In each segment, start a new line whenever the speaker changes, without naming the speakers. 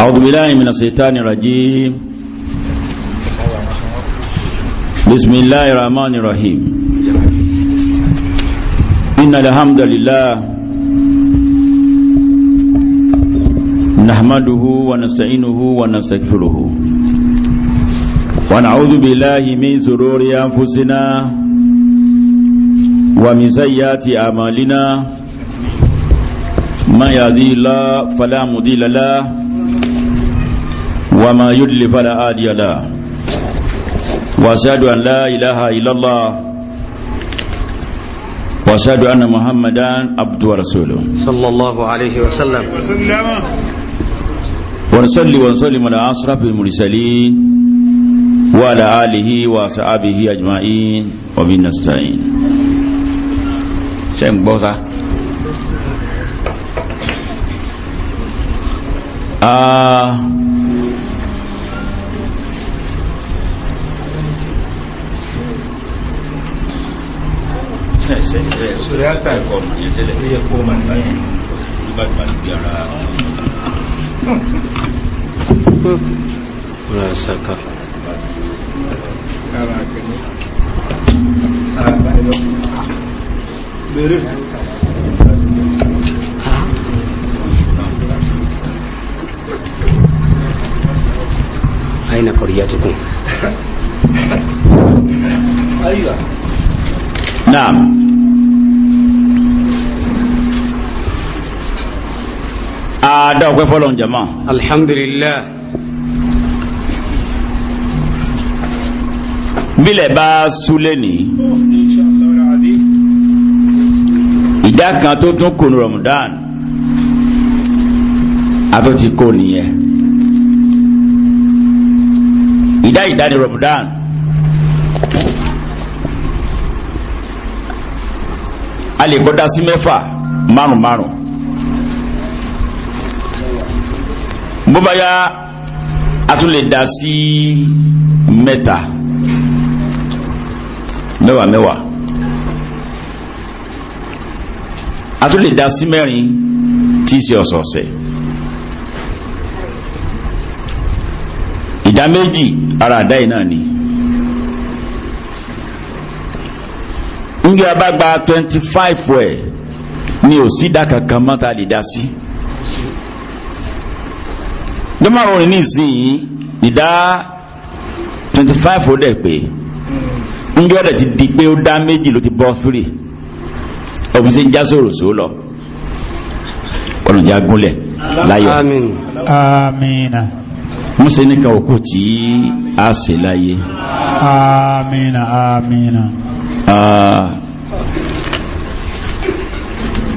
أعوذ بالله من الشيطان الرجيم بسم الله الرحمن الرحيم إن الحمد لله نحمده ونستعينه ونستغفره ونعوذ بالله من شرور أنفسنا ومن سيئات أعمالنا ما يهدي الله فلا مضل له وما يدل فلا هادي له واشهد ان لا إله إلا الله واشهد أن محمدا عبد ورسوله صلى الله عليه وسلم ونصلي ونسلم على اشرف المرسلين وعلى اله أجمعين اجمعين وبنستعين سيم بوزا
آه
torí àtà ẹ̀kọ́ ọmọ yẹn tẹ́lẹ̀ ó yẹ kó ọmọ nípa yẹn ló bá tà níbi ara
ọ̀rọ̀ àṣàkà ara àgbẹ̀mí ara àbáyé lọ bèrè أين قريتكم؟
أيوة نعم àádá ọ̀pẹ́ fọ́lọ̀n jama alhamdulillah bílẹ̀ bá súlé ní ìdá kan tó tún kùnú Ramadan àtọ́ ti kó nìyẹn ìdá ìdá ní Ramadan a lè kọ́ dá sí mẹ́fà márùn-márùn bóbáyá a tún lè dá sí mẹ́ta mẹ́wàá mẹ́wàá a tún lè dá sí mẹ́rin tí í ṣe ọ̀sọ̀ọ̀sẹ̀ ìdá méjì ara àdá yìí náà ni ń gbé twenty five wẹ̀ ni ò sí dá kankan mọ́ta lè dá sí. Si dọ́mà orin ní ìsìn ìdá 25 ó dẹ̀ pé níbi ọ̀dẹ̀ ti di pé ó dá méjì ló ti bọ́ fírì ọ̀bùn sí ń já sòrò só lọ ọ̀nà ìjà gúnlẹ̀ láyọ̀
amina
mọ́sẹ̀ nìkan òkú tí a ṣe láyé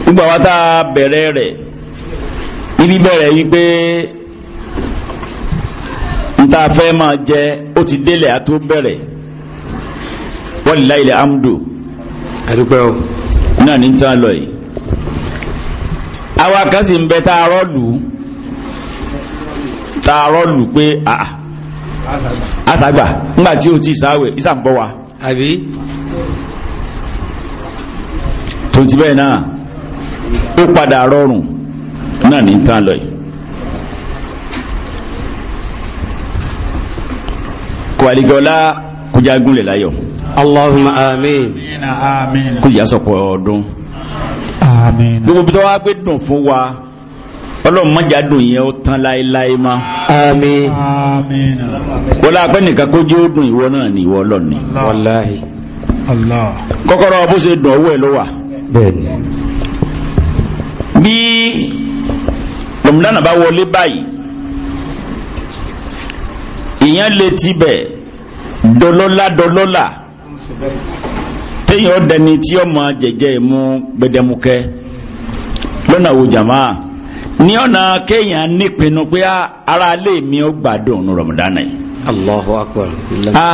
gbogbo àwọn tá a bẹ̀rẹ̀ rẹ̀ ibi bẹ̀rẹ̀ yí pé nta fẹ́ máa jẹ ó ti délẹ̀ a tó bẹ̀rẹ̀ walilayi amdu àdúpẹ́ náà ní tán lọ yìí àwa kan ń bẹ a a pé àà tí o ti sáwẹ̀ ìsàǹbọ̀ wa. àbí. tó bẹ́ẹ̀ náà ó padà rọrùn náà ní kò àlìgọ́lá kò jagun lè Allahumma amin kò yà sọ̀pọ̀ ọdún gbogbo bí tó wá gbé dùn fún wa ọlọ́run mọ́jà dùn yẹn ó tán láéláé má. àmín. àmín. wọ́n lápẹ́ nìkan kó jẹ́ ó dùn ìwọ náà ní ìwọ ọlọ́run ni. wàláhì. kọ́kọ́rọ́ bó ṣe dùn owó ẹ̀ ló wà. bẹ́ẹ̀ni. bí rọ̀mùdánà bá wọlé báyìí ìyẹn lè tibẹ̀ dọlọ́lá dọlọ́lá téèyàn dẹni tí ọmọ jẹjẹ mú gbẹdẹmukẹ lọ́nà wo jàmá na ọ̀nà kéèyàn nípinnu pé ah, ara lè mi ó gbádùn ní rọmọdánà yìí. Allahu akbar. a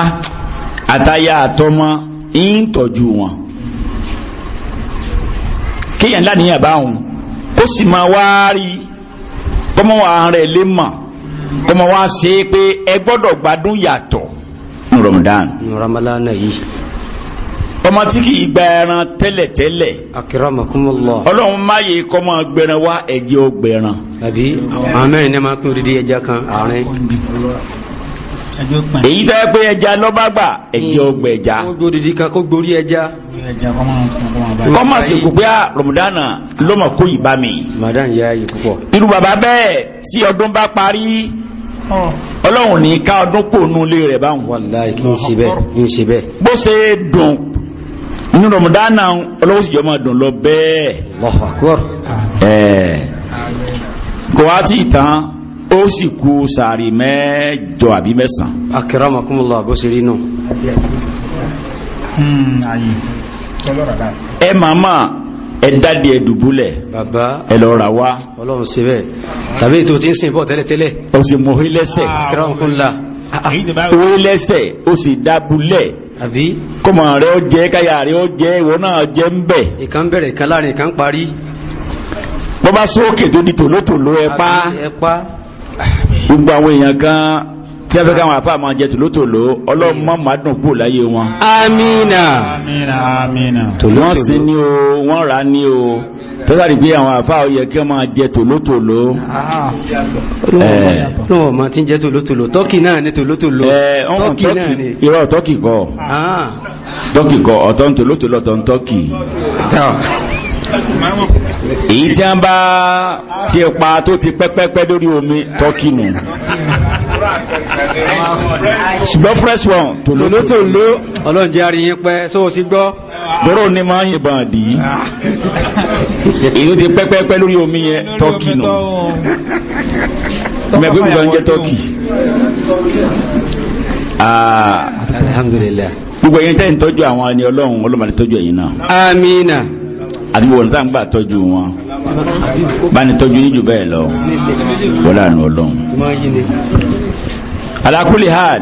ah, tọ́jú wọn kéèyàn láníyàn báwọn kó sì wa wa nínú Ramadan ọmọ tí kì í gba ẹran tẹ́lẹ̀ tẹ́lẹ̀ akramakumullah ọlọ́run má yẹ kọ́ mọ́ gbẹran wá ẹ̀jẹ̀ ó gbẹran. àbí àwọn mẹ́rin náà máa pín odidi ẹja kan àárín. èyí tó yẹ pé ẹja lọ́bàgbà ẹ̀jẹ̀ ó gbẹ ẹja. kó gbódìdí kan kó gbórí ẹja.
kọ́mọ sìnkú pé
ah, rọ̀mùdánà ló mọ̀ kó ìbá mi. rọ̀mùdánà yá yìí púpọ̀. irú bàbá bẹ́ẹ̀ tí ọdún bá parí ọlọ́run ní ká ọdún pò nú ilé rẹ̀ báwọn. wàláhì yóò ṣe bẹ́ẹ̀ yóò ṣe bẹ́ẹ̀. bó ṣe dùn nínú rọmọdánà ọlọ́wọ́ sì jọ máa dùn lọ bẹ́ẹ̀. Allahu Akbar. ẹ̀ẹ́ kò wá tí ì tán ó sì kú sàárì mẹ́jọ àbí mẹ́sàn. akẹ́rọ̀mọ̀kúnmọ̀lọ́ bó ṣe rí nù. Hmm, ẹ màmá ẹ̀dádìí ẹ̀dùbúlẹ̀ ẹ̀lọ́ra wá ọlọ́run ṣe bẹ́ẹ̀ tàbí ètò tí ń sin bọ́ tẹ́lẹ̀tẹ́lẹ̀ ó sì mọ̀ ilẹ́sẹ̀ ilẹ́sẹ̀ ó sì dábúlẹ̀ kọmọ rẹ̀ ó jẹ́ káyà rẹ̀ ó jẹ́ ìwọ náà jẹ́ ń bẹ̀ ìkan bẹ̀rẹ̀ kan láàrin ìkan parí bọ́bá sókè tó di tòlótòló ẹ̀pá gbogbo àwọn èèyàn kan tí a fẹ́ káwọn àfa máa jẹ tòlótòló ọlọ́run má má kú láyé wọn.
amina. amina amina. wọ́n sin ni
o wọ́n rà ni o tọ́sàrí pé àwọn àfa ó yẹ kí wọ́n máa jẹ tòlótòló. lọ́wọ́ ah. eh. ma ti ń jẹ tòlótòló tọ́kì náà ni tòlótòló. Eh, tọ́kì náà ni. irọ́ tọ́kì kọ́ ah. tọ́kì kọ́ ọ̀tọ̀ ń tòlótòló ọ̀tọ̀ ń tọ́kì èyí tí a bá ti pa tó ti pẹ́pẹ́pẹ́ lórí omi tọ́kì nù ṣùgbọ́n fresh one tòlótòló ọlọ́njẹ́ àríyìn pẹ́ só o sí gbọ́ tọ́rọ ní máa ń yìnbọn àdì èyí ó ti pẹ́pẹ́pẹ́ lórí omi yẹn tọ́kì nù
mẹ́gbẹ́ mi lọ́njẹ́
tọ́kì ah. gbogbo ẹ̀yin tẹ́ ń tọ́jú àwọn ẹni ọlọ́run ọlọ́mọdé tọ́jú ẹ̀yin náà amina àti wọ́n tá gbà tọ́jú wọn bá ní tọ́jú yín jù bẹ́ẹ̀ lọ wọ́n lànà ọlọ́run. alakuli hal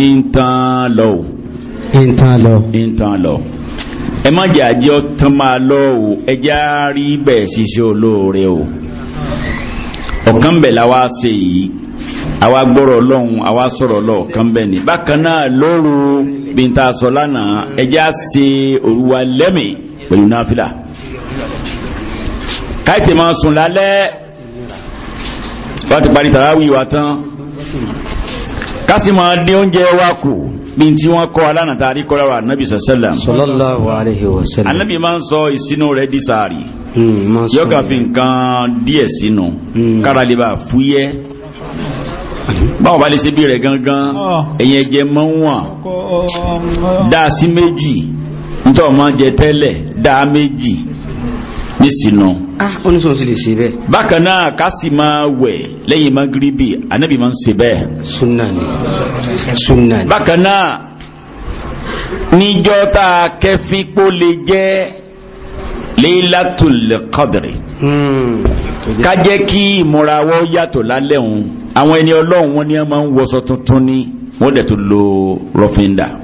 intan lọ o. intan lọ. intan lọ. ẹ má jẹ́ àjẹ́ ọtán máa lọ o ẹ já rí bẹ́ẹ̀ ṣiṣẹ́ olóore o. ọ̀kan bẹ̀ la wá ṣe yìí àwa gbọ́rọ̀ ọlọ́run àwa sọ̀rọ̀ lọ́ọ̀kan bẹ́ẹ̀ ni bákan náà lóru bí n ta sọ lánàá ẹ ṣe lẹ́mìí. pẹ̀lú náfìlà káìtì máa sùn lálẹ́ wọ́n ti parí tàràwì wa tán ká sì máa dín oúnjẹ wa kù bí tí wọ́n kọ́ alánà tàrí wa anábì sallam sallallahu alaihi wasallam anábì máa ń sọ ìsinú rẹ̀ di sàárì hmm, yóò kà fi nǹkan díẹ̀ sínú hmm. kára lè bá fúyẹ́ báwọn bá lè ṣe bí rẹ̀ gangan ah. ẹ̀yìn ẹ̀jẹ̀ mọ́ wọn dá sí méjì nítorí wọn máa jẹ tẹ́lẹ̀ dá méjì nísìnà. ah ó sọ̀rọ̀ sí lè ṣe bẹ́ẹ̀. bákan náà ká máa wẹ̀ lẹ́yìn magiribi anabi máa ń ṣe bẹ́ẹ̀. sunna ni sunna ni. bákan náà níjọ́ tá a kẹ́fín kó lè jẹ́ leilatul qadri. Hmm. ká jẹ́ kí ìmúra wọ́ yàtọ̀ lálẹ́ òun àwọn ẹni ọlọ́run wọn ni wọ́n máa ń wọṣọ tuntun ni wọ́n dẹ̀ tó lo rọ́fíńdà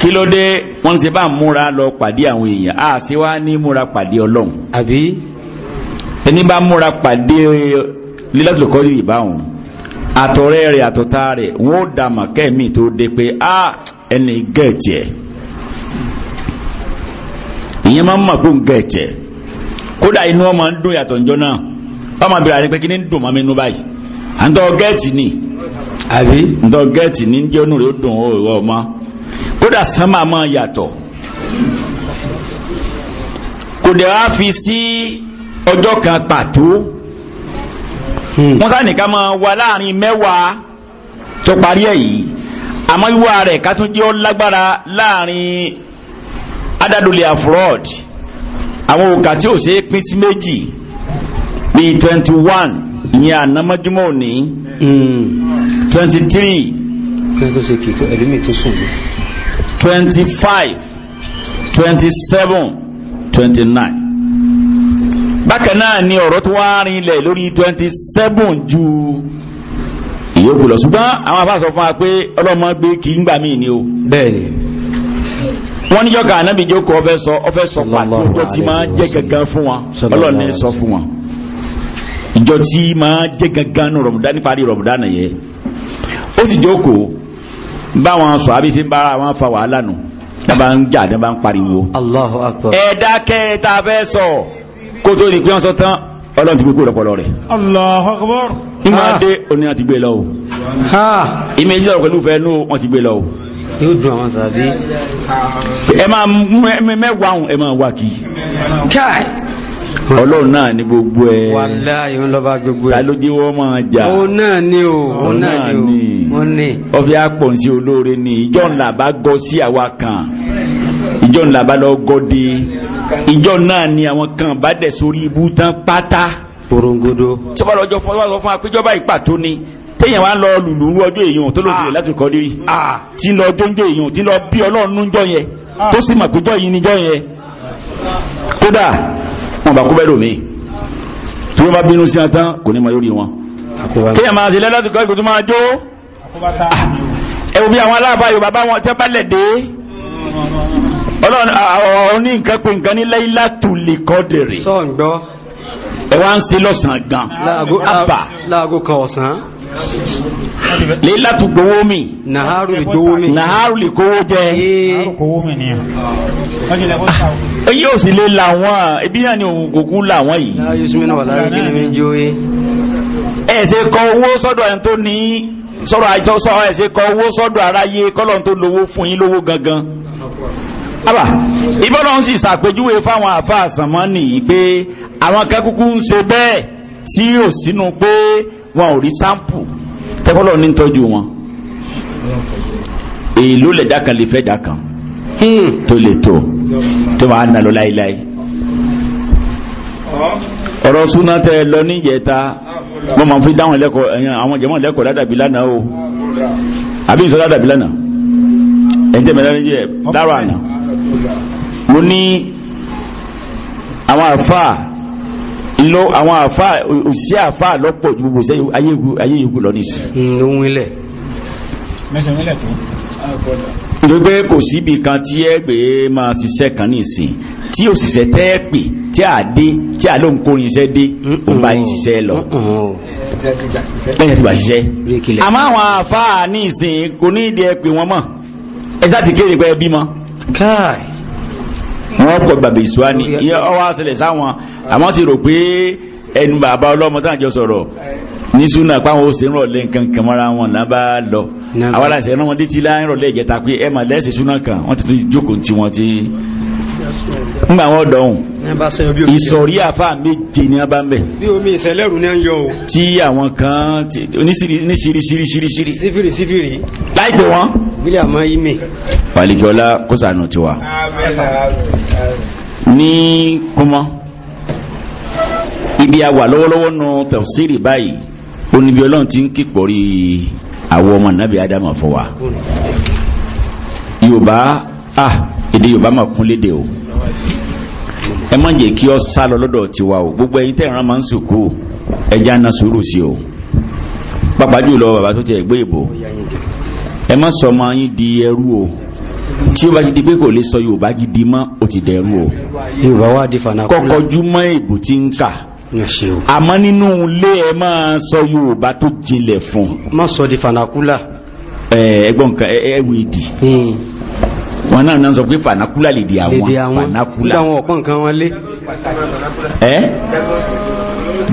kí ló dé wọ́n ti bá múra lọ pàdé àwọn èèyàn a sì wá ní múra pàdé ọlọ́run àbí ẹni bá múra pàdé lílọ́tò kọ́jú ìbáwọn àtọ̀rẹ́ rẹ̀ àtọ̀tá rẹ̀ wọ́n ó dàmà kẹ́mí tó dé pé a ẹni gẹ̀ẹ́tì ẹ̀ ìyẹn máa ń mọ̀ pé ń gẹ̀ẹ́tì kódà inú ọmọ ń dùn yàtọ̀ ǹjọ́ náà wọ́n máa bẹ̀rẹ̀ pé kí ni ń dùn mọ́ mi nú báyìí àǹtọ́ gẹ́ẹ̀tì ni abi àǹtọ́ gẹ́ẹ̀tì ni ń jẹ́nu rẹ̀ o dùn ó ìwọ ọmọ kódà sánmà máa yàtọ̀ kò dẹ̀ wá fi sí ọjọ́ kan pàtó hmm. wọ́n sáni ká máa wà láàrin mẹ́wàá tó parí ẹ̀ yìí àmọ́ wíwá rẹ̀ ká tún jẹ́ ó lágbára láàrin adádolè afrod àwọn òkà tí ò ṣe é pín sí twenty one ìyẹn ànámọ́júmọ́ òní hmm. twenty three twenty five twenty seven twenty nine bákan náà ni ọ̀rọ̀ tó wá rinlẹ̀ lórí twenty seven ju ìyókù lọ ṣùgbọ́n àwọn afá sọ fún wa pé ọlọ́mọ gbé kì í gbà mí ni o. bẹ́ẹ̀ni. wọ́n níjọ́ ká anábì ọfẹ́ sọ pàtó tó ti máa jẹ́ gangan fún wa ọlọ́ọ̀ni sọ fún wa ìjọ tí máa jẹ́ gangan ní nípa rí rọ̀mùdá nìyẹn ó sì jókòó báwọn sọ àbí sí bára wọn fa wàhálà nù dábàá ń jà dábàá ń pariwo. Allahu Akbar. ẹ̀dá kẹta fẹ́ sọ kó tó di pé wọ́n sọ tán ọlọ́run ti gbé kúrò pọ̀lọ́ rẹ̀. ìmọ̀ adé oní àti gbé lọ o. ìmọ̀ ìṣẹ́ ọ̀rọ̀ pẹ̀lú fẹ́ẹ́ nú wọn ti gbé lọ o. yóò dùn àwọn sàbí. ẹ máa mẹ́wàá ẹ máa wá kí. káì ọlọ́run náà ni gbogbo ẹ̀ wàláyé ń lọ́ba gbogbo ẹ̀ tàlójí wọ́n máa jà òun náà ni o òun náà ni o ọfẹ́ àpọ̀nsí olóore ni ìjọ ńlá bá gọ sí àwa kan ìjọ ńlá bá lọ gọdí ìjọ náà ni àwọn kan bá dẹ̀ sórí ibú tán pátá porongodo sọ́bàlọ́ ọjọ́ fún wa sọ fún wa pé ìjọba ìpàtó ni téèyàn wá ń lọ lùlù ọjọ́ èèyàn tó ló fi láti kọ́ dérí tí lọ jóúnjẹ èèyàn tí lọ bí ọlọ́run níjọ́ yẹn tó sì mọ̀ wọn bá kú bẹ́ẹ̀ lómi tí wọ́n bá bínú sí atán kò ní ma yóò wọn. kéèyàn ah, ń ṣe lọ́sàn gan-an àbà. kan ọ̀sán lélàtù gbowó mi naharu lè kówó jẹ yóò sì lè làwọn ibi náà ni òun kòkú làwọn yìí ah, ẹ̀ẹ́sẹ̀ kọ owó sọ́dọ̀ ẹni tó ní sọ́rọ̀ àìsọ́sọ́ ẹ̀ẹ́sẹ̀ kọ owó sọ́dọ̀ aráyé kọ́lọ̀ tó lówó fún yín lówó gangan àbà ìbọ́lọ̀ ń sì sàpèjúwe fáwọn àfáà sànmọ́ nìyí pé àwọn akẹ́kùkù ń ṣe bẹ́ẹ̀ tí ò sínú pé wọn ò rí sáǹpù tẹ́kọ́lọ́ ní tọ́jú wọn èlò lè dá kan lè fẹ́ dá kan hmm. tó lè tó tó máa nà lọ láíláí ọ̀rọ̀ súná tẹ lọ níjẹta mo máa fi dáhùn lẹ́kọ̀ọ́ ẹ̀yìn àwọn jẹ̀mọ́ lẹ́kọ̀ọ́ ládàbí lánàá o àbí ìsọ ládàbí lánàá ẹ̀jẹ̀ mẹ́ta níjẹ̀ dára àná mo ní àwọn àfáà lọ àwọn àfà òṣìṣẹ́ àfà lọ́pọ̀ ju gbogbo iṣẹ́ ayé yòókù lọ nìsí. Hmm, ohun ilẹ̀. mẹsàn-án ilẹ̀ tó nítorí pé kò síbi kan tí ẹ gbé máa ṣiṣẹ́ kan nìsín tí òṣìṣẹ́ tẹ́ ẹ pè tí a dé tí a ló ń kórin iṣẹ́ dé ó bá yín ṣiṣẹ́ lọ hmm, hmm, bẹ́ẹ̀ ti gbà ṣiṣẹ́ àmọ́ àwọn àfáà nìsín kò ní ìdí ẹ pè mọ̀ ẹ sá ti kéde pé ẹ bímọ wọ́n pọ̀ gbàgbé ìṣúwá ni ọwọ́ àṣẹlẹ̀ sáwọn àmọ́ ti rò pé ẹnu bàbá ọlọ́mọ tá à ń jọ sọ̀rọ̀ ní súnà páwọn ó ṣe ń rọ̀lẹ́ nǹkan kan mọ́ra wọn náà bá lọ àwọn aláṣẹ náà wọn létí láàrín rọ̀lẹ́ ìjẹta pé ẹ mà lẹ́sẹ̀ súnà kan wọ́n ti tún jókòó tí wọ́n ti ń gbà wọ́n dọ̀hún ìsọ̀rí àfáà méje ni wọ́n bá ń bẹ̀.
bí omi ìṣẹ̀lẹ̀rù ni wọ́n yọ o.
tí àwọn kan oníṣiríṣiríṣiríṣirí. sífìrì sífìrì. láìpẹ́ wọn. bílẹ̀ àmọ́ ime. wàlíkọ́lá kó sànù tiwa. ní kúmọ́ ibi a wà lọ́wọ́lọ́wọ́ nu tafsiri báyìí oníbi ọlọ́run ti ń kíkpọ̀rí àwọn ọmọ nàbí adama fún wa yorùbá ah èdè yorùbá máa kún léde o ẹ má jẹ́ kí ọ sá lọ lọ́dọ̀ tiwa o gbogbo ẹ̀yin tẹ́ máa ń sùkú ẹja ń na sùúrù sí o pàápàá jùlọ bàbá tó tiẹ̀ gbé ìbò ẹ má sọ ọmọ yín di ẹrú o tí o bá ti di pé kò lè sọ yorùbá gidi mọ́ o ti dẹrú o. kọkọjú mọ́ èbù tí ń kà àmọ́ nínú ilé ẹ máa sọ yorùbá tó jinlẹ̀ fún. má sọ di fanakula. ẹ ẹgbọ́n kan ẹ ẹ wí hmm. wọn náà náà sọ pé fanakula lè di àwọn fanakula. lè di àwọn
ọ̀pọ̀ nǹkan wọn lé.
ẹ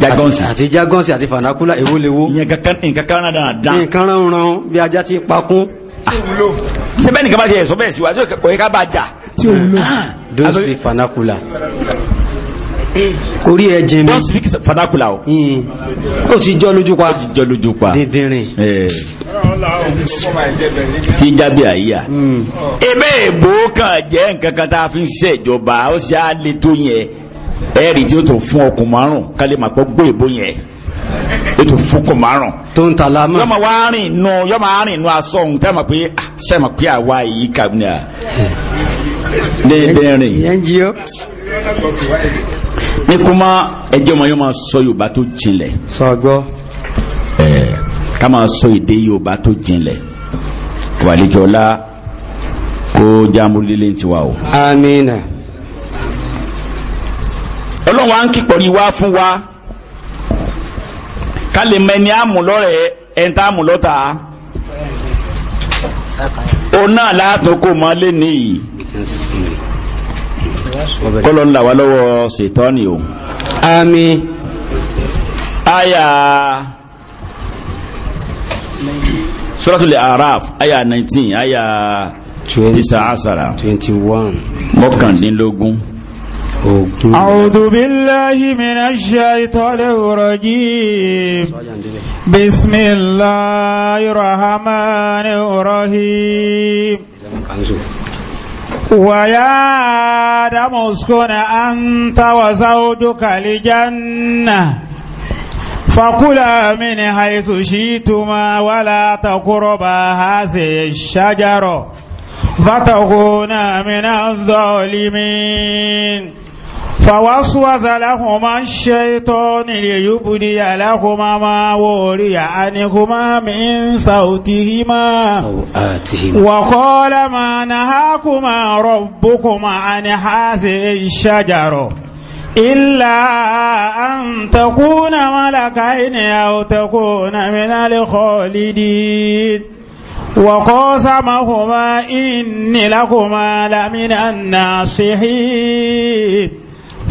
jagonsi àti jagonsi àti fanakula èwo lè wo. ìyẹn kankan nǹkan kan náà dáadáa.
nǹkan rán ran bí ajá ti pakún.
sẹ́bẹ̀ ah. nìkan bá ti ẹ̀ sọ bẹ́ẹ̀ síwájú kò yẹ ká bá jà. tí o wúlò. Ah. don't be fanakula orí ẹjìn mi wọ́n sì bí fàdákùlà ọ̀ ó ti jọ lójú pa ti jọ lójú pa dídìrín tí jábí àyíyà ẹgbẹ́ hmm. èbó kan jẹ́ nǹkan kan tá a fi ń ṣèjọba ó sì á lè tó yẹn ẹ̀rì tí ó tó fún ọkùn márùn ká lè máa gbé èbó yẹn ó tó fún ọkùn márùn. tó ń ta lámà. yọ́mọ̀ wá rìn nù yọ́mọ̀ á rìn nù aṣọ òun tẹ́ mọ̀ pé ah, ṣe mọ̀ pé àwa yìí kàbí ni à. rìn. ní kúmá yóò máa sọ yorùbá tó jinlẹ̀. sọgbọ́. ẹẹ ká ma sọ èdè yorùbá tó jinlẹ̀ wàlíkẹ́ọ́lá kó jámúlélé tiwa o. amina. ọlọ́wọ́ à ń kíkọ́ wá fún wa ká lè mọ ẹni àmúlọ́rẹ̀ ẹni tá náà
lé
kọ́lọ̀ ńlá wa lọ́wọ́ ṣètọ́ni o àmì àyà suratul araf àyà 19 àyà 21 mọ́kàndínlógún أعوذ
بالله من الشيطان الرجيم بسم الله الرحمن الرحيم ويا آدم اسكن أنت وزوجك الجنة فكلا من حيث شئتما ولا تقربا هذه الشجرة فتكونا من الظالمين فوسوس لهما الشيطان ليبدي لهما ما وري عنهما من صوتهما وقال ما نهاكما ربكما عن هذه الشجرة إلا أن تكون ملكين أو تكون من الخالدين وقاسمهما إني لكما لمن الناصحين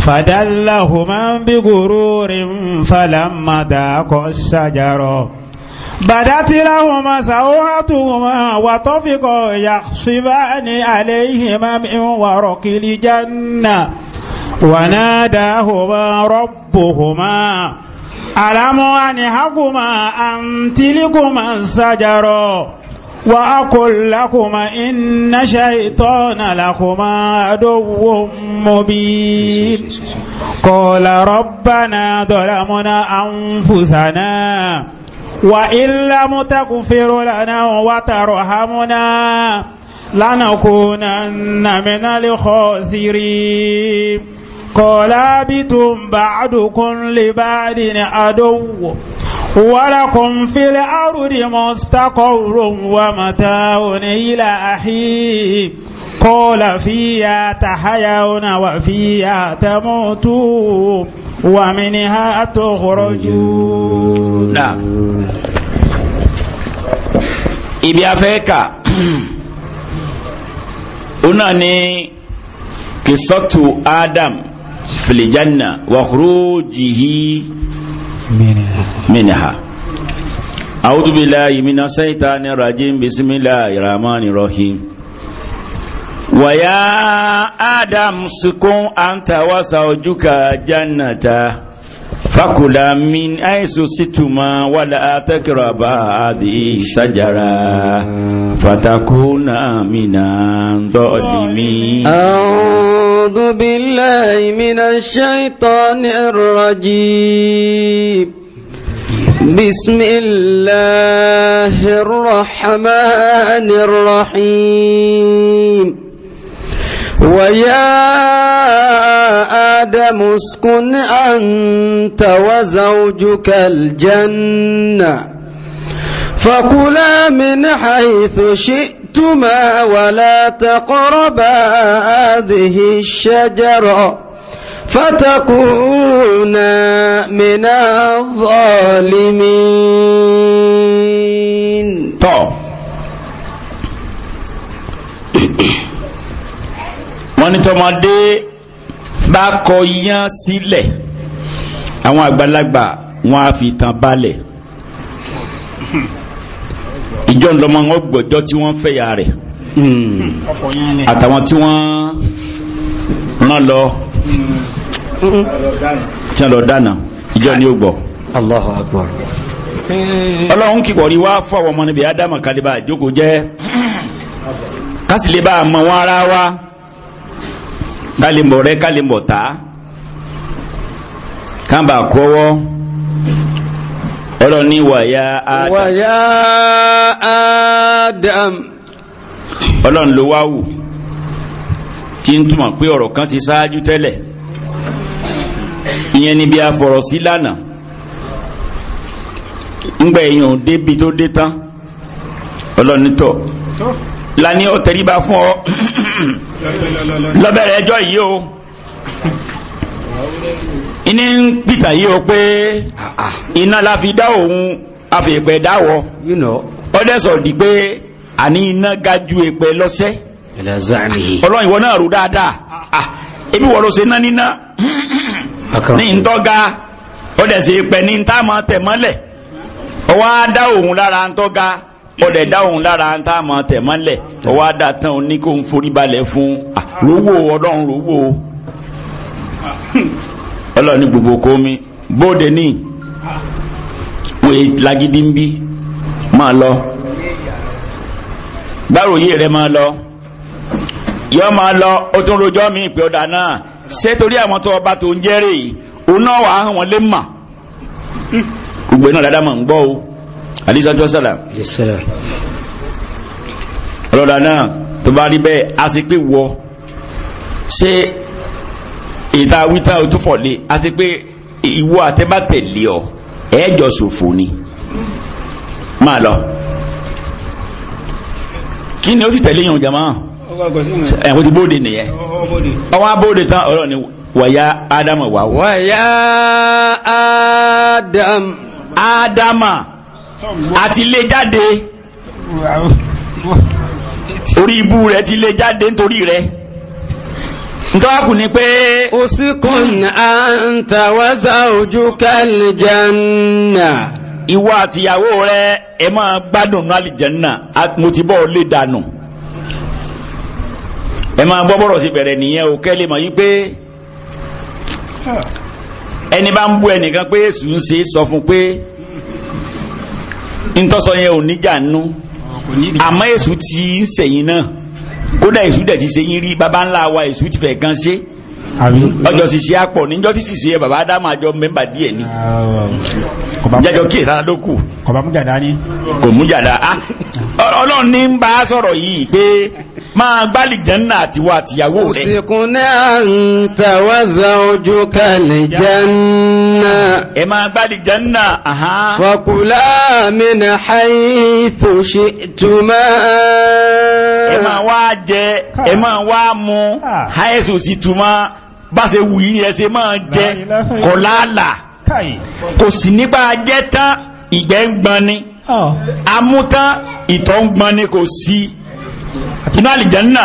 فدلهما بغرور فلما ذاقا الشجر بدت لهما سواتهما وطفقا يخصفان عليهما من ورق الجنة وناداهما ربهما ألم أنهكما أن تلكما الشجر وأقل لكما إن شيطان لكما عدو مبين قال ربنا ظلمنا أنفسنا وإن لم تغفر لنا وترحمنا لنكونن من الخاسرين قال بتم بعدكم لبعد عدو ولكم في الأرض مستقر ومتاع إلى حين قال فيها تحيون وفيها تموتون ومنها تخرجون نعم
ibi afẹ́ka una ni kisatu adam filijanna wa khurujihi منها أعوذ بالله من الشيطان الرجيم بسم الله الرحمن الرحيم ويا آدم سكن أنت وزوجك جنة فكلا من حيث شئتما ولا تقربا هذه الشجرة فتكونا من الظالمين أعوذ بالله من
الشيطان الرجيم بسم الله الرحمن الرحيم ويا آدم اسكن أنت وزوجك الجنة فكلا من حيث شئت كلتما ولا تقربا هذه الشجرة فتكونا من الظالمين
wọ́n ní tọmọdé bá kọ yán sílẹ̀ àwọn àgbàlagbà wọ́n á fi tàn balẹ̀ ìjọ ńlọmọ wọn gbọ́jọ́ tí wọ́n fẹ́yà rẹ̀ hmm. àtàwọn tí wọ́n lọ tí wọ́n lọ ìjọ ni ó gbọ́. Akbar. ọlọ́run rí wá fún àwọn ọmọ níbi ádámà kálíbà ìjókòó jẹ́ a mọ wọn ara wa ọlọ́run ní wàyá adam wàyá adam ọlọ́run ló wá wù tí ń túmọ̀ pé ọ̀rọ̀ kan ti ṣáájú tẹ́lẹ̀ ìyẹn ni bí a fọ̀rọ̀ sí lánàá ńgbà èèyàn débi tó dé tán ọlọ́run tọ̀ lani ó tẹríba fún ọ lọ́bẹ̀rẹ̀ ẹjọ́ yìí o ní pita yìí o pé ah, ah. iná la fi dá òun àfẹ̀pẹ̀ dáwọ́ sọ di pé àní iná ga ju èpè lọ́sẹ́ ọlọ́run ìwọ náà dáadáa ah, ebi wọ́n ló ṣe ná níná ní ntọ́ga ní ntàmọ́ tẹ̀ mọ́lẹ̀ ọwọ́ á dá òun lára ntọ́ga ọdẹ lára ń tá a máa mọ́lẹ̀ ọwọ́ dá tán ní kó forí balẹ̀ fún lówó ọlọ́run lówó ọlọ́run ní gbogbo kómi bóde ní wèé lagidi ń bí máa lọ gbáròyé rẹ máa lọ yọ máa lọ ó tún rojọ́ mi ìpè ọ̀dà náà ṣé torí àwọn tó ọba tó ń jẹ́rè òun náà wàá hàn wọ́n lé mà gbogbo iná dáadáa mọ̀ ń gbọ́ o àdìsájú ọ̀sàlà ọlọ́dà náà tó bá rí bẹ́ẹ̀ á sì pé wọ ṣé ìta wíta ojú fọ̀lé a sì pé ìwọ àtẹ́bá tẹ̀lé ọ ẹ̀ẹ́jọ ṣòfò ni máa lọ kí ni ó sì tẹ̀lé yàn jama ẹ̀wọ́n ti bóde nìyẹn ọwọ́ abóde tán ọ̀rọ̀ ni wàyá ádámà wà wọ́. wàyá ádám. ádámà àti lè jáde orí ibú rẹ̀ ti lè jáde nítorí rẹ̀. ntọ́wákù ni pé usikun anta wa zawjukal janna ìwọ àtìyàwó rẹ ẹ máa gbádùn náà mo ti bọ le danu dànù ẹ ma gbọ bọ́rọ̀ si bẹ̀rẹ̀ nìyẹn o kẹ́lẹ́ mọ̀ yí ẹni bá ń bú ẹnìkan pé èsù ń ṣe sọ fún pé ntọ́sọ yẹn ò níjà nú àmọ́ èsù ti ń sẹ̀yìn náà. kódà èṣù dẹ̀ ti ṣe yín rí baba ńlá wa èṣù ti fẹ́ gan ṣe ọjọ́ sisi apọ̀ níjọ́ tí sisi yẹ baba adamu àjọ mẹ́mbà díẹ̀ ni jẹjọ kí èsà ló kù kò mú jàdá ni kò mú jàdá ah, ọlọ́run ń bá sọ̀rọ̀ yìí pé máa gbálì jẹ́nà àti wà àtìyàwó rẹ̀. òsìnkún náà ń tàwázà ojú
kàlì jẹ́nà. ẹ máa gbálì jẹ́nà. fọkùlá
min haythu shi'tuma. ẹ máa wá jẹ ẹ máa wá mu haythu shi'tuma bá ṣe wù yín ẹ ṣe máa jẹ kọ̀láàlà kò sì nígbà jẹ́ tán ìgbẹ́ ń gbani amútán ìtọ̀ ń Si inú àlìjánná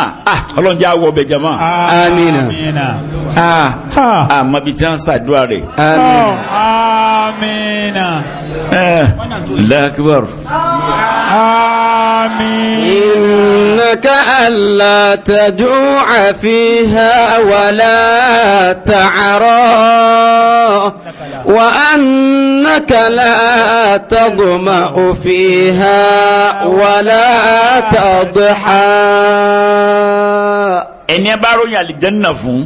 ọlọ́run jẹ́ àwọ̀ ọbẹ̀ jama amina àmọ́ bí tí wọ́n ṣàdúrà rẹ̀
amina
lakibar
innaka alla taju'a fiha wala ta'ra wa annaka la tadma'u fiha wala tadha
ẹni ẹ bá ròyìn àlìjẹ́nà fún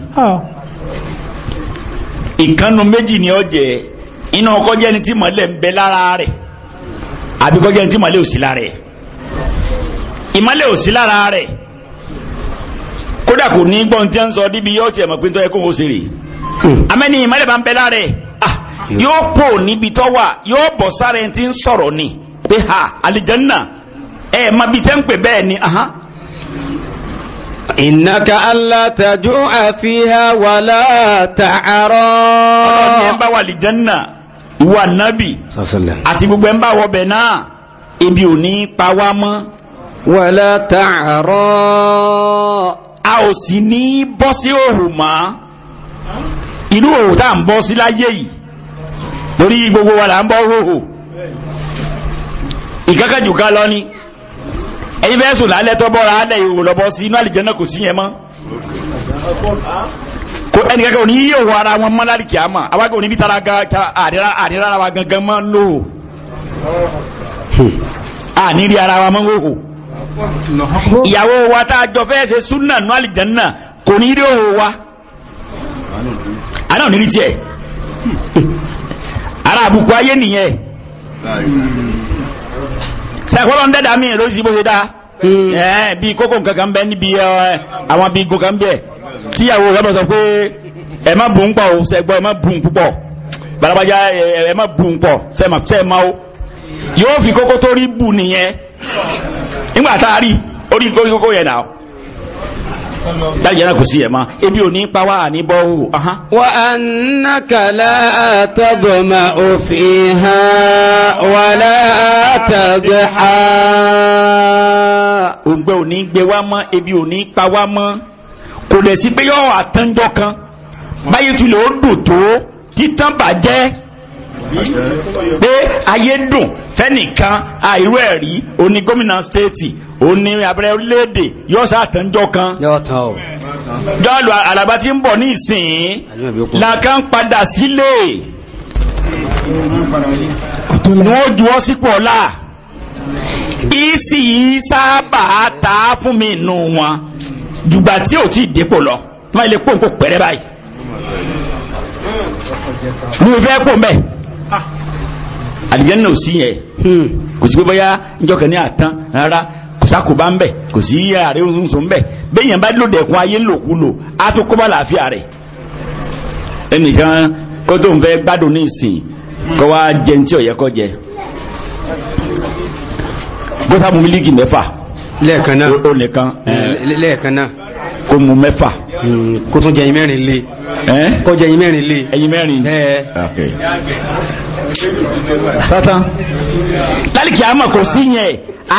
ìkànnù méjì ni ó jẹ iná kọjá ẹni tí mọ̀lẹ́ ń bẹ lára àbí kọjá ẹni tí mọ̀lẹ́ ò sí lára ò sí lára kódà kò ní gbọ́n tí ń sọ níbi yóò tiẹ̀ mọ̀ pé tó yẹ kó o ṣe rè amẹ́ni ìmọ̀lẹ́ bá ń bẹ lára rẹ̀ yóò pò ni pé ha àlìjẹ́nà ẹ̀ ni. ìnáka alátajú àfihà wàlá tààrọ. ọlọ́ni ẹ̀ ń bá wà lè jẹ́nà ìwà nábì àti gbogbo ẹ̀ ń bá wọbẹ̀ náà ebi ò ní pa wá mọ́. wàlá tààrọ. a ò sì ní bọ́ sí òhùn mọ́ irú òhùn tá à ń bọ́ sí láyé yìí torí gbogbo wa là ń bọ́ hóhò ìkákàjù ká lọ ni ẹ̀yin bẹ́ẹ̀ sùn lálẹ́ tó bọ́ra alẹ́ ìhòòhò lọ́bọ́ sí inú àlìjẹ́ náà kò sí yẹn mọ́ ko ẹnì kankan òní yíyẹ wọ ara wọn mọ́lá kìá mà àwa kò ní bí tara ga àríra àríra ara wa gangan mọ́ ń lò ó àní ara wa mọ́ ń hòhò ìyàwó wa tá a jọ fẹ́ẹ́ ṣe súnà nù àlìjẹ́nà kò ní rí òhò wa àná ò tiẹ̀ ara àbùkù ayé nìyẹn sẹ́kọ́lọ́ ń dẹ́dà mí lóríṣi bó ṣe dá hmm. bí kókó kankan bẹ níbi àwọn bí kankan bẹ tíyàwó rẹ bọ̀ sọ pé ẹ má bùn pọ̀ sẹ́gbọ́ ẹ má bùn púpọ̀ balabaja ẹ má bùn pọ̀ sẹ́ẹ̀ma o yóò fi kókó tó rí bù nìyẹn nígbà tá a rí orí kókó yẹn náà dájẹ́nà kò sí ẹ̀ ma ebi ò ní pa wá àní bọ́ wù. wa annaka la tadma'u fiha wa la tadha. ògbẹ́ ò ní gbé wá mọ́ ebi ò ní pa mọ́ kò dẹ̀ sí pé yọ àtẹ́ńjọ kan báyìí tulẹ̀ ó dùn tó títàn bàjẹ́ pé ayé dùn fẹ́nìkan àìrú ẹ̀ rí oní gómìnà stéètì oní abẹ́rẹ́ orílẹ̀-èdè yóò sàtẹ́njọ́ kan jọ́ọ̀lù alàgbà tí ń bọ̀ ní ìsìn làkàn padà sílé wọ́n ju ọ́ sípò ọ̀la ìsì yìí sábà ta fún mi nù wọn jùgbà tí ò tí ì dépò lọ wọ́n ilé pòǹkò pẹ̀rẹ́ báyìí. mo fẹ́ pò àlìjẹ́nà ò sí yẹn hmm. kò sí pé bóyá njọ́kẹ́ ní àtán rárá kò sákòbá ń bẹ̀ kò sí ààrẹ oṣooṣù ń bẹ̀ bẹ́ẹ̀ yẹn bá lòdì ẹ̀kún ayé ńlòkulò á tó kọ́ bá làáfíà rẹ̀ ẹnìkan kó tó ń fẹ́ gbádùn ní ìsìn kọ́ wá jẹun tí ò yẹ kọ́ jẹ bó sáà mú mílíkì mẹ́fà lẹ́ẹ̀kaná ó nìkan lẹ́ẹ̀kaná kó mú mẹ́fà hmm, kó tún jẹ ìmẹ́rin lé kó jẹ ìmẹ́rin lé ìmẹ́rin sátán lálìkì àmà kò sí yẹn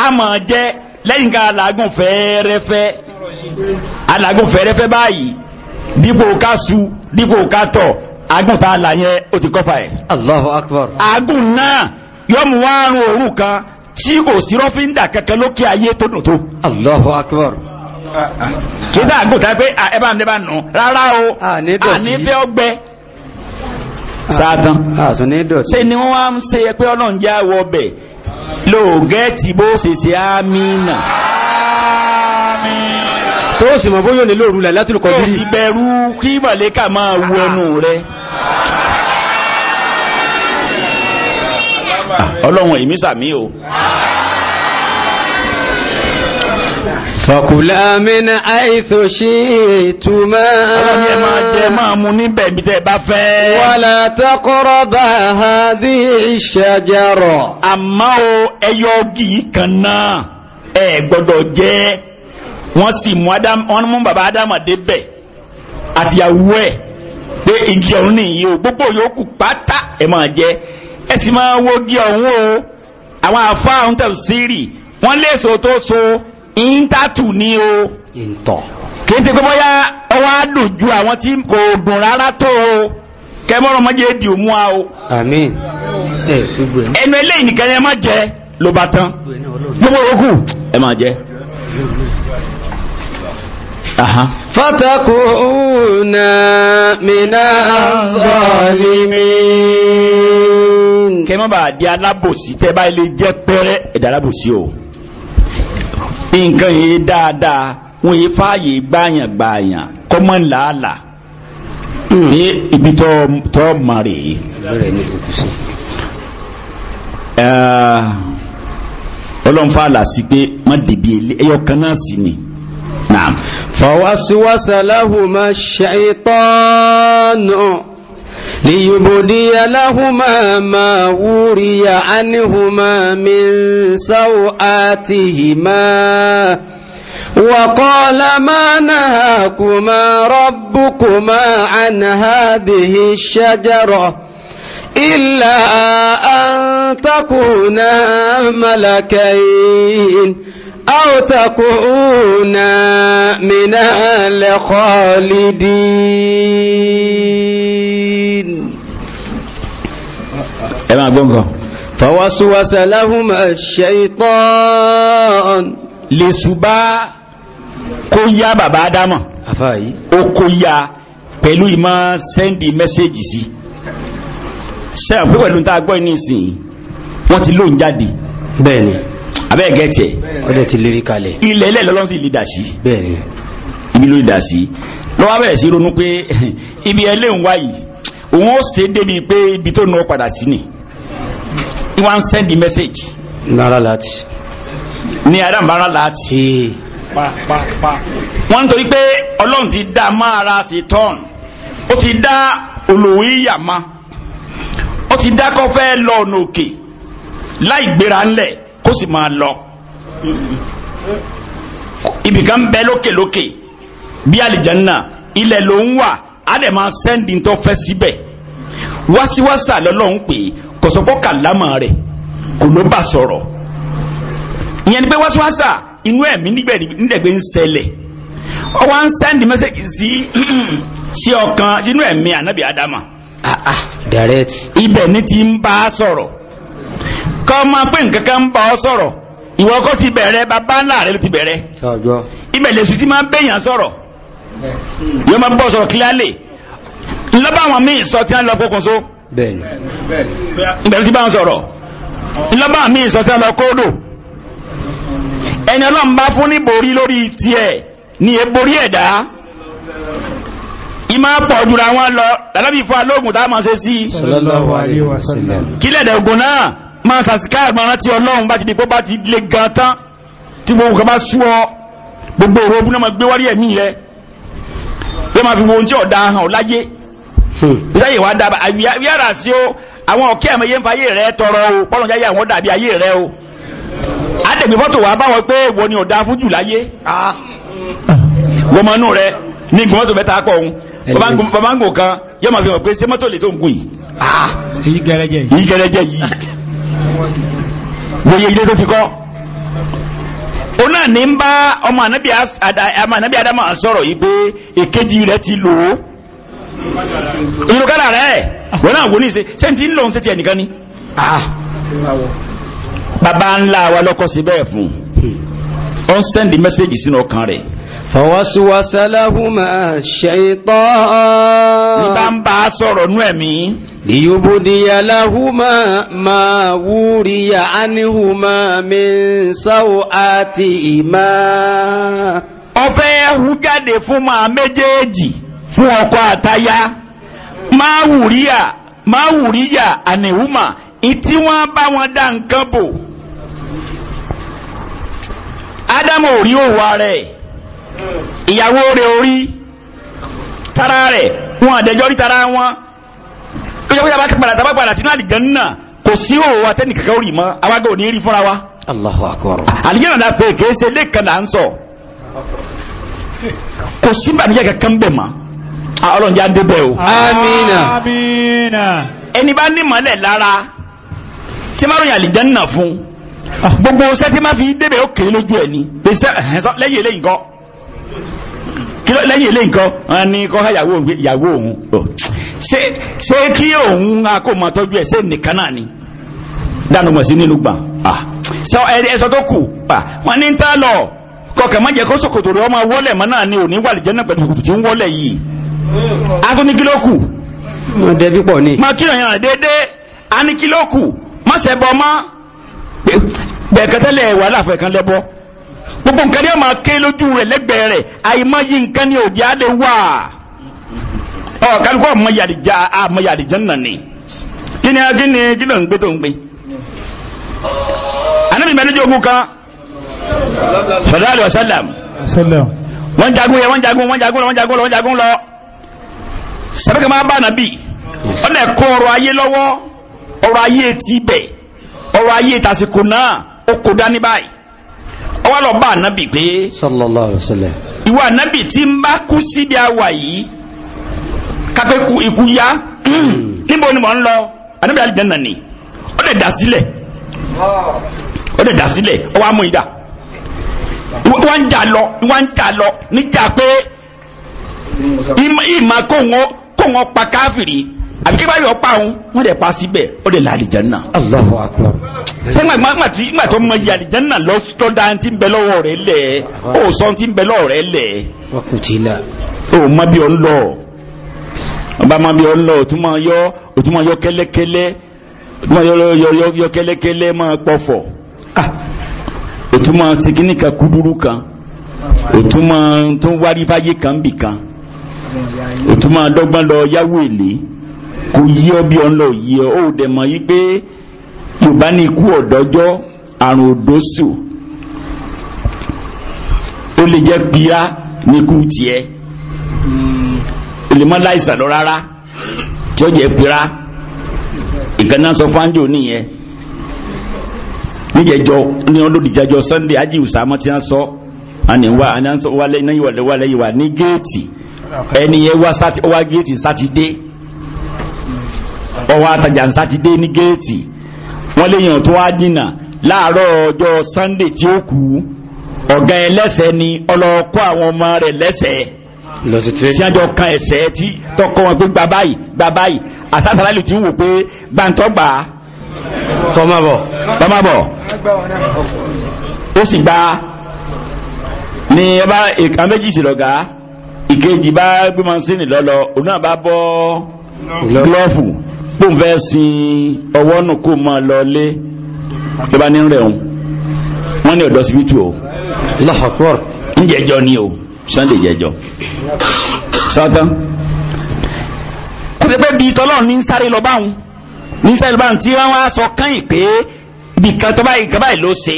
àmà jẹ́ lẹ́yìn ká alágùn fẹ́ẹ́rẹ́fẹ́ alágùn fẹ́ẹ́rẹ́fẹ́ báyìí dípò ká su dípò ká tọ̀ agùn tá a là yẹn ó ti kọ́fà ẹ̀. Allahu Akbar. agùn náà yọmù wá òru kan tí kò sí rọ́fíńdà kankan lókè ayé tó dùn tó. Allahu Akbar. kì í sáà gòtà pé ẹ bá ní bá nù rárá o ànífẹ́ ọgbẹ́ sáàtàn ṣe ni wọ́n wá ń ṣe pé ọlọ́run jẹ́ àwọ̀ ọbẹ̀ lóògẹ́ẹ̀tì bó ṣe ṣe àmìnà tó sì mọ̀ bóyọ̀ nílò òrùlẹ̀ láti lùkọ́ bí. tó sì bẹ̀rù kí mọ̀lẹ́kà máa wọ ẹnu rẹ̀. ọlọ́run èmi sàmí o. Fọ̀kùlá
mínà àìtò ṣí ìtumá. Ọlọ́ni ẹ máa jẹ máa mú níbẹ̀ bí tẹ bá fẹ́. Wàlá
taqrabu bá hadi ìṣàjàrọ̀. Àmọ́ o ẹyọ ọgì kan náà ẹ gbọ́dọ̀ jẹ́. Wọ́n sì mú bàbá Ádámà débẹ̀ àtìyàwó ẹ̀ pé igi ọ̀run nìyí o gbogbo yòókù pátá ẹ máa jẹ ẹ máa wogi ọ̀hún o àwọn àfa ọ̀hún tafsiri wọ́n léèso tó so íńtátù ni o. ìntọ̀. kì í ṣe pé bóyá ọwọ́ á dùn ju àwọn tí kò dùn rárá tó o kẹmọ́rọ̀ mọ́jẹ́ di òmú a o. àmín. ẹnu eléyìí nìkan ẹ má jẹ ló bá tán gbogbo yòókù ẹ má jẹ. fatakuna mina zalimin kẹ́ má di alábòsí tẹ́ bá ilé jẹ́ pẹ́rẹ́ ẹ̀dá alábòsí o nǹkan yìí dáadáa wọ́n yìí fààyè gbààyàn gbààyàn kọ́mọ́ làálàá ní ibi tọ́ mọ̀ rè é ọlọ́nfà là sí pé má dèbí ẹyọ kan náà sí ni. Naam.
Fawaswasa lahuma shaitan. ليبدي لهما ما وري عنهما من سوآتهما وقال ما نهاكما ربكما عن هذه الشجرة إلا أن تكونا ملكين أو تكونا من الخالدين ẹ máa gbọ́ nǹkan. fawaswasa lahuma
shaitan lè ṣùbá kó yá bàbá ádámọ̀ ó kó yá pẹ̀lú ìmọ̀ sẹ́ndì mẹ́sẹ́jì sí sẹ́wọ̀n pé pẹ̀lú tá a gbọ́ ní ìsìn wọ́n ti lóun jáde. bẹ́ẹ̀ni abẹ́ gẹ́tì ọdẹ ti lérí kalẹ̀ ilẹ̀ ilẹ̀ lọ́lọ́ sí ìlídà bẹ́ẹ̀ni ibi ló ìdà sí lọ́wọ́ bẹ̀rẹ̀ sí ronú pé ibi ẹlẹ́hùn wáyìí òun ó ṣe débi pé ibi tó nu ọ padà sí ni tí wọ́n ń sẹ́ndì mẹ́sẹ̀jì. nara láti. ní adam bá lati. láti. wọ́n ń torí pé ọlọ́run ti dá máa ra sí tọ́ọ̀n ó ti dá olùwí yàmá ó ti dá kọ́ fẹ́ lọ ọ̀nà òkè láì gbéra ńlẹ̀ kó sì máa lọ ibìkan bẹ lókè lókè bí àlìjánná ilẹ̀ ló ń wà á dẹ̀ máa sẹ́ndì fẹ́ síbẹ̀ wáṣíwáṣà lọ́lọ́run pè é kọsọkọ kalama pé kàlámà sọrọ kò ló bá sọ̀rọ̀ ìyẹn ni pé wáṣíwáṣà inú ẹ̀mí nígbẹ̀gbẹ̀ ń ṣẹlẹ̀ ọwọ́ ń sẹ́ndì mẹ́sẹ̀gì sí sí ọkàn sínú ẹ̀mí ànábì ádámà ah, ah, ibẹ̀ ní ti ń bá a sọ̀rọ̀ kọ́ máa pé nǹkan kan ń bá ọ sọ̀rọ̀ ìwọ ọkọ ti bẹ̀rẹ̀ bàbá ńlá ló ti bẹ̀rẹ̀ ibẹ̀ lè máa ń bẹ̀yàn sọ̀rọ̀ yóò máa bọ́ sọ̀rọ̀ sọ lọ kókun so. bẹ́ẹ̀ni ìbẹ̀rù tí bá ń sọ̀rọ̀ ìlọ́bà mi ìsọ̀tẹ́ lọ kóòdò ẹni ọlọ́run bá fún ní borí lórí tiẹ̀ ní eborí ẹ̀dá ìmá pọ̀ jùlọ àwọn lọ lálábì fún alóògùn tá a máa ṣe sí kílẹ̀dẹ̀ ogun náà máa ṣàṣìká àgbọ̀nrán tí ọlọ́run bá ti di pé bá ti le gan tán tí gbogbo kan bá sú ọ gbogbo òru ogun náà máa gbé wárí ẹ̀mí rẹ yóò máa fi wo ohun tí ọ̀dà hàn ọ láyé nísàyè wàá dábàá àwíyára sí o àwọn ọ̀kẹ́ àmọ́ yé ń fa ayé rẹ tọrọ o pọ́lọ́ yáyà àwọn dàbí ayé rẹ o àtẹ̀gbẹ́ fọ́tò wàá bá pé wo ni ọ̀dà fún jùláyé ah. wọ́n mọ inú rẹ ní gbọ́mọ́tò mẹ́ta kọ̀ ọ̀hún bàbá kan máa fi hàn pé ṣé mọ́tò lè tó ń gùn yìí. Ah. èyí gẹrẹjẹ yìí. wòye ilé tó ti kọ́. o náà ní bá ọmọ sọ̀rọ̀ yìí pé èkejì rẹ ti lò inú kádà rẹ̀ wọ́n náà wò ní ṣe ṣe ti ń lòun ṣe ti ẹnìkan ni ah. bàbá ńlá wa lọ́kọ́ sí bẹ́ẹ̀ fún ọ ń sẹ́ndì mẹ́sẹ́gì sínú ọkàn rẹ̀ fọwọ́síwọ́sẹ́ lẹ́hùnmá ṣẹ̀tọ́ ní bá ń bá sọ̀rọ̀
nú ẹ̀mí lìyúbùdíyà lẹ́hùnmá wúríyà áníhùnmá mi sáwọ́ àti ìmá ọfẹ́
hú jáde fún ma méjèèjì fún ọkọ àtayá máa wùríyà máa wùríyà àníwùmà ìtí wọ́n bá wọn dá nǹkan bò ádámù ò rí òwò rẹ̀ ìyàwó rẹ̀ orí tara rẹ̀ wọn àdẹjọ́ rí tara wọn kọjá kọjá bá padà tábà padà sínú àlìjánná kò sí òwò atẹ́nìkankan rí mọ́ awágá ò rí fúnra wa. Allahu akbar. àlìjánná dà pé kèé ṣe lẹ́ẹ̀kan là ń sọ kò sí bàbíyà kankan bẹ̀ mọ́. Ah, ọlọ́run já débẹ̀ o. amina. ẹni bá ní mọ́lẹ̀ lára tí máa ròyìn àlìjánná fún ah, gbogbo ṣẹ́ tí máa fi débẹ̀ ó kéré lójú ẹ̀ ni lẹ́yìn eléyìí kọ́ lẹ́yìn eléyìí kọ́ wọn ni kọ́ yàwó ìyàwó òun oh. ṣé kí òun akómọ tọ́jú ẹ̀ ṣé nìkan náà ni dànù mọ̀ sí nínú gbà ẹ̀sọ́ ah. tó kù wọn ní ń tá lọ kọkẹ́ má jẹ́ kó sòkòtò rẹ̀ ọmọ wọlé mọ́ náà ni òní wà lìjánná pẹ̀lú kòtò tí ń wọlé yìí a tún ní kílókù wọ́n dẹ̀ pípọ̀ ní ma kí ọ̀yàn dédé a ní kílókù má sẹ́bọ má bẹ̀ẹ̀kẹ́tẹ́lẹ̀ wà láàfẹ́ kan lẹ́bọ gbogbo nǹkan ní ọmọ ké lójú rẹ̀ lẹ́gbẹ̀ẹ́ rẹ̀ àìmọye nǹkan ní òjì àdé wà ọ̀ kálukọ́ àmọ́yàdìjà nà ni kí ni kí ni kí ló ń gbé tó ń gbé anábì mẹ́rin jogun kan sallallahu alaihi wasallam wọ́n jagun yẹ wọ́n jagun wọ́n jagun lọ wọ́n jagun lọ wọ́n jagun lọ sàbẹ̀kẹ́ máa bá nàbì ọ̀nà ẹ̀kọ́ ọ̀rọ̀ ayé lọ́wọ́ ọ̀rọ̀ ayé ti bẹ̀ ọ̀rọ̀ ayé tàsìkò náà ó kó dání báyìí ọwọ́ lọ bá ànábì pé sallallahu alaihi wasallam ìwà ànábì tí ń bá kú síbi àwà yìí kápẹ́ ku ikú yá hmm. níbo ni mò ń lọ ànábì àlìjẹ́nà ni ó lè dà sílẹ̀ ó lè dà sílẹ̀ ó wá mú ìdá wọ́n ń jà lọ wọ́n ń jà lọ níjà pé ìmọ̀ kóhun kó wọn pa káfìrí àbí kí báyọ̀ pa òun wọ́n dẹ̀ pa síbẹ̀ ó dẹ̀ la àlìjánà. Allahu akbar. sẹ́yìn gbàgbà tí gbà tó mọ iye àlìjánà lọ́dà tí ń bẹ lọ́wọ́ rẹ̀ lẹ̀ ó sọ tí ń bẹ lọ́wọ́ rẹ̀ lẹ̀. wọ́n kò tí ì la. ó mọ bí ọ ń lọ ọba mọ bí ọ ń lọ òtún mọ yọ òtún mọ yọ kẹ́lẹ́kẹ́lẹ́ òtún mọ yọ yọ kẹ́lẹ́kẹ́lẹ́ mọ pọ̀fọ̀ òtún ah! mọ ti kíníkan kúdúrú kan òtún mọ tó wárí fáyé kan bì kan. otu ma máa dọ́gbọ́n lọ yáwó èlé kò yí ọ bí ọ̀nà òyí ọ ó dẹ̀ mọ̀ yí yorùbá ní ikú ọ̀dọ́jọ́ àrùn òdòsù ó lè jẹ́ pira ní ikú tiẹ̀ ó lè láìsàn lọ rárá tí ó jẹ́ sọ fáńjò nìyẹn níjẹjọ ní ọlọ́dìjẹjọ sunday ajíwùsà mọ́ tí wọ́n sọ wà ẹniyẹn wá géètì sátidé ọwọ́ àtàjà sátidé ní géètì wọ́n léèyàn tó wá dínà láàárọ̀ ọjọ́ sunday tí ó kú ọ̀gá ẹlẹ́sẹ̀ ni ọlọ́ọ̀kọ́ àwọn ọmọ rẹ̀ lẹ́sẹ̀ tí a jọ kan ẹ̀sẹ̀ tí tọkọ wọn pé gba báyìí gba báyìí àsásàlálù ni ọba ìkà méjì sí ìkejì bá gbé mansini lọ́lọ́ òun náà bá bọ́ glọ́fù kó n fẹ́ sin ọwọ́ nù kó máa lọ lé ní rẹ̀ òun wọ́n ní síbítù o ń jẹjọ ni o sunday jẹjọ sátán kúrẹ́pẹ́ bíi tọ́lọ́ ní sáré lọ báwọn ní sáré lọ báwọn tí wọ́n wá sọ kán ìpè ibi kan tó báyìí kan báyìí ló ṣe.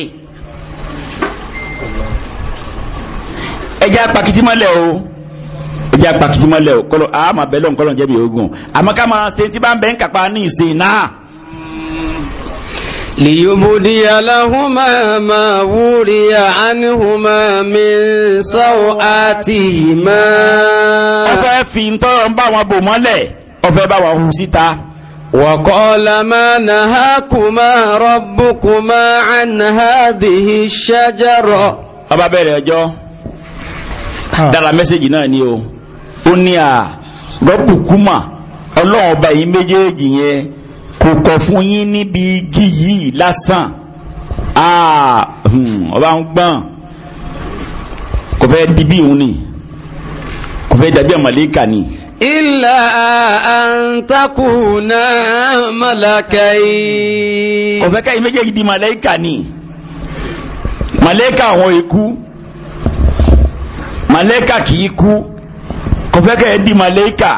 ẹja pàkìtì mọ́lẹ̀ o ẹjẹ́ apakiti mọ́lẹ̀ o kọ́lọ́ a máa bẹ́ẹ̀ lọ́n kọ́lọ́ jẹ́bi ogun àmọ́ ká máa ṣe tí bá ń bẹ́ ń kápá ní ìsìn náà. ليبدي
لهما ما وري عنهما من سوآتهما ó fẹ́ fi ń tọ́rọ wọn bò mọ́lẹ̀ ó bá wọn hù síta وقال ما نهاكما ربكما
عن هذه الشجرة ọba bẹ̀rẹ̀ ọjọ́ dára mẹ́sẹ̀jì náà ni o ó ní à rọ́bùkúmà ọlọ́run ọba yìí méjèèjì yẹn kò kọ̀ fún yín níbi igi yìí lásán ọba ń gbọ́n kò fẹ́ di bí òun ni kò fẹ́ dàbí àmàlẹ́kà ni.
Illa an
takuna malakai. Kò fẹ́ káyí méjèèjì di màlẹ́kà ni. Màlẹ́kà àwọn ikú. Màlẹ́kà kìí kú kò fẹ́ kẹ́ ẹ di màlẹ́kà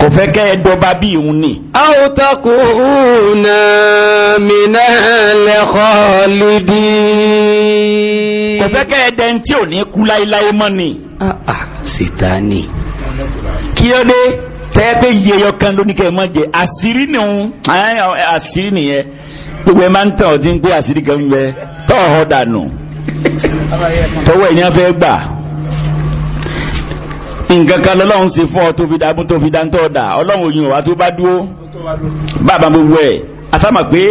kò fẹ́ kẹ́ ẹ dọba bí ìhun ni. aw takuna minal khalidin. kò fẹ́ kẹ́ ẹ dẹni tí ò ní kú láéláé mọ́ ni.
ah ah sitani.
kí ló dé tẹ́ẹ̀pẹ́ yẹyọ kan lónìí kẹ́ ẹ mọ́ jẹ àṣírí nìhun àṣírí nìyẹn gbogbo ẹ máa ń tàn ọtí ń pé àṣírí kan ń tọ́ ọ̀họ́ dànù tọwọ́ ẹ̀ ní wọ́n fẹ́ gbà nǹkan kan lọ́lọ́run ṣe fún ọ tó fi dábùn tó fi dáńtọ́ dà ọlọ́run òyìn wa tó bá dúró bàbá gbogbo ẹ̀ àsámà pé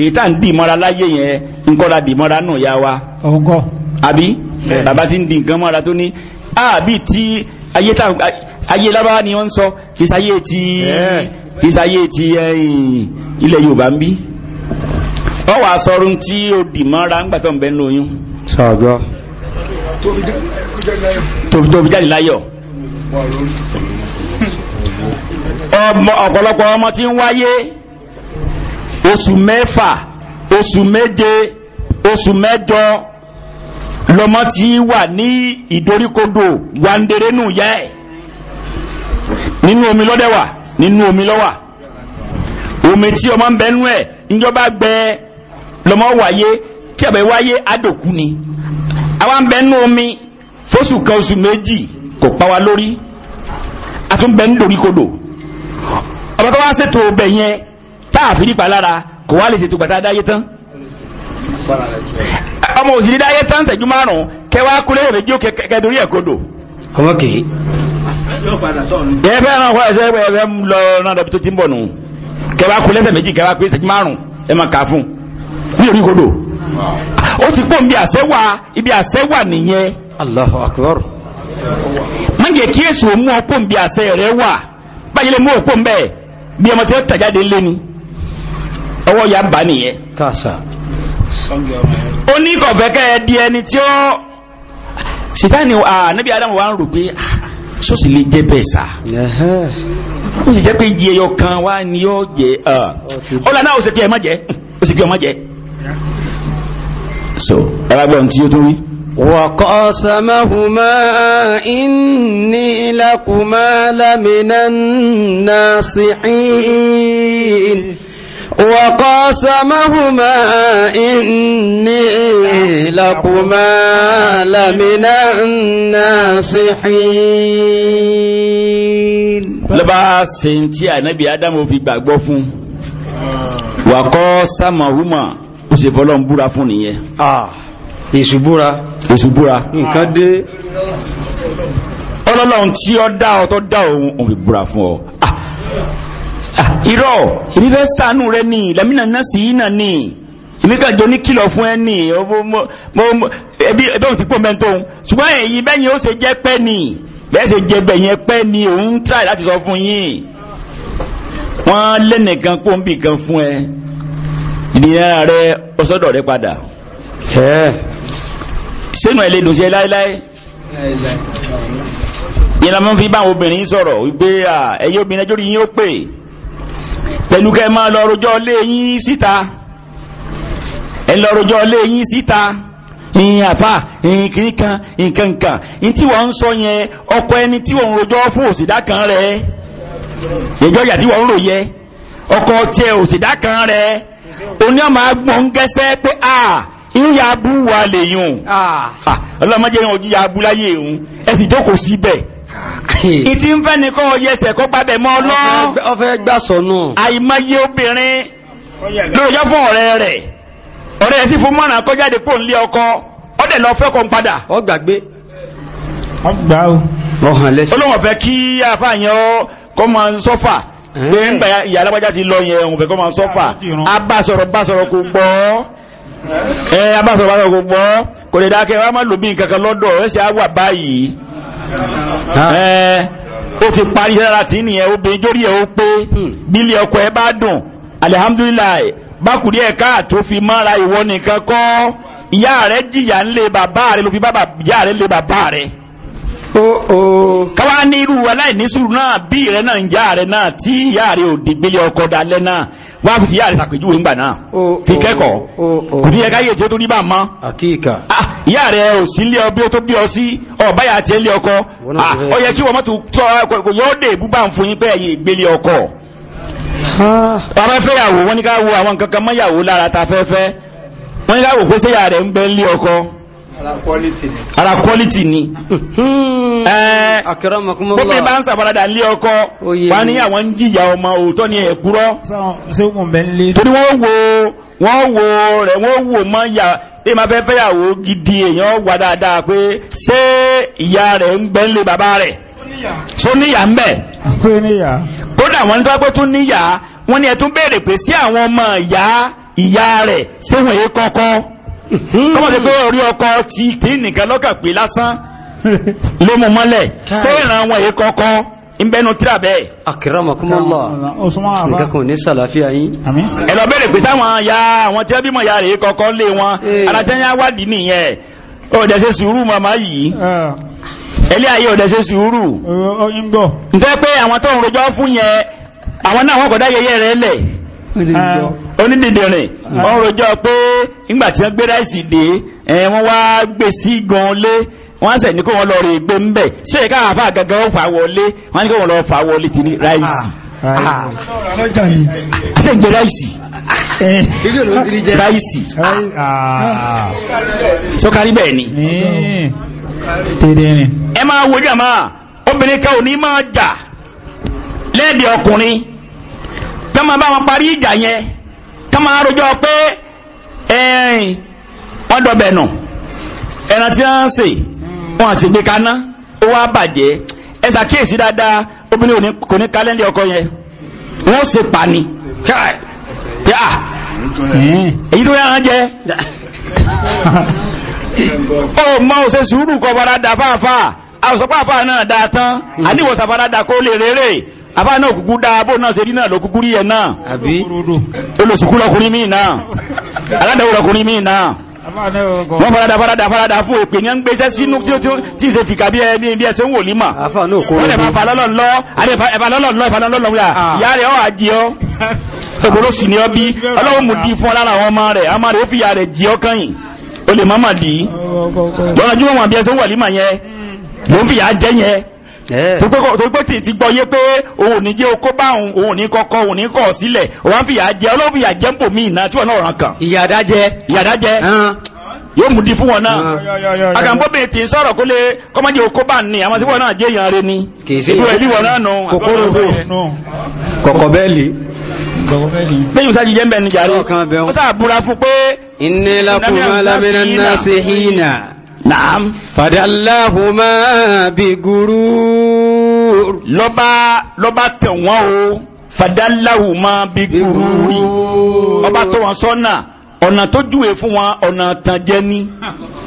èyí tá à ń dì mọ́ra láyé yẹn nǹkan dì mọ́ra nù ya wa. ọgọ. àbí bàbá ti ń di nǹkan mọ́ra tó ní ah, àbí tí ayé tá ayé lábáwá ni wọ́n ń sọ kì í sáyé ti kì í sáyé ti eh, ilẹ̀ Yorùbá ń bí ọ wàá sọrun tí o dì mọ́ra ń gbàtọ̀ ń bẹ́ ń lóyún. sọ̀gọ́. tó fi jáde láyọ̀ ọ̀pọ̀lọpọ̀ ọmọ tí ń wáyé oṣù mẹ́fà oṣù méje oṣù mẹ́jọ lọmọ tí wà ní ìdoríkodò wàǹdèrè nù yá ẹ̀ nínú omi lọ́dẹ̀wà nínú omi lọ́wà omi tí ọmọ ń bẹ nú ẹ̀ gbẹ lọmọ wáyé tí ọbẹ̀ wáyé adòkú ni àwa ń bẹ omi fóṣù kan oṣù méjì kò pa wá lórí àtúnbẹ̀ ń dorí kodò ọba tó wá ṣètò ọbẹ̀ yẹn tá a fi nípa lára kò wá lè ṣètò gbàtà dáyé tán ọmọ òsì dáyé tán ṣẹ́jú márùn kẹwàá kúlẹ̀ rẹ̀ jó kẹdorí ẹ̀ kodò. ọmọ kẹwàá kúlẹ̀ fẹ́ kẹwàá kúlẹ̀ ṣẹ́jú márùn ẹ máa kà á fún ní orí kodò. ó ti pọ̀ níbi àṣẹ wà ibi àṣẹ wà nìyẹn. Allahu akbar má jẹ́ kí èsù mú ọkọ̀ bí àṣẹ rẹ wà báyìí lè mú ọkọ̀ bẹ́ẹ̀ bí ọmọ tí ó tàjáde lé ni ọwọ́ ya bá nìyẹn. ó ní kọ̀fẹ́kẹ́ di ẹni tí ó sitani anabi adamu wa ń rò pé sọ́sì lè jẹ́ bẹ́ẹ̀ sá ó sì jẹ́ pé jí ẹyọ kan wá ní yóò jẹ ọ̀la náà ó sì pé ẹ má jẹ ó sì pé ọ má jẹ
so ẹ e bá gbọ́n tí ó tún wí. وقاسمهما إني لكما لمن الناصحين وقاسمهما إني لكما لمن
الناصحين lọ́bá sèntí ànábì ádámù fi gbàgbọ́ fún ah. wàkọ́ sámàhúmà ó sì fọ́lọ́ ń búra fún nìyẹn. Ah èṣùbúra èṣùbúra nǹkan dé ọlọ́lọ́run tí ọ dá ọ tó dá òun òun lè búra fún ọ ah, ah, irọ́ èmi fẹ́ sànú rẹ ní ìlàmínà náà sí náà ní èmi kàn jọ ní kìlọ̀ fún ẹ ní ẹbí òun ti pò mẹ́ntòun ṣùgbọ́n èyí bẹ́yìn ó ṣe jẹ́ pẹ́ ní bẹ́ẹ̀ ṣe jẹ́ bẹ̀yẹn pẹ́ ní òun tíráì láti sọ fún yín wọ́n lẹ́nìkan pò kan fún ẹ ìdíyàrá rẹ ọsọ́dọ̀ rẹ padà sẹ́nu ẹ̀ lè dùn sí ẹ láéláé yẹn la máa fi bá àwọn obìnrin sọ̀rọ̀ wípé ẹ̀yin obìnrin ẹjọ́ rí yín ó pè pẹ̀lú kẹ́ ẹ máa lọ rojọ́ lé yín síta ẹ lọ rojọ́ lé yín síta ìyìn àfà ìyìn kiri kan ní tí wọ́n ń sọ yẹn ọkọ ẹni tí wọ́n ń rojọ́ fún òsìdá kan rẹ̀ ìjọ ìyà tí wọ́n ń rò yẹ tiẹ̀ òsìdá kan rẹ̀ oní ọmọ agbọ̀n gẹ́sẹ́ pé a. Ah, irú yaabu wà lèyìn ah. ọlọ́mọdé yẹn ojú yaabu láyé òun ẹ sì jókòó síbẹ̀ ah. ìtí ń fẹ́ nìkan ọyẹsẹ̀ kó gbabẹ̀ mọ́ lọ ọfẹ́ gbà sọnù àìmọye obìnrin lóòjọ́ fún ọ̀rẹ́ rẹ̀ ọ̀rẹ́ rẹ̀ sì fún mọ́ràn kọjáde pò ń lé ọkọ ọdẹ lọ fẹ́ kọ́ ń padà. ọ gbàgbé ọ gbà kí àfààyàn kọ́ máa ń sọ́fà eh. pé ń gbà ìyá alágbájá ti lọ yẹn òun fẹ́ kọ́ máa ń sọ́fà E abásọ̀básọ̀ kò gbọ́ kò lè dákẹ́ wá má lò bí nǹkan kan lọ́dọ̀ ẹ̀sẹ̀ á wà báyìí ah. ó ti parí sára láti nìyẹn obìnrin jórí ẹ̀ ó pé hmm. ọkọ ẹ bá dùn alihamudulilayi bákùrí tó fi mọ́ra ìwọ nìkan kọ́ ìyá rẹ̀ jìyà ńlẹ̀ bàbá Oh, oh. káwá ní irú aláìnísùúrù náà bí rẹ náà ń já rẹ náà tí ọkọ dalẹ náà wá fi ti ìyá rẹ ńgbà náà oh, fi
kẹ́kọ̀ọ́ kò tí yẹ
tí ó tó bá mọ. Ah, tó bí ọ sí ọbáyà tí ẹ lé ọkọ ah, ọ yẹ kí wọn mọtò kọ yóò dé búbá ń fún yín pé ọkọ. bàbá fẹ́ yàwó wọn ká wo àwọn mọ́ yàwó lára ta wọn Eh, bóbi bá ń sàfaradà lé ọkọ wà ní àwọn ń jìyà ọmọ òótọ́ ni ẹ̀kúrọ́ torí wọ́n wo wọ́n wo rẹ̀ wọ́n wo mọ́ yà bí ma fẹ́ fẹ́yàwó gidi èèyàn wà dáadáa pé ṣé ìyá rẹ̀ ń gbẹ́ ń lé bàbá rẹ̀ sóníyà ń bẹ̀ kódà wọ́n tó pé tún níyà wọ́n ní ẹ béèrè pé sí àwọn ọmọ ìyá ìyá rẹ̀ ṣé wọ́n yé kọ́kọ́ hmm. ọmọdé pé orí ọkọ ti kì í nìkan lọ́kàn pé lásán lómú mọ́lẹ̀ sẹ́yìnrán wọn èyí kọ́kọ́ ń bẹ́nu tíra bẹ́ẹ̀. akramakumullah
nǹkan kò ní ẹ lọ
ya àwọn tí wọ́n bímọ ya wọn eh. alájẹ́yìn nìyẹn ó sùúrù màmá yìí eh. ẹlẹ́ ayé ó sùúrù eh, pé àwọn tó ń rojọ́ fún yẹn àwọn náà wọ́n yẹyẹ lẹ̀ rojọ́ pé ńgbà tí wọ́n wọ́n sẹ̀ ní kó wọ́n lọ rí gbé ń bẹ̀ ṣé ẹ̀ka àfà gangan ó fà wọlé wọ́n ní kó wọ́n lọ fà wọlé ti ní ráìsì. Ah, ah. ṣé ń jẹ ráìsì. ráìsì. sọ́kárí bẹ́ẹ̀ ni. ẹ máa wo jàmá obìnrin kan ò ní máa jà lẹ́ẹ̀dẹ̀ ọkùnrin tá máa bá wọn parí ìjà yẹn tá máa rojọ́ pé wọ́n dọ̀bẹ̀ nù ẹ̀ràn tí wọ́n ń sè. wọn àti gbé kaná ó wá bàjẹ́ ẹ ṣàkíyèsí dáadáa obìnrin kò ní kálẹ́ndì ọkọ yẹn wọ́n ṣe pa ni èyí tó yára jẹ́ ó mọ òṣè sùúrù kọ bọ́ra dà fáfá àwòsànpá àfá náà dà tán hmm. àníwòsàn fara dà kó lè rere àfá náà kúkú dá abó náà ṣe rí náà ló kúkú rí yẹn náà olùsùkú lọkùnrin míì náà aládàwò lọkùnrin míì náà
wọ́n farada farada
farada fún èpè ní gbéṣẹ́ sínú tí ìṣe fìkà bí ẹni bí ẹsẹ̀ ń wò límà wọ́n lè fa lọ́lọ́lọ́ ìfàlọ́lọ́lọ́ ìfàlọ́lọ́lọ́ ah. ìyá rẹ̀ ọ́ àjí ọ́ ògbóró sì ní ọ bí ọlọ́run mú di fún ọ lára àwọn ọmọ rẹ̀ ọmọ rẹ̀ ó fi ìyá rẹ̀ jí ọ kẹ́yìn ó lè má má di lọ́nà jùmọ̀ wọn bí ẹsẹ̀ ń wò límà yẹn ló ń fi ìyá jẹ́ yẹn
tó
pé tí ti gbọ́ yé pé òun ní jẹ́ okó bá òun òun ní kọ́kọ́ òun ní kọ́ sílẹ̀ òun fìyà jẹ ọlọ́run fìyà jẹ tí wọn náà ràn kàn. ìyàdá jẹ ìyàdá jẹ yóò mú di fún wọn náà àgànbọ́bẹ̀ tí ń sọ̀rọ̀ kó lè okó bá wọn náà jẹ́ ìyàn rẹ ni bẹ́ẹ̀ ni jàre
ó Naam. Fàdáláhùmá bí
gúrú. Lọ́bá lọ́bá tẹ̀ wọ́n o. Fàdáláhùmá bí gúrú rí. Ọba tó wọn sọ́nà. Ọ̀nà tó júwe fún wọn ọ̀nà tàn jẹ ní.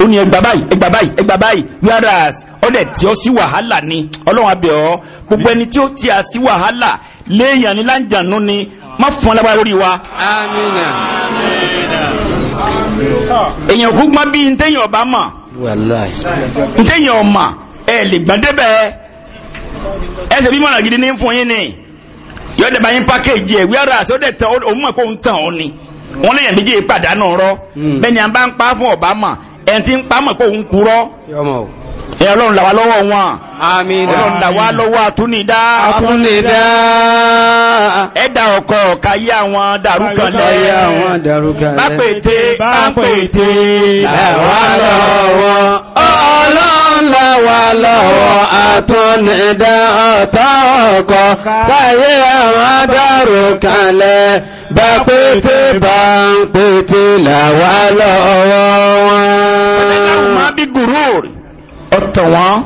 Ó ní ẹgbà báyìí ẹgbà báyìí ẹgbà báyìí whereas ọ̀dẹ̀ tí ó sí wàhálà ni Ọlọ́run abẹ̀ ọ́ gbogbo ẹni tí ó ti à sí wàhálà léèyàn ní láǹjànú ni má fún ọlọ́ba lórí wa. Àmín. Èèyàn kú gbọ́n bí ntẹ́yìn ọba mọ̀. ntẹ́yìn ọmọ ẹ lè gbọ́n débẹ̀ ẹsẹ̀ bí gidi ní fún yín ni yóò dẹ̀ bá yín pákéjì ẹ̀ wíwá rà sódẹ̀ tán òun mọ̀ ni wọn lẹ́yìn méjì pàdánù rọ bẹ́ẹ̀ à ń bá ń pa fún ọba ma, ti ń pa kó ń rọ.
ẹ ọlọ́run là lọ́wọ́ wọn
àmín ọlọ́run là lọ́wọ́ àtúnidá àtúnidá ẹ̀dà ọkọ̀ ọ̀ka yí àwọn dàrúkan lẹ̀ bápètè bápètè là wá lọ́wọ́ ọlọ́run là lọ́wọ́
àtúnidá ọ̀tá ọkọ̀ káyé àwọn dàrúkan lẹ̀ bápètè bápètè là wá lọ́wọ́ wọn. ọ̀dẹ́dàrú máa bí gùrú rí ọ̀tàn wọn.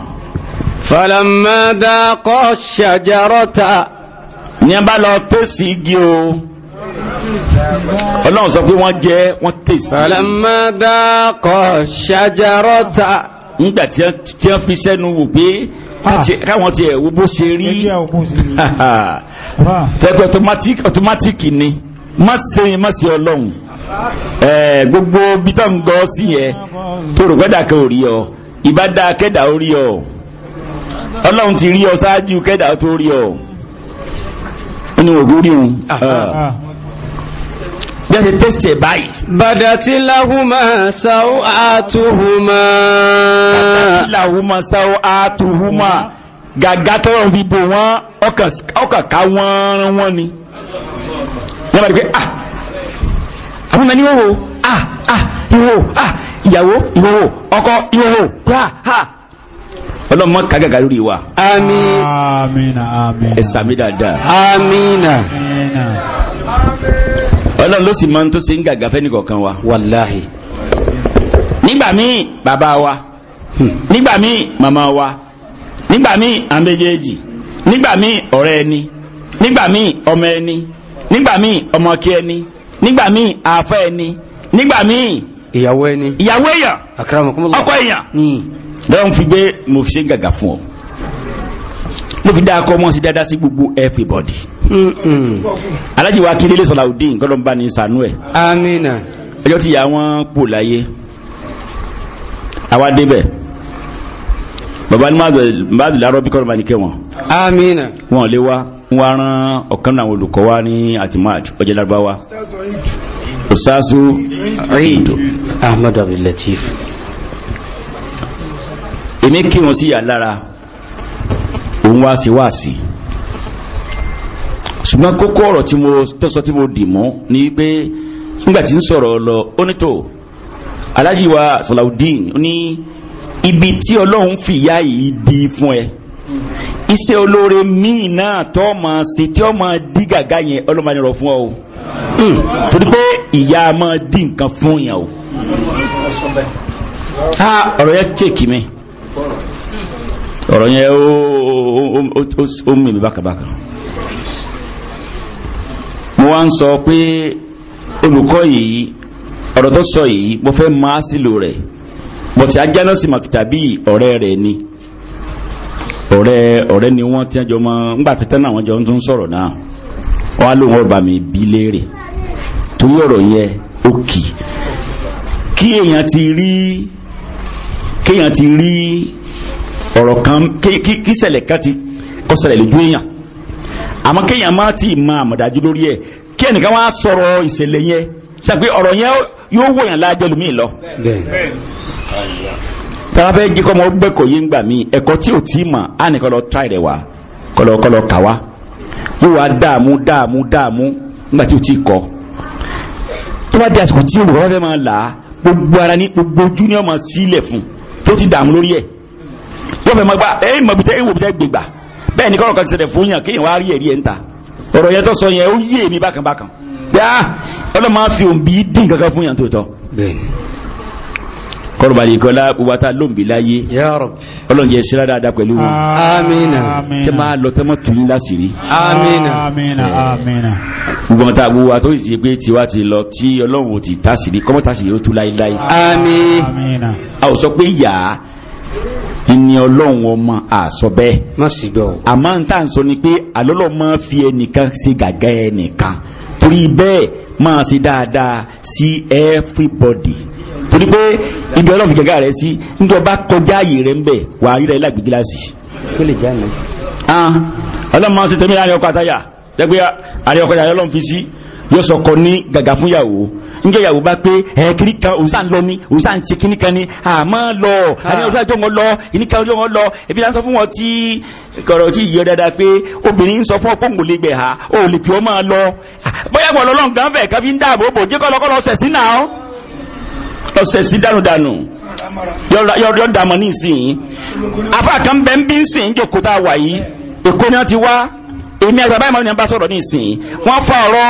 falamma daqa shajarata ní a bá lọ tẹ̀sí
igi o ọlọ́run sọ pé wọ́n jẹ́ wọ́n tẹ̀sí. falamma daqa shajarata. nígbà tí wọ́n fi sẹ́nu wò pé ah. káwọn tiẹ̀ wo bó ṣe rí ah. tẹ́pẹ́ ọ̀tọ́mátìkì ni má se yín má se ọlọ́run gbogbo bí sí yẹ tó rò kan ò rí ọ ìbá dáa kẹ́dà ó rí ọ ọlọ́run ti rí ọ ṣáájú kẹ́dà tó rí ọ inú ògùn rí òun bí a ti tẹ́sì ẹ̀ báyìí. bàdàtí láhùmá sáwọ́ àtúhùmá. bàdàtí láhùmá sáwọ́ àtúhùmá gàgá tọ́rọ̀ fi bò wọ́n ọkà ká wọ́n rán ni. wọ́n bá rí pé ah àwọn mẹ́ni wọ́wọ́ ah ah ìwò ah ìyàwó ìwòwò ọkọ ìwòwò ha ha ọlọ́mọ kagagà lórí wa amina ẹ̀sàmì dáadáa amina ọlọ́run ló sì máa ń tó ṣe ń gàgà fẹ́ nìkọ̀ọ̀kan wa wàláhì nígbà míì bàbá wa hmm. nígbà míì màmá wa nígbà míì àméjèèjì nígbà míì ọ̀rẹ́ ẹni nígbà míì ọmọ ẹni nígbà míì ọmọ kí ẹni nígbà míì àfẹ́ ẹni nígbà míì ìyàwó ẹni ìyàwó èèyàn ọkọ èèyàn lọ́wọ́n fi gbé mo fi ṣe gàgà fún ọ ló fi dáa kọ́ mọ́ sí dáadáa sí gbogbo everybody alájí wa kiri lè sọ̀rọ̀ àwùdí nǹkan ló ń bá ní sànú ẹ̀ amina ẹjọ́ ti yà wọ́n pò láyé àwa débẹ̀ bàbá ní má bẹ̀rẹ̀ lárọ́ bí kọ́ ló kẹ́ wọn amina wọn lè wá wá rán ọ̀kan náà olùkọ́ wa ní àtìmáàj ọjọ́ lárúbáwá ọ̀sáàsù ríìdù ahmed abdullatif èmi kírun sí yàlára òun wá sí wá sí ṣùgbọ́n kókó ọ̀rọ̀ tí mo tọ́sọ tí mo dì mọ́ ni pé nígbà tí ń sọ̀rọ̀ lọ onítò alájíwá salaudeen ní ibi tí ọlọ́run fìyà yìí di fún ẹ iṣẹ́ olóore míì náà tọ́ ma ṣe tí ọ ma gàgá yẹn ọlọ́mọdé rọ fún ọ o hmm. torí pé ìyá ma dí nǹkan fún o tá ọ̀rọ̀ yẹn tèkì mi ọ̀rọ̀ yẹn ó mú mi bákàbákà mo wá ń sọ pé olùkọ́ yìí ọ̀rọ̀ tó sọ yìí mo fẹ́ máa sílò rẹ̀ bọ̀tí ajánásí màkìtàbí ọ̀rẹ́ rẹ̀ ni. ọ̀rẹ́ ọ̀rẹ́ ni wọ́n tí wọ́n jọ mọ́ ńgbà títẹ́ náà wọ́n jọ ń tún sọ̀rọ̀ náà wọ́n á lóun ọba mi bí léèrè torí ọ̀rọ̀ yẹ ó kí èèyàn ti rí ti rí ọ̀rọ̀ kan kí ṣẹlẹ̀ kan ti kọ́ lójú tàbá fẹ́ jí kọ́mọ gbẹ́kọ̀ yé ngbà mí ẹ̀kọ́ tí o tí ì mọ̀ á nìkan lọ tíráì rẹ̀ wá kọlọkọlọ kà wá yóò wá dààmú dààmú dààmú ńgbà tí tí kọ́ tí o fẹ́ máa là á gbogbo ara ní gbogbo ojú ni ọmọ sílẹ̀ fún tó ti dààmú lórí ẹ̀ fẹ́ máa gbà bẹ́ẹ̀ ni kan ti a kọlọ̀bàlì kọlá púpátá lóǹbì láyé ọlọ́njẹ́ síra dáadáa pẹ̀lú wọn amina tẹ máa lọ tẹ́mọ́ tún ní lásìrí
eh. amina
gbogbo ta gbogbo àtọ́ ìsì pé tiwa ti lọ tí ọlọ́run ti tásìrí kọ́mọ́ tásìrí ó tú láíláí amina a ò sọ pé yà á ìní ọlọ́run ọmọ àsọ bẹ́ẹ̀ àmọ́ n tá à ń sọ ni pé àlọ́lọ́ torí bẹ́ẹ̀ máa ṣe dáadáa sí everybody torí pé ibi ọlọ́run jẹ́gà rẹ̀ sí nítorí bá kọjá ààyè rẹ̀ ń bẹ̀ wàá rí rẹ̀ lágbè gíláàsì. kó lè jáde. Ah, ọlọ́run máa ń ṣe tẹ̀mí láàrin ọkọ àtàyà jẹ́ pé àárín ọkọ àtàyà ọlọ́run fi sí yóò sọkọ ní gàgà fúnyàwó níjọ́ ìyàwó bá pé ẹ̀ kiri kan òsà ń lọ ni òsà ń ṣe kíní kan ni àmọ́ lọ àní ọjọ́ àjọ wọn lọ kíní kan ọjọ́ wọn lọ ebi láti sọ fún wọn tí kọ̀rọ̀ tí yíyọ dáadáa pé obìnrin ń sọ fún ọpọ́n kò lè gbẹ̀ ha ó lè pè ọ́ máa lọ bóyá wọn lọ lọ́nkàn bẹ̀ káfí ń dáàbò bò jẹ́ kọ́lọ́kọ́lọ́ ọ̀sẹ̀ sí náà ọ̀sẹ̀ sí dánudànù yọ̀ọ́ dàmọ́ nísìnyí afa kan bẹ́ẹ̀ ń bí ń sìn jòkó tá a wà yìí èkó ni wọ́n ti wá èmi àgbà báyìí máa ń bá sọ̀rọ̀ nísìnyí wọ́n fa ọ̀rọ̀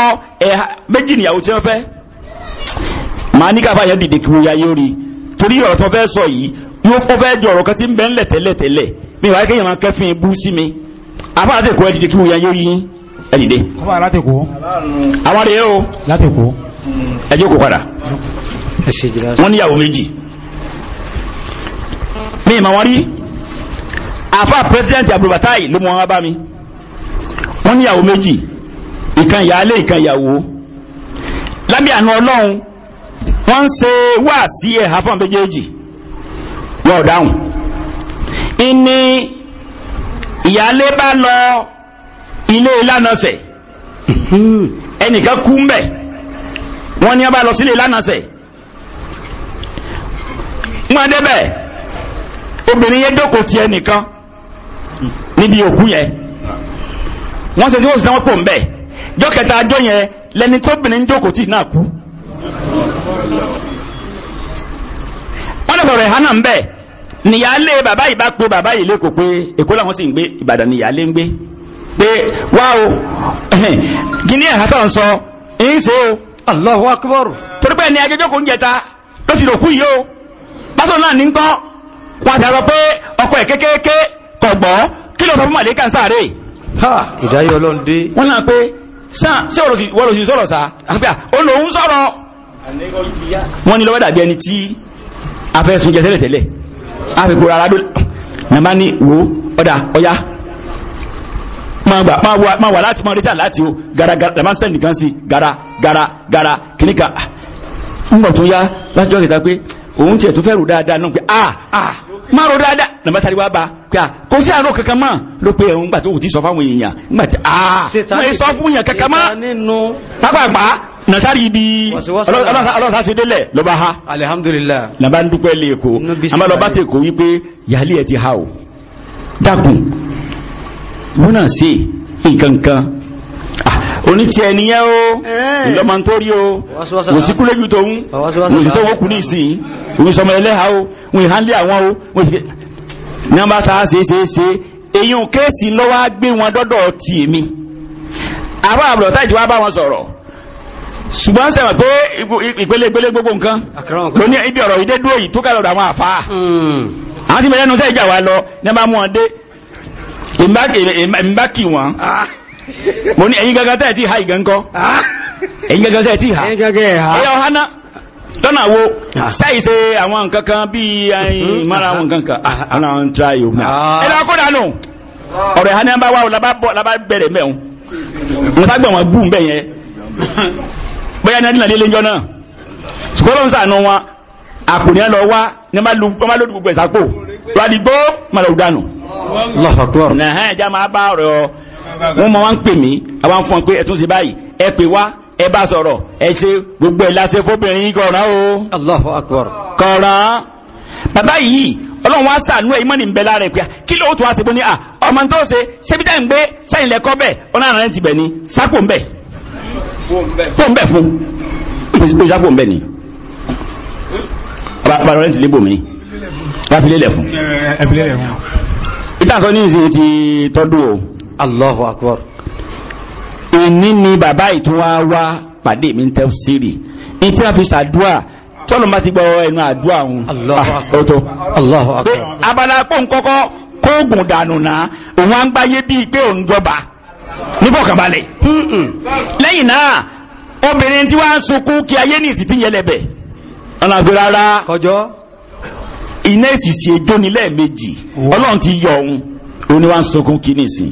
ẹ̀ méjì níyàwó tí wọ́n fẹ́ màá ní káfáyà dìde kí wọ́n ya yóò rí torí ọ̀rọ̀ tó fẹ́ sọ yìí yóò fọ́ fẹ́ jọ ọ̀rọ̀ kan tí ń bẹ́ ńlẹ̀ tẹ́lẹ̀ tẹ́lẹ̀ mi wáyé kéèyàn máa kẹ́fìn bú sí mi àfa àtẹ̀kọ́ ẹ̀ dìde kí wọ́n ya yóò rí ẹ̀ dìde. àfa àtẹ̀kọ́. àwọn àdéhùn o. látẹ̀kọ́. ẹ jókòó padà. wọ́n níyàwó méjì. mi ìmọ̀ wọn rí àfa pírẹsidẹ́ǹtì Abdulbatai ló mọ wọn bá mi. wọ́n níyàwó méjì ìkan ìyáálé ìkan ìyàwó lábẹ́ àánú ọlọ́run wọ́n ń ṣe wá sí ẹ̀há fún méjèèjì wọn ò dáhùn ìní ìyálé bá lọ ilé ìlànà sẹ̀ ẹnìkan kú ń bẹ̀ wọ́n ní a bá lọ sílé ìlànà sẹ̀ wọ́n débẹ̀ obìnrin yẹn dókòó ti ẹnìkan níbi òkú yẹn wọ́n ṣe tí wọ́n sì náwó pò ń bẹ̀ jọ́kẹta ajọ́ yẹn lẹni tóbìnrin ń jókòó tì náà kú wọ́n lè sọ̀rọ̀ ẹ̀hánà ń níyàálé bàbá yìí bá pe bàbá yìí lẹ́kọ̀ọ́ pé èkó làwọn sì ń gbé ìbàdàn níyàálé ń gbé pé wá o gíní ń o Allahu Akbar torí pé ẹni ajẹjọ́ kò ń jẹta ló sì lòkú yìí o náà ní wọn àti sí wọ́n lọ sí sọ̀rọ̀ sá àpẹ́ olóhùn sọ̀rọ̀ wọ́n ní lọ́wọ́ dàbí ẹni tí afẹ́sùn jẹ tẹ́lẹ̀ tẹ́lẹ̀ afẹ́kùnrin ara dólẹ̀ nàbá ní wo ọ̀dà ọ̀yá máa wà láti máa retí àláti o garagara làmá gara gara gara kìnnìkan ń bọ̀ tó yá láti jọ́ kìta pé òun tiẹ̀ tó fẹ́ ah ah máa ro dáadáa nàbà tari wá bá kíá kò sí àárò kankan mọ́ ló pe ẹ̀hún gbàtí òtí sọ fáwọn èèyàn gbàtí aa wọ́n yé sọ fún yàn kankan mọ́ pápápá nasari ibi ọlọ́sà ṣe délẹ̀ lọ́ba ha alihamudulilayi nàbà ń dúpẹ́ lé èkó àmọ́ lọ́ba tẹ̀ kó wípé yàlí ẹ̀ ti ha o dákun wọn náà ṣe nǹkan kan onítì ẹniyẹ́ o ìlọ́mọ tó rí o wòsíkú lójú tóun wòsí tó wọ́kù ní ìsìn òun sọmọ ẹlẹ́ha o òun ìhánlẹ̀ àwọn o wọ́n ti ní wọ́n bá sá ṣeéṣeéṣe èyàn kéèsì lọ́wọ́ á gbé wọn dọ́dọ̀ tì mí àbá àbúrò táìtì wá bá wọn sọ̀rọ̀ ṣùgbọ́n sẹ́wọ̀n pé ìpele ìpele gbogbo nǹkan ló ní ibi ọ̀rọ̀ ìdé dúró yìí tó kà lọ́dọ̀ àwọn àfa hmm. àwọn tí mo yẹnu sẹ́ ìjà wa lọ ní wọ́n bá mú wọn dé ìmbákì wọn. Ah mo ní ẹ̀yin gangan a tí ha ìgàn kọ́ ẹ̀yin gangan tẹ́ẹ̀ tí ha ẹ̀yà ọ̀hánà tọ́nà wo ṣáìṣe àwọn nǹkan kan bíi mara àwọn nǹkan kan àwọn àwọn tra yòó mọ́ ẹ lọ kó dànù ọ̀rọ̀ ẹ̀hánà bá wà ó labá bẹ̀rẹ̀ mẹ́wọ̀n mo sá gbọ̀n wọn bú mbẹ̀ yẹn bóyá ní adínà líle njọ́ náà sùkúrọ̀ ń sànù wọn àpò ní ẹ lọ wá ní wọn bá lódì gbogbo ẹ̀ sápò wọn á di gbó má lọ dànù. lọ́fàkúrọ̀. nàá ẹja máa bá wọ́n máa ń pè mí àwọn fún ọ pé ẹ tún ṣe báyìí ẹ pè wá ẹ bá sọ̀rọ̀ ẹ ṣe gbogbo ẹ̀ láṣẹ fóbìnrin kọ̀ọ̀rán o. Allahu Akbar. kọ̀ọ̀rán bàbá yìí ọlọ́run wá sàánú ẹ̀ ìmọ̀ ní ìbẹ̀lá rẹ̀ pé kí ló tó wá sí bó à ọmọ tó ṣe ṣébí dá ń gbé sẹ́yìn lẹ́kọ́ bẹ́ẹ̀ ọ̀nà rẹ̀ ti bẹ̀ ni sápò ń bẹ̀ fò bẹ̀ fún pé sápò ń bẹ̀ ni bàbá rẹ̀ ti lébò mí wá fi lélẹ̀ fún. ìtàn sọ ní ìsìn ti tọ́dún Allahu Akbar ìní ni bàbá ìtúnwá wá pàdé mi ń tafsiri ní tí wọ́n fi ṣàdúrà tọ́lọ̀ bá ti gbọ́ ẹnu àdúrà òun ọ̀tọ̀ ah, pé abala pọ́n kọ́kọ́ kóògùn dànù náà òun á ń gbáyé bíi pé òun jọba nífọ̀kànbalẹ̀ lẹ́yìn náà obìnrin tí wọ́n á sunkún kí ayé ní ìsìtì yẹlẹ̀bẹ̀ ọ̀nà àgbẹ̀ rárá kọjọ́ iná ìsìsì ejó ni lẹ́ẹ̀mejì ọlọ́run ti yọ òun òun ni wọ́n sunkún kí ní ìsìn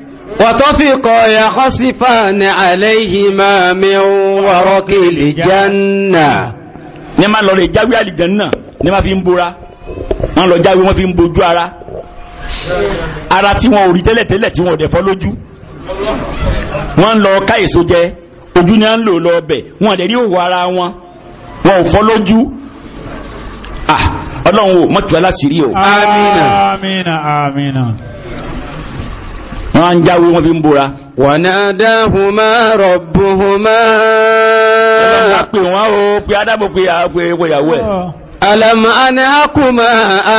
وطفقا يخصفان
عليهما من ورق الجنة ní ma lọ lè jáwé àlìjánná ní ma fi ń bora wọn lọ jáwé wọn fi ń bojú ara ara tí wọn ò rí tẹ́lẹ̀tẹ́lẹ̀ tí wọn ò dẹ̀ fọ́ lójú wọn lọ ká èso jẹ ojú ni à ń lò lọ ọbẹ̀ wọn àdẹ̀ òwò ara wọn wọn ò fọ́ lójú ah, ọlọ́run ò mọ̀tò aláṣìírí o. amina amina amina wọ́n ń jáwé wọ́n fi ń bóra wọ̀nádáhùmá wọ́n o pé adábò pé ìyàwó
ẹ̀ akuma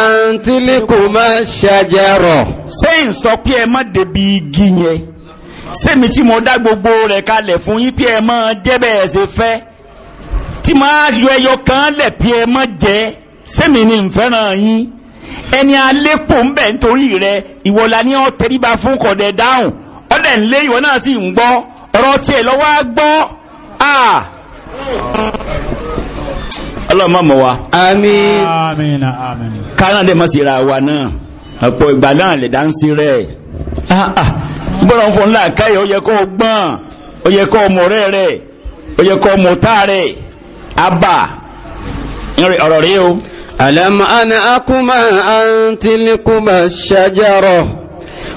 antilikuma ṣajẹrọ
ṣé n sọ pé ẹ má débi igi yẹn sẹ́mi tí mo dá gbogbo rẹ̀ kalẹ̀ fún yín pé ẹ má jẹ bẹ́ẹ̀ máa yọ ẹyọ kan lẹ̀ pé ẹ má jẹ sẹ́mi ni n fẹ́ràn ẹni a ń bẹ̀ nítorí rẹ ìwọ̀la ní ọ tẹríba fún kọ̀dẹ̀ dáhùn ọ̀dẹ̀ ń lé ìwọ náà sì ń gbọ́ ọ̀rọ̀ tiẹ̀ lọ́wọ́ á gbọ́ à. ọlọ́mọ mọ̀ wa. àmín. àmín àmín. ra wa náà ọ̀pọ̀ ìgbà náà lè dáńsí rẹ̀. gbọ́dọ̀ ń fọ ńlá káyọ̀ ó yẹ kó o gbọ́n ó yẹ kó o mọ̀ rẹ̀ rẹ̀ ó yẹ kó o mọ̀ tá rẹ̀ o. ألم أكما أن تلكما الشجرة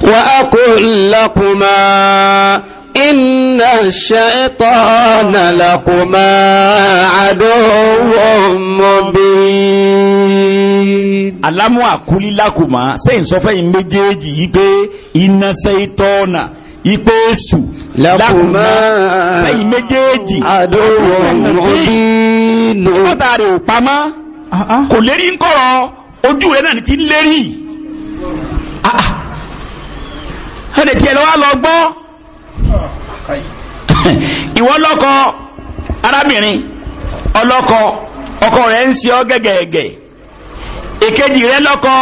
وأقول لكما إن
الشيطان لكما عدو مبين ألم أقول لكما سينصفين يبي إن الشيطان ipe èsù lákùnmá sẹ́yìn méjèèjì àdóhùn òbí lò látàrí òpamọ́ kò lérí ń kọ̀rọ̀ ojú rẹ̀ náà ni ti ń lérí ah, ah. ẹ̀dẹ̀ lọ́wọ́ lọ gbọ́ ìwọ lọ́kọ arábìnrin ọlọ́kọ ọkọ rẹ̀ ń ṣe ọ́ gẹ́gẹ́gẹ́ èkejì rẹ̀ lọ́kọ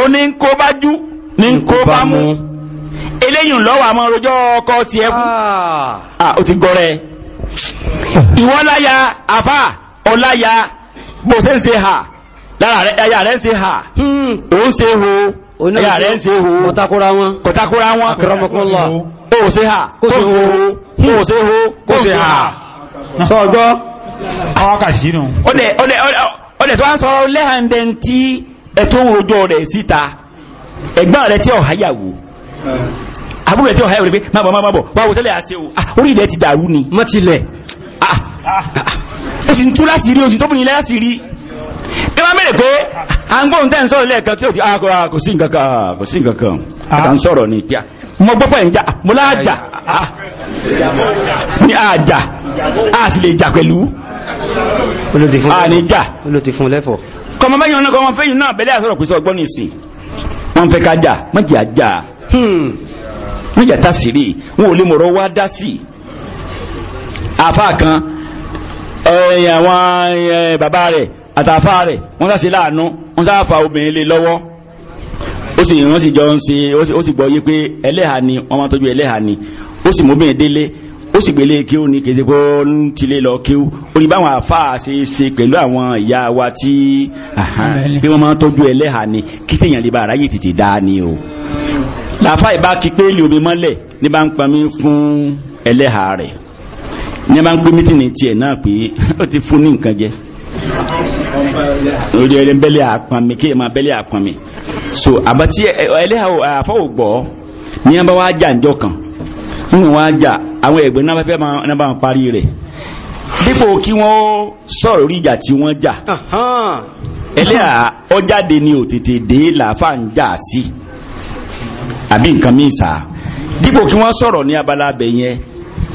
oní ń kó bá jú ní ń kó bá mú eléyìí lọ́wọ́ àmọ́ ọkọ tiẹ̀ ah. ó ti gbọ́ rẹ̀ ìwọ láya àfà ọláya bó ṣe ń ṣe hà lára ẹ̀yà rẹ̀ ń ṣe hà òun hmm. ṣe ho ẹ̀yà rẹ̀ ń ṣe ho kọ̀takura wọn kọ̀takura wọn akọ̀rọ̀mọkọ̀lọ̀ ó ṣe hà kó ṣe ho kó ṣe ho kó ṣe hà sọ̀gbọ́
àwọn kàṣínú
ọdẹ tó wá ń sọ lẹ́hàndẹ̀ tí ẹ̀tọ́ ojọ́ rẹ̀ síta ẹ̀gbọ́n rẹ̀ tí ọ̀háyàwó àbúrò rẹ̀ tí ọ̀háyàwó rẹ̀ pé má bọ̀ má bọ̀ báwo tẹ́lẹ̀ àṣẹ o ah, orí ilẹ̀ ti dàrú ni mọ́tilẹ̀ èsì ń tú láti rí oṣù tó bù ní láti rí ẹ máa mẹ́rẹ̀ pé à ń gbóhùn tẹ́ ń sọ̀rọ̀ lẹ́ẹ̀kan tí ó ti ah, ah, kò sí nǹkan kan ah, kò sí nǹkan kan àtà ń sọ̀rọ̀ ní ìpíà mo gbọ́pọ̀ ẹ̀ ń jà mo láàjà ní àjà a sì lè jà pẹ̀lú a kọmọ bẹ́yìn ọ̀nà kọmọ fẹ́yìn náà bẹ̀lẹ́ àsọ̀rọ̀ pèsè ọgbọ́n ní wọ́n fẹ́ Eh, àwọn eh, bàbá rẹ̀ àtàfà rẹ̀ wọ́n sá sí láàánú wọ́n fa obìnrin lé lọ́wọ́ ó sì wọ́n sì jọ ń ṣe ó sì gbọ́ yé pé ẹlẹ́hà ni ni ó sì mú obìnrin délé ó sì gbélé kí ó ní kété ń tilé lọ kí ó ó báwọn àfà ṣe ṣe pẹ̀lú àwọn ìyá wa tí bí wọ́n máa tọ́jú ẹlẹ́hà ni kí téèyàn lè bá aráyè dá ni o làfà ìbá kí pé lè omi mọ́lẹ̀ ní bá ń pamí fún ẹlẹ́hà rẹ̀ ní a máa ń pè mítì ní tiẹ̀ náà pé ó ti fún ní nǹkan jẹ lórí ẹlẹ́ bẹ́lẹ̀ àpamì kí ẹ máa bẹ́lẹ̀ àpamì so àbátí ẹlẹ́ àfọwò gbọ́ ní a bá wá jà níjọ kan nínú wá jà àwọn ẹ̀gbẹ́ náà bá fẹ́ máa bá parí rẹ̀ dípò kí wọ́n sọ̀rọ̀ rí ìjà tí wọ́n jà ẹlẹ́ ọjáde ni ò tètè dé làáfà ń jà sí àbí nǹkan mí sá dípò kí wọ́n sọ̀rọ̀ ní abala abẹ yẹn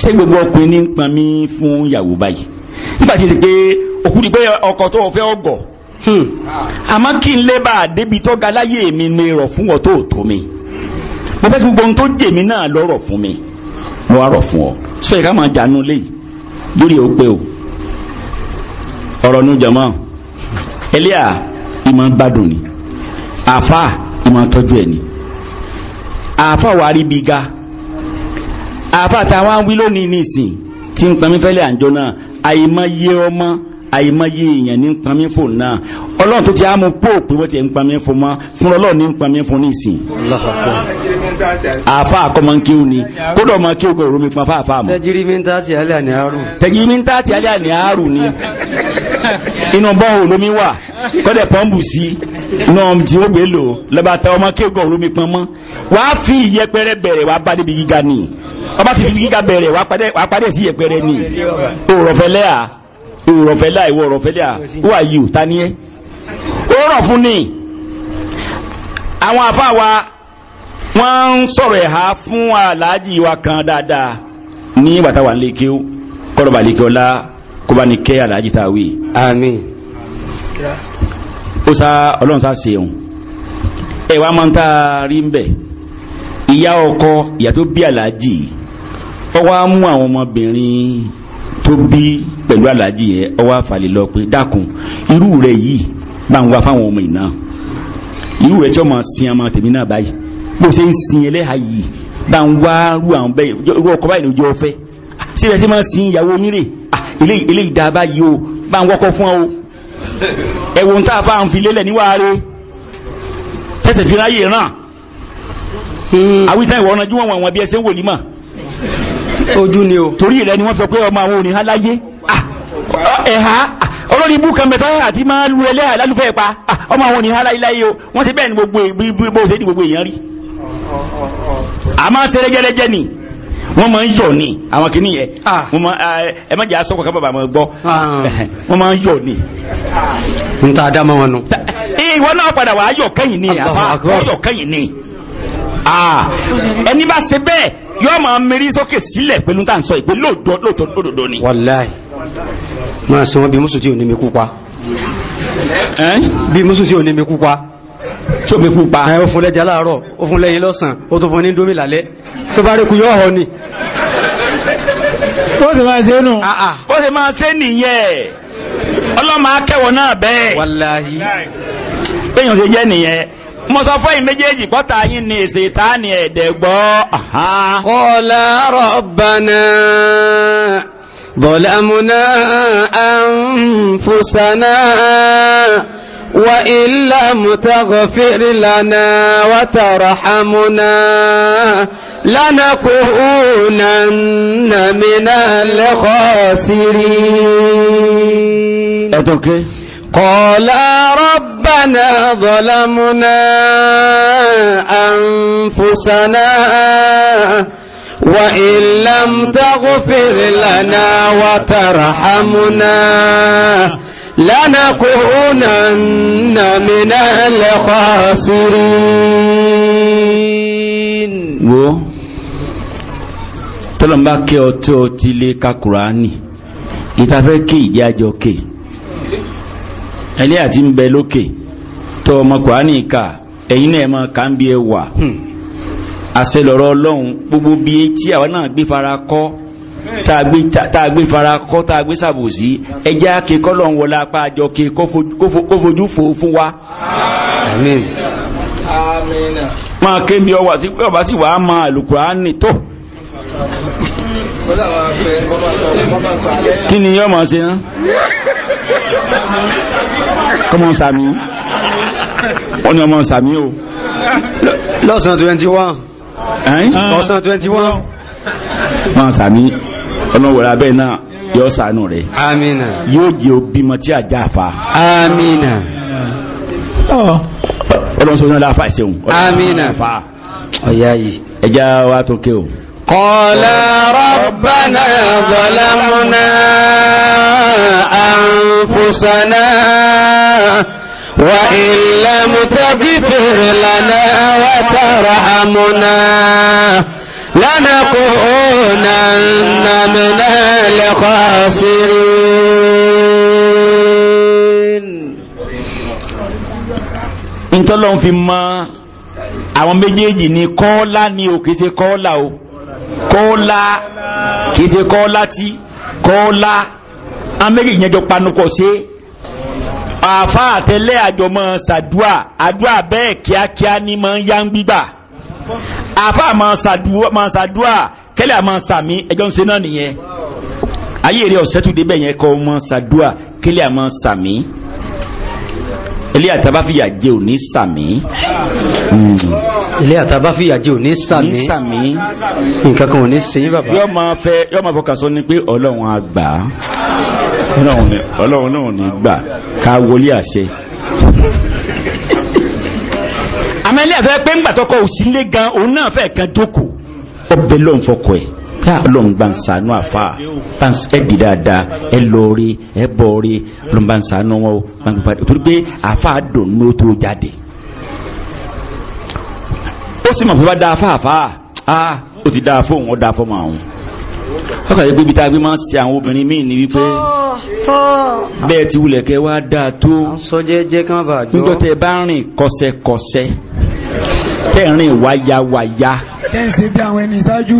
ṣé gbogbo ọkùnrin ní ń pọn mí fún ìyàwó báyìí nígbà tí ó ṣe pé òkú di pé ọkọ tó fẹ́ ọgọ̀ hmm. àmọ́ kí n lé bá a débi tó ga láyé mi ní rọ̀ fún ọ tó tó mi mo fẹ́ gbogbo ohun tó jè mí náà lọ́rọ̀ fún mi mo wá rọ̀ fún ọ sọ ìka máa jánu léyìí lórí o pé o ọ̀rọ̀ nu jọmọ́ ẹlẹ́à ìmọ̀ gbádùn ni àfa ìmọ̀ tọ́jú ẹ̀ ni àfa wàá rí bí ga àfàtà wa ń wí lónìí nìsín tí ń pamí fẹ́lẹ́ àjọ náà àìmọye ọmọ àìmọye èèyàn ní ń pamí fò náà ọlọ́run tó ti á mú póòpù wọ́n ti ń pamí fò mọ́ fún ọlọ́run ní ń pamí fò nìsín. àfa àkọ́mọ kí ó ní kódà ọmọ kí ó kọ̀ romi pa fáfá mọ́. tẹjiri mi ń tà tí alẹ́ àní àárù. ni inú bọ́ọ̀ olómi wà kọ́dẹ̀ pọ́ǹbù sí náà tí ó gbé lò lọ́ba ta ọmọ kí ó kọ̀ romi pamọ́ wàá fi ìyẹpẹrẹ bẹ̀rẹ̀ wàá bá débi gíga nìyí ọba ti fi gíga bẹ̀rẹ̀ wà pàdé sí yẹpẹrẹ ni òrọ̀fẹ́lẹ́ à òrọ̀fẹ́lẹ́ à ìwọ òrọ̀fẹ́lẹ́ à wà yìí ò ta ni ẹ́ ó rọ̀ fún ni àwọn àfa wa wọ́n ń sọ̀rọ̀ ẹ̀há fún aláàjì wa kan dáadáa ní wàtàwà lékè ó kọ́rọ̀bà lékè ọlá kó bá ní kẹ́ aláàjì tá a wí. àmín. ó sá ọlọ́run sá ṣeun ẹ̀ wá máa ń tá a rí ń bẹ̀ ìyá ọkọ ìyá tó bí aláàjì yìí ọ wá mú àwọn ọmọbìnrin tó bí pẹ̀lú aláàjì yẹn ọ wá falẹ̀ lọ pé dákun irú rẹ̀ yìí bá ń wá fáwọn ọmọ ìná irú rẹ̀ tí ọmọ sin ọmọ tèmi náà báyìí bó ṣe ń sin ẹlẹ́ha yìí bá ń wá rú àwọn bẹ́ẹ̀ irú ọkọ̀ báyìí lójú ọ̀fẹ́ síbẹ̀ sí máa sin ìyàwó onírè ilé ìdábà yìí o bá ń wọ́kọ̀ fún ọ ẹ̀wọ̀n tá a fa àǹfin lélẹ̀ níwá rẹ̀ tẹ̀sẹ̀ fi ráyè ràn hmm. àwítá ìwọ̀n ọ̀nà jú wọn wọn bí ẹsẹ̀ wòlímọ̀ ojú ni o torí rẹ ni wọ́n sọ pé ọmọ àwọn òní aláyé ah, ẹ̀há olórí ibú kan mẹ́ta àti máa lu ẹlẹ́hà lálùfẹ́ pa ah, ọmọ àwọn òní aláyé o wọ́n ti bẹ́ẹ̀ ni gbogbo ìbí bó ṣe ní gbogbo èèyàn rí a máa ṣe rẹ́gẹ́rẹ́gẹ́ ni wọ́n máa ń yọ̀ ni àwọn kìíní yẹ ah. eh, ẹ má jẹ́ asọ́kọ̀ kábàbà mọ̀ gbọ́ wọ́n máa ń yọ̀ ni. n ta dá mọ́ wọn nù. Eh, ìwọ náà padà wà á yọ̀ kẹ́yìn ni àbá yọ̀ kẹ́yìn ni ẹni bá ṣe bẹ́ẹ̀ yóò máa mérí sókè sílẹ̀ pẹ̀lú tá à ń sọ ìpè lóòótọ́ lóòótọ́ lóòótọ́ ni. wàláì
máa sọ wọn bí mùsùlùmí ò ní mi kú pa
bí mùsùlùmí ò ní mi
kú pa tí ó mi kú pa. ó fún lẹ́jà láàárọ̀ ó fún lẹ́yìn lọ́sàn-án ó tún fún ní dómi lálẹ́ tó bá rí kú yóò họ ni.
ó sì máa ṣe nù. Ah, ah. ó sì máa ṣe nìyẹn ọlọ́mọ akẹ́wọ̀ náà bẹ́ẹ̀. wàláì. bẹ́ẹ̀ yóò ṣe jẹ́ nìyẹn mo sọ fún ẹ̀yin méjèèjì pọ́tà yín ni ṣètánì ẹ̀dẹ̀gbọ́. qala rabbana zalamna
anfusana wa illam lana wa tarhamna lanakunanna khasirin. قال ربنا ظلمنا أنفسنا وإن لم تغفر لنا وترحمنا لنكونن من
الخاسرين wo tọ́lọ̀mbá kí ọ tí ó ti ẹlẹ́ àti ń bẹ lókè tọ́ ọmọ kùránì kà ẹ̀yin náà mọ kà ń bí ẹ wà hmm. àṣẹ lọ́rọ̀ ọlọ́run gbogbo bí etí àwa náà gbé fara kọ́ tá a gbé fara kọ́ tá a gbé sàbòsí ẹjẹ́ àké kọ́lọ́n wọlé apá àjọ ké kó fojú fò fún wa. máa ké bí ọba sì wàá máa lùkùránì tó kí ni yọ́ máa ṣe náà kọ́mọ sàmì wọ́n ní ọmọ sàmì o. lọ́sàn twenty one. lọ́sàn twenty one. máa sàmì ọlọ́wọ̀rẹ́ abẹ́ náà yóò sànù rẹ̀. amina. yóò jẹ́ obìmọ̀ tí a já fa. amina. ọlọ́sọ̀rọ̀ náà láfa ẹ̀sẹ̀ òun. amina. ọ̀yá yìí. ẹja wa tó ké قال
ربنا ظلمنا أنفسنا وإن لم تغفر لنا وترحمنا لنكونن من الخاسرين
انت اللهم في ما àwọn méjèèjì ni kọ́ọ́lá ni kọ́ọ́lá kìí ṣe kọ́ọ́lá tí kọ́ọ́lá amẹ́rì yẹn jọ panukọ̀ sí àfa àtẹlẹ́ àjọmọ́ sàdúà àdúà bẹ́ẹ̀ kíákíá ní máa ń yá ń gbígbà àfa máa sàdúà kẹ́lẹ́ àmọ́ sàmí ẹjọ́ ń ṣe náà nìyẹn ayé rẹ̀ ọ̀sẹ́tù débẹ̀ yẹn kọ́ ọmọ sàdúà kẹ́lẹ́ àmọ́ sàmí ilé àtàbáfíyà jẹ ò ní sàmì. ilé àtàbáfíyà jẹ ò ní sàmì. ní sàmì. nǹkan kan ò ní sèyí bàbá. yóò máa fẹ́ yóò máa fọkàn sọ ni pé ọlọ́run á gbà á ọlọ́run náà ní gbà ká wọlé àṣẹ. àmọ́ ilé àtàbáfíyà pé ńgbà tọkọ òsínlé gan òun náà fẹ́ kan jókòó ọbẹ̀ lọ́n ẹ̀ ká lọ́ngbàǹsánú àfà ẹ̀dì dáadáa ẹ lọ́ọ̀rí ẹ bọ̀ọ̀rí lọ́ngbàǹsánú wọn o torí pé àfà dònú tó jáde ó sì mọ̀ pé bá dáa fáfá a ó ti dáa fóun ó dáa fọ́mọ àwọn ọkọ̀ yìí gbébi tá a gbé máa ń ṣe àwọn obìnrin míì ní wípé bẹ́ẹ̀ ti wulẹ̀ kẹ́ wá dáa tó nígbà tẹ́ bá rìn kọsẹkọsẹ tẹ́ rìn wáyáwáyá
tẹ́ ń ṣe bí àwọn
ẹni
ṣáájú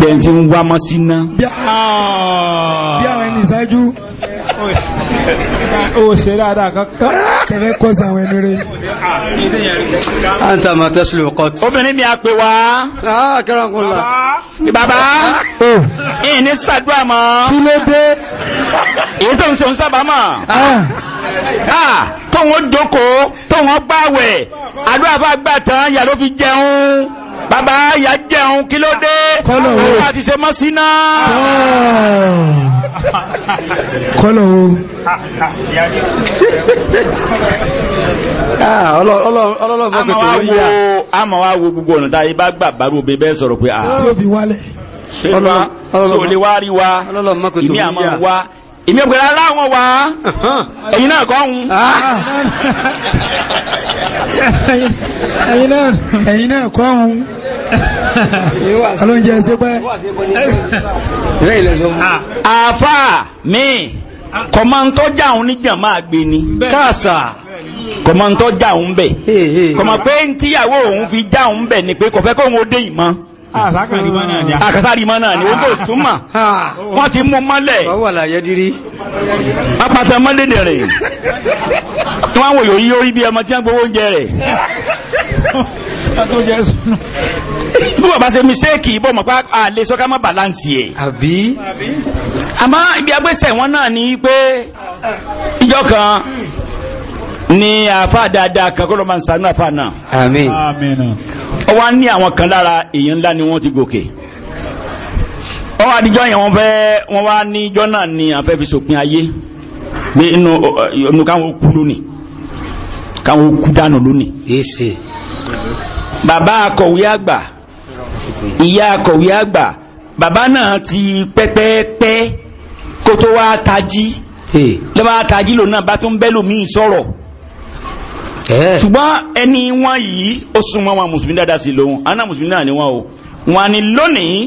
bẹ́ẹ̀ tí ń wá mọ́ sí ná. bí
àwọn ẹni ìṣáájú ó ṣe dáadáa kankan.
tẹ̀lé kọ́sà àwọn ẹni rẹ̀.
a ń tàmà tẹ́sílù kọ́t. obìnrin
mi a pè wá. aa kẹrọ kún la. bàbá ìyìn ní sàdúrà mọ́. kí ló dé. èyí tó ń ṣe ń sábà mọ́. tóun ó jókòó tóun ó gbàwẹ̀ àdúrà fún agbátan yàrá ó fi jẹun bàbá yà jẹun kí ló dé kọ́lọ̀wó àti ṣe mọ́ síná kọ́lọ̀wó àmọ́ wá wo gbogbo ọ̀nà táyé bá gbà bá rúbe bẹ́ẹ̀ sọ̀rọ̀ pé a. Ah. tí ó bí wálẹ̀ pé wá sọ lè wá rí wa ìmí àmọ́ wá èmi ọ̀gbẹ̀rẹ̀ aláwọn wà ẹ̀yìn náà kọ́ ń ah. ẹ̀yìn náà kọ́ ń alóúnjẹ ṣépẹ́ àfà mi kọmọ́ntọ́ jáun ní jàmá àgbè ni káàsà kọmọ́ntọ́ jáun bẹ̀ kọmọ̀ pé ń tíyàwó òun fi jáun bẹ̀ ni pé kọ̀fẹ́ kóhun ó dé ìmọ̀ àkàsàrìmọ́ ah, ah, náà ni ó tó súnmà wọ́n ti mú mọ́lẹ̀ apàtà mọ́lẹ̀dẹ̀ rẹ̀ tó wọ́n wòyò yí orí bí ẹmọ tí wọ́n gbówó oúnjẹ rẹ̀ bí bàbá ṣe mi ṣéèkì bọ́ mọ̀ pá àlè sọ́ká mọ́ bàláǹsì ẹ̀ àbí àmọ́ ibi agbésẹ̀ wọn náà ni pé ìjọ kan ni àfáà dáadáa kan kó ló máa ń sanú àfáà náà ọ wá ní àwọn kan lára èèyàn ńlá ni wọ́n ti gòkè ọ wá díjọ́ yẹn wọ́n fẹ́ wọ́n wá níjọ́ náà ni àfẹ́ fi sòpin ayé pé inú káwọn ó kú lónìí káwọn ó kú dànù lónìí. èsè. bàbá akọ̀wé àgbà ìyá akọ̀wé àgbà bàbá náà ti pẹ́pẹ́pẹ́ kó tó wá tají lọ́wọ́ tají lòun náà bá tún bẹ́lòmíì sọ̀rọ̀. ṣùgbọ́n ẹni wọn yìí ó súnmọ́ wọn mùsùlùmí dáadáa sí lóhun aná mùsùlùmí náà ni wọn o wọn ni lónìí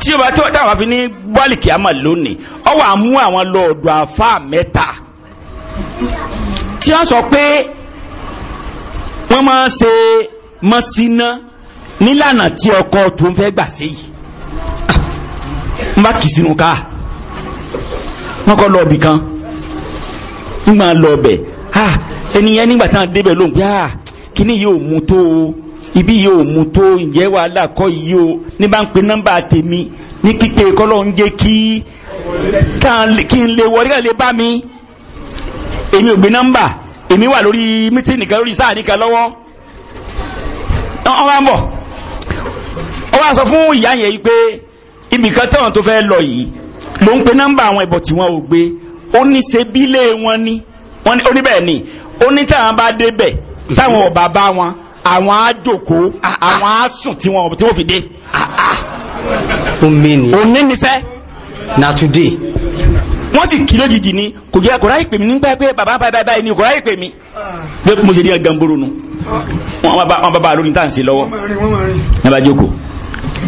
tí o bá tó táwọn fi ní bọ́ọ̀lìkì àmà lónìí ọ wà mú àwọn lọ àfa mẹ́ta tí wọ́n sọ pé wọ́n máa ṣe mọ́síná nílànà tí ọkọ tó ń fẹ́ gbà sí yìí n ah, bá kì í sínú ká ẹni yẹn nígbà táwọn débẹ̀ ló ń pẹ́ à kíní yóò mú tó o ibi yóò mú tó o ǹjẹ́ wàhálà kọ́ yìí o ní bá ń pe nọ́mbà tèmi ní pípé kọ́lọ́ ń jẹ́ kí kí n lè wọlé kí n lè bá mi èmi ò gbé nọ́mbà èmi wà lórí mítìnì kan lórí sáà nìkan lọ́wọ́ ọwọ́ ń bọ̀ ọwọ́ sọ fún ìyá yẹn yìí pé ibìkan tẹ̀wọ̀n tó fẹ́ lọ yìí ló ń pe nọ́mbà àwọn ẹ̀bọ̀ tí ò gbé ó ní ṣe bílé wọn ni ó ní bẹ́ẹ̀ ni ó ní táwọn bá débẹ̀ táwọn ọba bá wọn àwọn á jókòó ah, ah. àwọn á sùn tí wọn tí wọn fi dé. òní ah, ni sẹ́. na today. wọ́n sì kí lójijì ni kò jẹ́ kò ráyè pè mí nígbà pé bàbá báyìí báyìí ni kò ráyè pè mí. bí mo ṣe ní ẹgbẹ́ nboro nu wọn bá bá lórí tá à ń ṣe lọ́wọ́ ní bá jókòó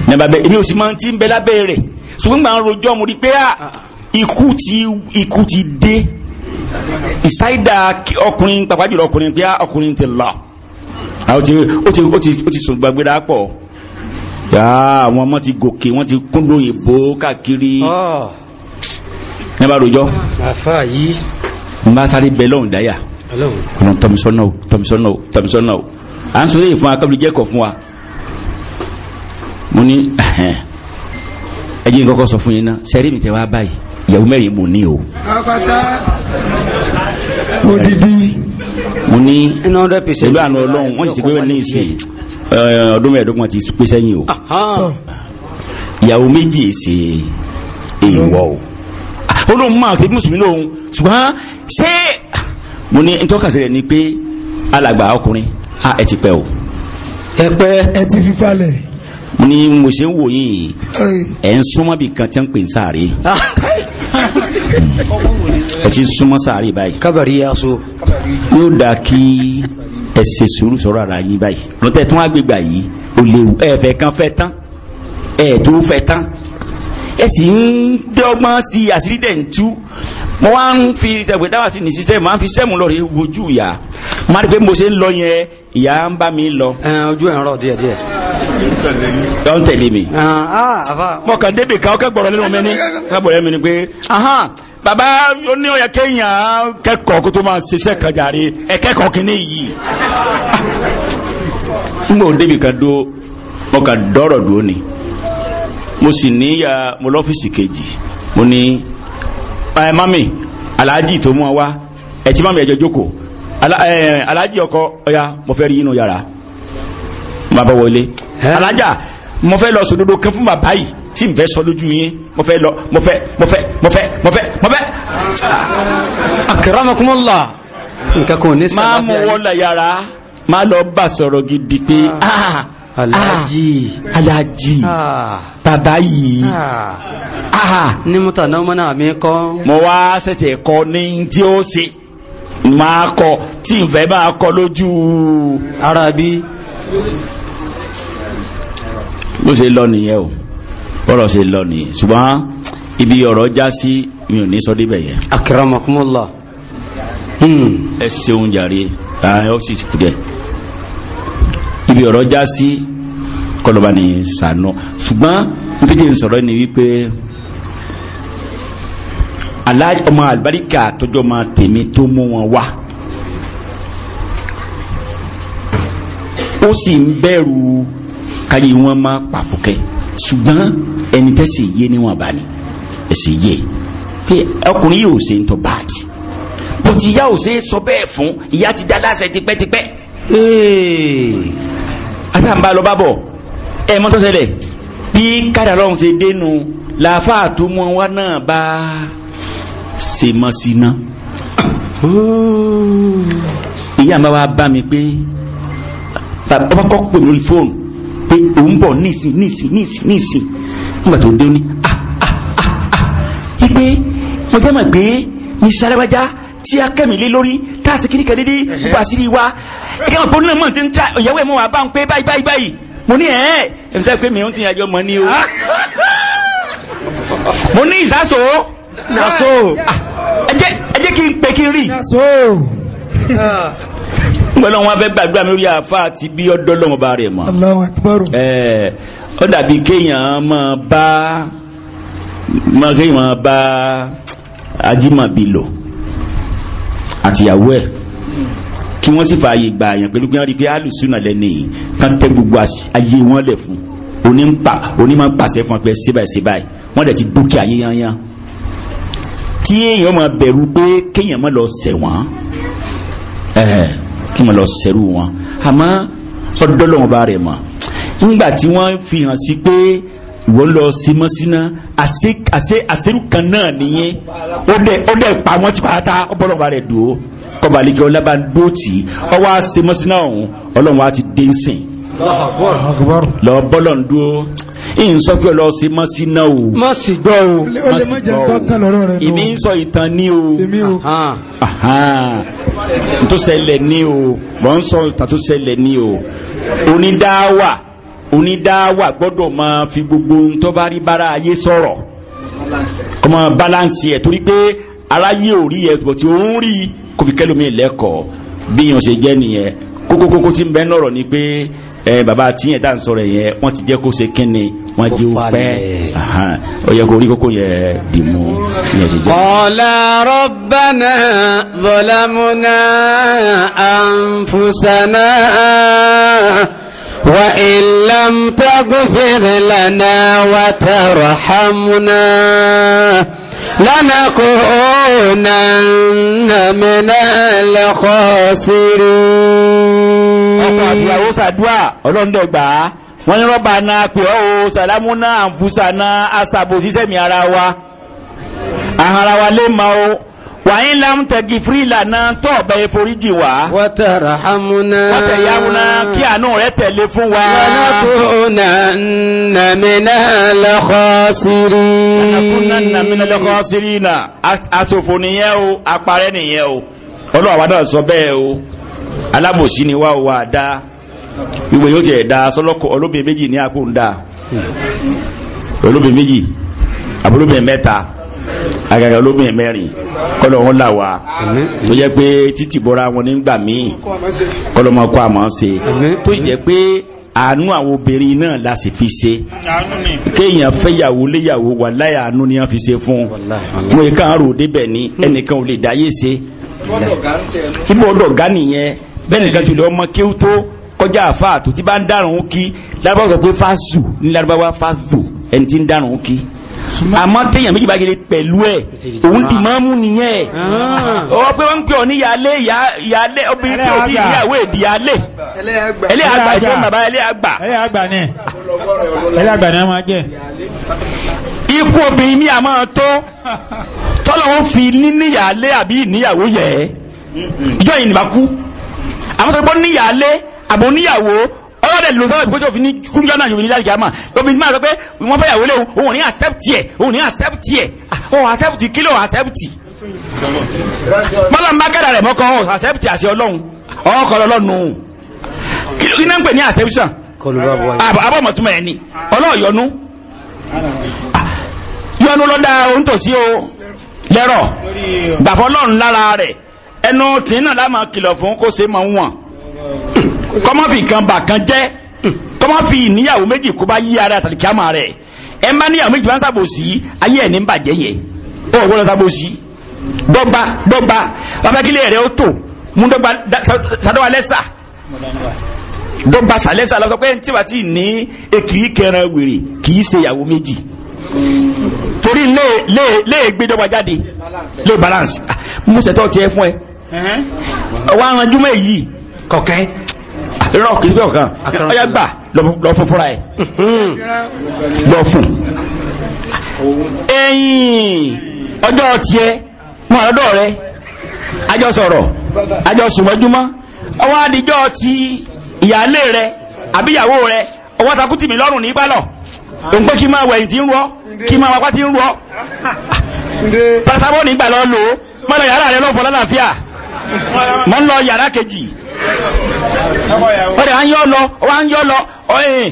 ní bá bẹ èmi ò sì máa ń ti ń bẹ lábẹ́ rẹ̀ ṣùgbọ́n gbà ń rojọ́ mo rí pé ikú ti dé ìsáìdà ọkùnrin pàpà jùlọ ọkùnrin pé ọkùnrin ti là ó ti sùn gbàgbéra pọ̀ àwọn ọmọ ti gòkè wọ́n ti kún lóyìnbó káàkiri ní ah. bá rojọ́ n bá sáré bẹ lọ́hùn dáyà ọ̀nà tọmísọ́nà o tọmísọ́nà o tọmísọ́nà o à ń sọ lẹ́yìn fún wa kábílì jẹ́kọ̀ fún wa mo ní ẹ̀jẹ̀ nǹkan kan sọ fún yín náà sẹ́rí mi tẹ́ wá báyìí ìyàwó mẹ́rin mo ní o. mo dìdí. mo ní pẹ̀lú àná ọlọ́run wọ́n ti pé ní ìsìn eh, ọdún mẹ́ẹ̀ẹ́dọ́gbọ̀n ti pé sẹ́yìn o. ìyàwó méjì èsè èèwọ̀ o. olóhùn ah, máa fi mùsùlùmí lóhùn ṣùgbọ́n ṣé mo ní ntọ́kasí rẹ̀ ni pé alàgbà ọkùnrin ah, ẹ ti pẹ́ o. ẹ pẹ́ ẹ ti fi falẹ̀ ni mo ṣe ń wò yìí ẹ̀ ń súnmọ́ bí kan tí ń pè ń sáré ẹ̀ ti súnmọ́ sáré báyìí kábàrí aṣọ yóò dá kí ẹ ṣe sùúrù sọ̀rọ̀ ara yín báyìí lọ́tẹ̀ tí wọ́n á gbégbà yìí ò léwu ẹ̀fẹ̀ kan fẹ́ tán ẹ̀ tó fẹ́ tán ẹ sì ń dọ́gbọ́n sí àṣírí dẹ̀ ń tú mo wá ń fi ṣẹ̀gbẹ̀ dáwà sí ní ṣiṣẹ́ máa ń fi sẹ́mu lọ rí wojú ìyá máa rí pé mo ṣe ń lọ yẹn ìyá ń bá mi lọ. ojú ẹ̀ ń rọ̀ díẹ̀díẹ̀. yọ ń tẹ̀lé mi. mo kàn débi kan ọkẹ́ gbọ̀rọ̀ lẹ́nu mi ní kábọ̀rọ̀ mi ni pé bàbá ní ọ̀yà kéèyàn kẹ́kọ̀ọ́ kó tó máa ṣiṣẹ́ kan ẹ kẹ́kọ̀ọ́ kìíní yìí. débi kàn ni mo sì mo kejì mo ní ẹ mami tó wa ẹ ti mami ọkọ ọya mo yàrá máa bọ́ wọlé alájà mo fẹ́ lọ sòdodo kan fún bàbá yìí tí n fẹ́ sọ lójú yín mo fẹ́ lọ mo fẹ́ mo fẹ́ mo fẹ́ mo fẹ́ mo fẹ́. akramakumullah nǹkan kan ò ní sábà fẹ́. máa mú wọlé yàrá máa lọ bá sọ̀rọ̀ gidi pé ah, ah, aláàjì ah, aláàjì bàbá yìí ní mútà náà mọ́ náà mi kọ́. mo wá ṣẹ̀ṣẹ̀ kọ́ ní tí ó ṣe máa kọ tí n fẹ́ máa kọ lójú. arabi bó ṣe lọ nìyẹn o bọ́rọ̀ ṣe lọ nìyẹn ṣùgbọ́n ibi ọ̀rọ̀ já sí mi ò ní sọ débẹ̀ yẹn. akramakumullah. Hmm. ẹ ṣeun jàre ẹ ó sì kú dẹ ibi ọ̀rọ̀ já sí kọlọba ní sànú ṣùgbọ́n nítorí ń sọ̀rọ̀ ni wípé ọmọ àlùbáríkà tọjọ́ ọmọ tèmi tó mú wọn wá ó sì ń bẹ̀rù káyé wọn má pàfùkẹ́ ṣùgbọ́n ẹni tẹ́sí yé níwọ̀n bá ní ẹ̀sìn yé pé ọkùnrin yìí ò ṣe ń tọ́ báàdì bó ti yá ò ṣe é sọ bẹ́ẹ̀ fún ìyá ti dá láṣẹ tipẹ́tipẹ́ asáǹbá lọ bá bọ̀ ẹ mọ́tò ṣẹlẹ̀ bí kádà lọ́hùn ṣe dénú làáfàá tó mọ wá náà bá ṣe mọ́ sí iná ìyá àmọ́ wa bá mi pé bàbá kọ́ pè mí lórí fóònù òun bọ̀ nísìn nísìn nísìn nísìn nígbà tó dé ní ah ah ah ah ipe mo jẹ́ mọ̀ pé ní sárébájá tí a kẹ́mi lé lórí tá a sì kiri kẹ́lé dé gbogbo àṣírí wa ẹ̀ka ọ̀pọ̀ nínú mọ̀ tí ń ta ìyàwó ẹ̀ mọ̀ wá o mo ní ìsásò ah, ẹjẹ́ kí n pè kí n rí ngbọ́dọ̀ wọn fẹ́ gbàdúrà lórí àfa àti bí ọdọ́ lọ́wọ́ bá rẹ̀ mọ́. Allahu Akbar. ẹ ọ dàbí kéèyàn máa bá máa kéèyàn máa bá ajímọ̀bí lò àtìyàwó ẹ̀ kí wọ́n sì fààyè gbà yàn pẹ̀lú pé wọ́n rí i pé alùsùnà lẹ́nu yìí kán tẹ́ gbogbo ayé wọn lẹ̀ fún onípa onímọ̀ pàṣẹ fún ọ síbáì síbáì wọ́n dẹ̀ ti dúkìá yín yán tí èèyàn máa bẹ̀rù pé kéèyàn máa lọ ṣẹ̀wọ̀n kí mo lọ sẹ́rù wọn àmọ́ ọdọ́lọ́wọ́n bá rẹ̀ mọ̀ nígbà tí wọ́n fi hàn sí pé ìwọ lọ símọ́síná àṣẹ́rù kan náà nìyẹn ó dẹ̀ pa wọ́n ti pàtà ọbọ̀lọ́wọ́n bá rẹ̀ dùn ó kọ́balẹ̀ kí ọlábàá dó ọwọ́ àṣẹ́mọ́síná ọ̀hún ọlọ́run wa ti dé ń sìn lọ bọ́lọ̀ ń dúó in sọ pé lọ sí mọ́ sí náà o mọ́ sí gbọ́ o mọ́ sí gbọ́ o ìmí ń sọ ìtàn ní o tó ṣẹlẹ̀ ní o mọ́ ń sọ ìtàn tó ṣẹlẹ̀ ní o onídáwà onídáwà gbọ́dọ̀ máa fi gbogbo ohun tó bá rí bára ayé sọ̀rọ̀ kọ́mọ báláǹsì ẹ̀ torí pé aráyé ò rí ẹ̀ tí ń rí kò lẹ́kọ̀ọ́ bí yàn ṣe jẹ́ nìyẹn kókókókó tí ń bẹ nọ̀rọ̀ ni pé ẹ eh, baba tí yẹn tá n sọ̀rọ̀ yẹn wọn ti jẹ kó se kínni wọn jẹ ó pẹ ọ yẹ kó rí kókó yẹ dìmú yẹn ti jẹ. qala rabbana zalamna
anfusana wa in lam taghfir lana wa لنكونن من
الخاسرين wọ́n ní rọ́bà náà pè ọ́ o sàlámù náà àǹfùsà náà àṣàbò sísẹ̀mì ara wa àhàrà wa lè máa wàyín lámtẹ̀gì fírílà náà tọ́ ọ̀bẹ̀ ìforíjì wá. wọ́tẹ̀rà hamuna. wọ́tẹ̀yà hamuna kí àánú rẹ̀ tẹ̀lé fún wa. wọ́nàkúnà nàmínà lọ́kọ́ sírí. wọ́nàkúnà nàmínà lọ́kọ́ sírí nà àsòfò nìyẹn o àparẹ́ nìyẹn o ọlọ́wà wa náà sọ bẹ́ẹ̀ o alábòsí ni wá o wà dá ìwé yóò tiẹ̀ dá sọlọ́kọ olóbìnrin méjì ní àkóńdà hmm. olóbìnrin méjì àbúrò àgàgà olóbìnrin mẹ́rin kọ́lọ̀ wọn là wá tó jẹ́ pé títì bọ́ra wọn nígbà míì kọ́lọ̀ máa kọ́ àmọ́ ṣe tó jẹ́ pé àánú àwọn obìnrin náà la sì fi ṣe kéèyàn fẹ́yàwó léyàwó wà láyà àánú ni wọ́n fi ṣe fún un wọn kàn rò débẹ̀ ni ẹnìkan ò lè dáyé ṣe ibò ọ̀dọ̀gá nìyẹn bẹ́ẹ̀ nìkan jùlọ ọmọ kí ó tó kọjá àfáà tó ti bá ń dárùn ún kí lábàá sọ pé fásù ní lárúbáwá fásù ẹni tí ń dárùn ún kí àmọ́ téèyàn méjì bá gẹ́lẹ́ pẹ̀lú ẹ̀ òun di máa mú nìyẹn ọwọ́ ah. pé wọ́n ń pè ọ ní yàálé yàálé obìnrin tí ó ti ìyàwó èdè yàálé ẹlẹ́ àgbà ìṣẹ́ bàbá ẹlẹ́ àgbà ẹlẹ́ àgbà ni a máa jẹ́ ikú obìnrin ní a máa tó tọ́lọ̀ ń fi níní yàálé àbí ìníyàwó yẹ̀ ẹ́ ìjọ yìí nìbá kú àwọn tó gbọ́ níyàálé àbò níyàwó ọlọ́dẹ̀ ló sọ́wọ́ ìgbójò fi ní kúrúgbà náà yòmìnira ìjàmà lóbi máa sọ pé wọ́n fẹ́ yàwó léwu òun ní accept ẹ̀ òun ní accept ẹ̀ ah, òun accept kí lóun accept. mọ́lá ń bá kẹ́dà rẹ̀ mọ́kàn òun accept àṣẹ ọlọ́run ọ̀hún kọ́ lọ́lọ́nu kí náà ń pè ní acceptance ah, ni ọlọ́ọ̀yọ́nu yọnu ah, lọ́dà òǹtòsí o lẹ́rọ̀ gbàfọ́ ọlọ́run lára rẹ̀ ẹnu tìǹnà lámà kìlọ̀ fún kó ṣe máa kọ́mọ́ fi kan bà kan jẹ́ kọ́mọ́ fi ìníyàwó méjì kó bá yí ara àtàlì kíámà rẹ̀ ẹ má níyàwó méjì bá ń sàbòsí ayé ẹ̀ ní ń bàjẹ́ yẹ ó wọ́n lọ sàbòsí dọ́gba dọ́gba babakilé rẹ̀ ó tò mú dọ́gba sadọ́wà lẹ́sà dọ́gba sàlẹ́sà lọ́sọ pé tí wàá ti ní èkìrí kẹran wèrè kì í ṣe ìyàwó méjì torí lè lè lè gbé dọ́gba jáde lè balance ah, mo ṣètò tiẹ̀ fún ẹ wàá ranjú mọ́ èyí Kọkẹ. ìran kìí bẹ́ẹ̀ kan ọyá gbà lọ fún fúnra ẹ̀ lọ fún ẹ̀yìn ọjọ́ tiẹ̀ wọn àlọ́dọ̀ rẹ ajọ sọ̀rọ̀ ajọ sùnmọ́júmọ́ ọwọ́ ti ìyáálé rẹ àbíyàwó rẹ ọwọ́ takútì mi lọ́rùn ní òun pé kí máa wẹ̀yìn tí ń rọ kí máa tí ń rọ nígbà lọ lò Ọ dị ń lọ wa ń lọ ọ̀yìn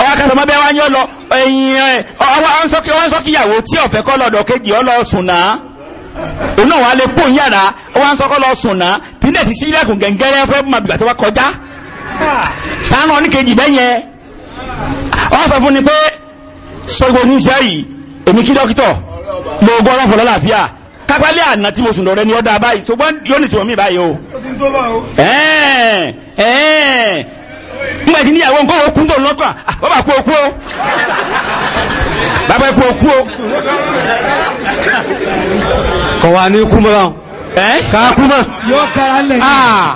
ọ̀yà kan sọmọ bẹ́ẹ̀ lọ ẹ̀yìn ẹ̀ ọ̀wọ́n sọ kíyàwó tí ọ̀fẹ́ ọ lọ sùn náà òun náà wà á lè pò ń yàrá wa ń sọ kọ́ lọ sùn náà tí ní ẹ̀tí sílẹ̀kùn gẹ̀ǹgẹ̀rẹ́ fẹ́ mọ̀ bìgbà tó kápálẹ̀ àná tí mo sùn lọ rẹ ni ọ̀dà báyìí ṣùgbọ́n yóò ní tiwọn mi báyìí o.
ó ti ń tó bá o.
ẹ̀ẹ́n ẹ̀ẹ́n níyàwó nǹkan òkú ń bọ̀ ah, bàbá kú okú o bàbá kú okú o.
kọ̀ wá ní kú mọ́ra o. mọ́. yóò kára lẹ̀
yìí. Ah,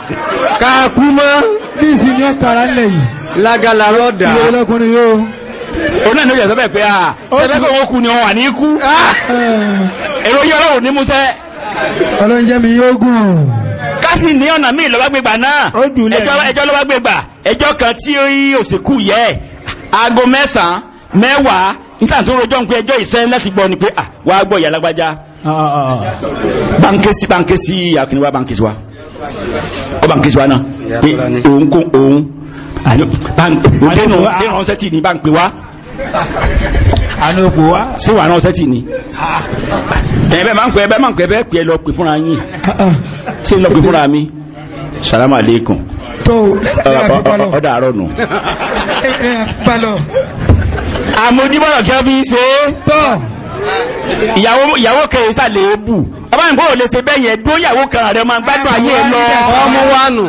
ká mọ́. ní ìsìn yóò kára lẹ̀ yìí. lágàlà rọ̀dà. ìrọ̀lẹ́kùnrin yóò òun náà ní òjò sọ́bẹ̀ pé à sẹ́fẹ́ pé òun kú ni wọ́n wà ní ikú ah! èrò yọ ọlọ́run ní musẹ́. ọlọ́njẹ́ mi yóò gùn. kásì ní ọ̀nà míì lọ́wọ́ gbégbà náà ẹjọ́ lọ́wọ́ gbégbà ẹjọ́ kan tí ó yí òsìkú yẹ aago mẹ́sàn-án mẹ́wàá nísàn tó rojọ́ ń pé ẹjọ́ ìṣẹ́ láti gbọ́ ni pé à wàá gbọ́ ìyá lágbájá ah, ah, bankesi bankesi akínwá bankesi wa ọ bankesi wa náà òun kò òun àdéhùn ṣé ìrànṣẹ́ tì ní bá ń pè wá. àlòpò wá sí wa? náà sẹ́tì ni ẹ̀bẹ̀ máa ń pẹ́ máa ń pẹ́ pẹ́ lọ pè fúnra yín sí lọ pè fúnra mi salamu aleykum ọ̀dà àárọ̀ nù.
àmójúbọ̀rọ̀ kí wọ́n fi ṣe
é ìyàwó sàlẹ̀ ọba lè ṣe dúró ìyàwó kan rẹ̀ máa gbádùn ayé lọ ọmọ wa nù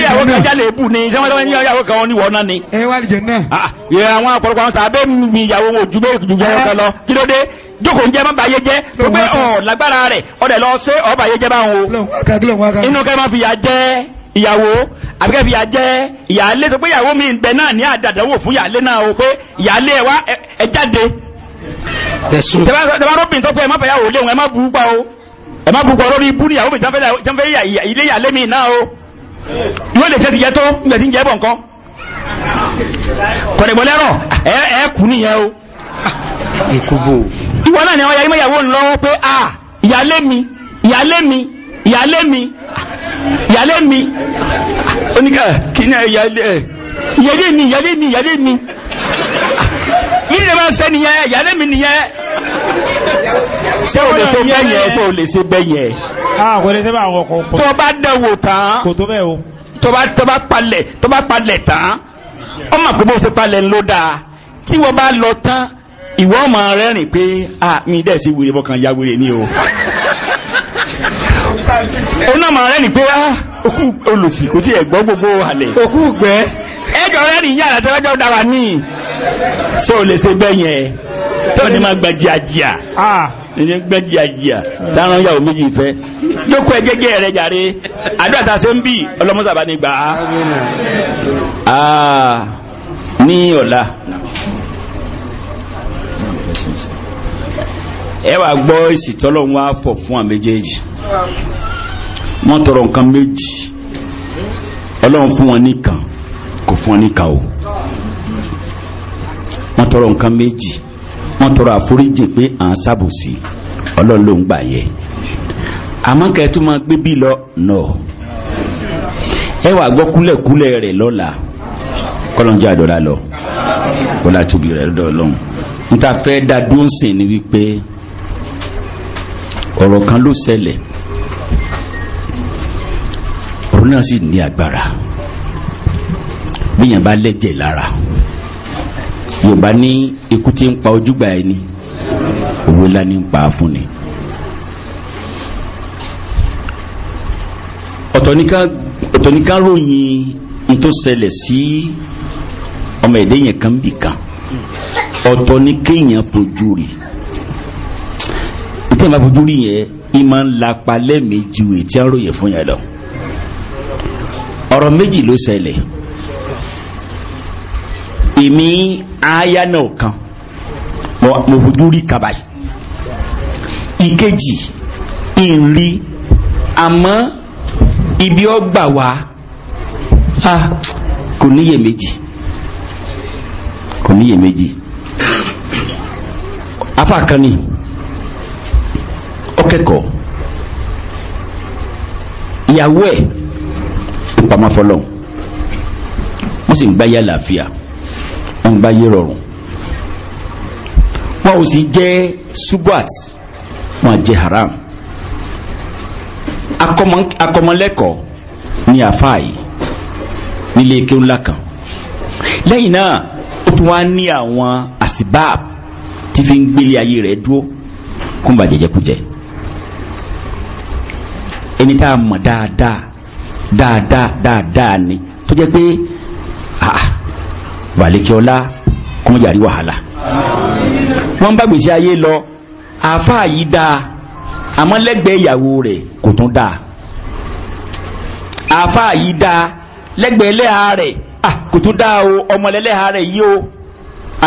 ìyàwó kan jálè ebù ni sẹ́wọ́n tó ní ìyàwó kan ní wọ́n náà ni. ẹ wá lìjẹ náà. Ah, yẹ àwọn ọ̀pọ̀lọpọ̀ àwọn sàbẹ̀ mi ìyàwó wọn ojú bẹ́ẹ̀ ju jẹ́ ọkọ lọ kí ló dé jókòó ń jẹ́ má bàyé jẹ́ tó pé ọ̀ lágbára rẹ̀ ọ̀dẹ̀ lọ sí ọ̀ bàyé jẹ́ báwọn o. inú kẹ́ máa fi ya jẹ́ ìyàwó àbíkẹ́ fi yà jẹ́ ìyàlé tó pé ìyàwó mi bẹ̀ náà ní àdàdàwò fún ìyàlé náà o pé ìyàlé ẹ wá ẹ jáde. tẹ̀sùn ẹ má gbogbo ọlọ́rí ibú níyàwó mi jẹ́nfẹ́ ilé ìyàlé mi náà o ìwé lè jẹ́ ti jẹ́ tó ìgbẹ̀ tí ń jẹ́ bọ̀ nǹkan kọ̀dẹ̀gbọ̀ lẹ́rọ̀ ẹ kù nìyẹn o ìwọ náà ni àwọn yàrá ìyàwó ń lọ́wọ́ pé a ìyàlé mi ìyàlé mi ìyàlé mi ìyàlé mi oníkà kí ni ìyàlé ìyàlé mi ìyàlé mi ìyàlé mi bí ìdè bá ń sẹ́ nìyẹn ìyàlé mi nìyẹn ṣé o lè ṣe bẹ́yẹn ṣé ah, o lè ṣe bẹ́yẹn. a kò lè ṣe bá àwọn ọkọ̀. tó bá dẹ̀wò tán. kò tó bẹ́ẹ̀ o. tó bá tó bá palẹ̀ tó bá palẹ̀ tán ọmọ àpòbó ṣe palẹ̀ ló dáa tí wọ́n bá lọ tán ìwọ ọmọ rẹ rìn pé a ah, mi dẹ̀ sí wèrè bọ́kàn ya wèrè ni o. òun náà mọ̀ rẹ rìn pé a ah, òkú olùsì kò tí ẹ̀ gbọ́ gbogbo àlẹ̀. òkú gbẹ. ẹjọ rẹ rìn yàrá tẹ́lẹ́jọ́ dára ní ṣé o lè ṣe bẹ́yẹn tọ́ni máa gbajìàjìà ẹni gbajìàjìà táwọn yàwó méjì fẹ́ jókòó ẹ jẹ́jẹ́ rẹ jàre àdúrà tá a ń bì ọlọ́mọsàbá ni gbà á ní ọ̀la ẹ wàá gbọ́ èsì tọ́lọ́run wá fọ̀ fún àwọn méjèèjì wọ́n tọrọ nǹkan méjì ọlọ́run fún wọn nìkan kò fún wọn nìkan o wọ́n tọrọ nǹkan méjì wọ́n tọrọ àforíjì pé à ń sábòsí ọlọ́run ló ń gbà yẹ àmọ́ kẹ́tù máa gbé bí lọ nọ ẹ wà gbọ́ kúlẹ̀kúlẹ̀ rẹ̀ lọ́la kọ́lọ́njẹ́ àdọ́lá lọ bọ́lá tóbi rẹ̀ lọ́dọ̀ ọlọ́run n ta fẹ́ da dúró sìn ni wípé ọ̀rọ̀ kan ló ṣẹlẹ̀ òun náà sì ní agbára bí yẹn bá lẹ́jẹ̀ lára yorùbá ní ikú tí ń pa ojúgbà ẹni owó ńlá ní ń pa fún ni. ọ̀tọ̀ ní ká ròyìn n tó ṣẹlẹ̀ sí ọmọ èdè yẹn kan bì kan ọ̀tọ̀ ní kéèyàn fojú rí ìtẹ́ ìmọ̀ fojú rí yẹn ìmọ̀ ńlapa lẹ́ẹ̀mejì ètí àròyìn fún yẹn lọ ọ̀rọ̀ méjì ló ṣẹlẹ̀ èmi aya náà kan mo fojú rí kaba yìí ìkejì ìrì àmọ́ ibi ọgbà wa kò níyè méjì kò níyè méjì afa kan ni ọkẹ́kọ̀ọ́ ìyàwó ẹ̀ ìpamọ́ fọlọ́ wọ́n sì ń gbáyà làáfíà ń gbáyé rọrùn wọn ò sì jẹ́ subat wọn jẹ́ haram akọmọlẹ́kọ̀ọ́ ni àfáà yìí nílé kéwú ńlá kan lẹ́yìn náà ó tún wá ní àwọn àsìbáàbù tí fi ń gbélé ayé rẹ̀ dúró kó ń bà jẹjẹkújẹ ẹni tá a mọ̀ dáadáa dáadáa dáadáa ni tó jẹ́ pé balẹ̀kíọ́lá kọ́n yàrí wàhálà wọ́n bá gbèsè ayé lọ àáfàá yìí dáa àmọ́ lẹ́gbẹ̀ẹ́ ìyàwó rẹ̀ kò tún dáa àáfàá yìí dáa lẹ́gbẹ̀ẹ́ lẹ́hà rẹ̀ ah kò tún dáa o ọmọlẹ́lẹ́hà rẹ̀ yìí o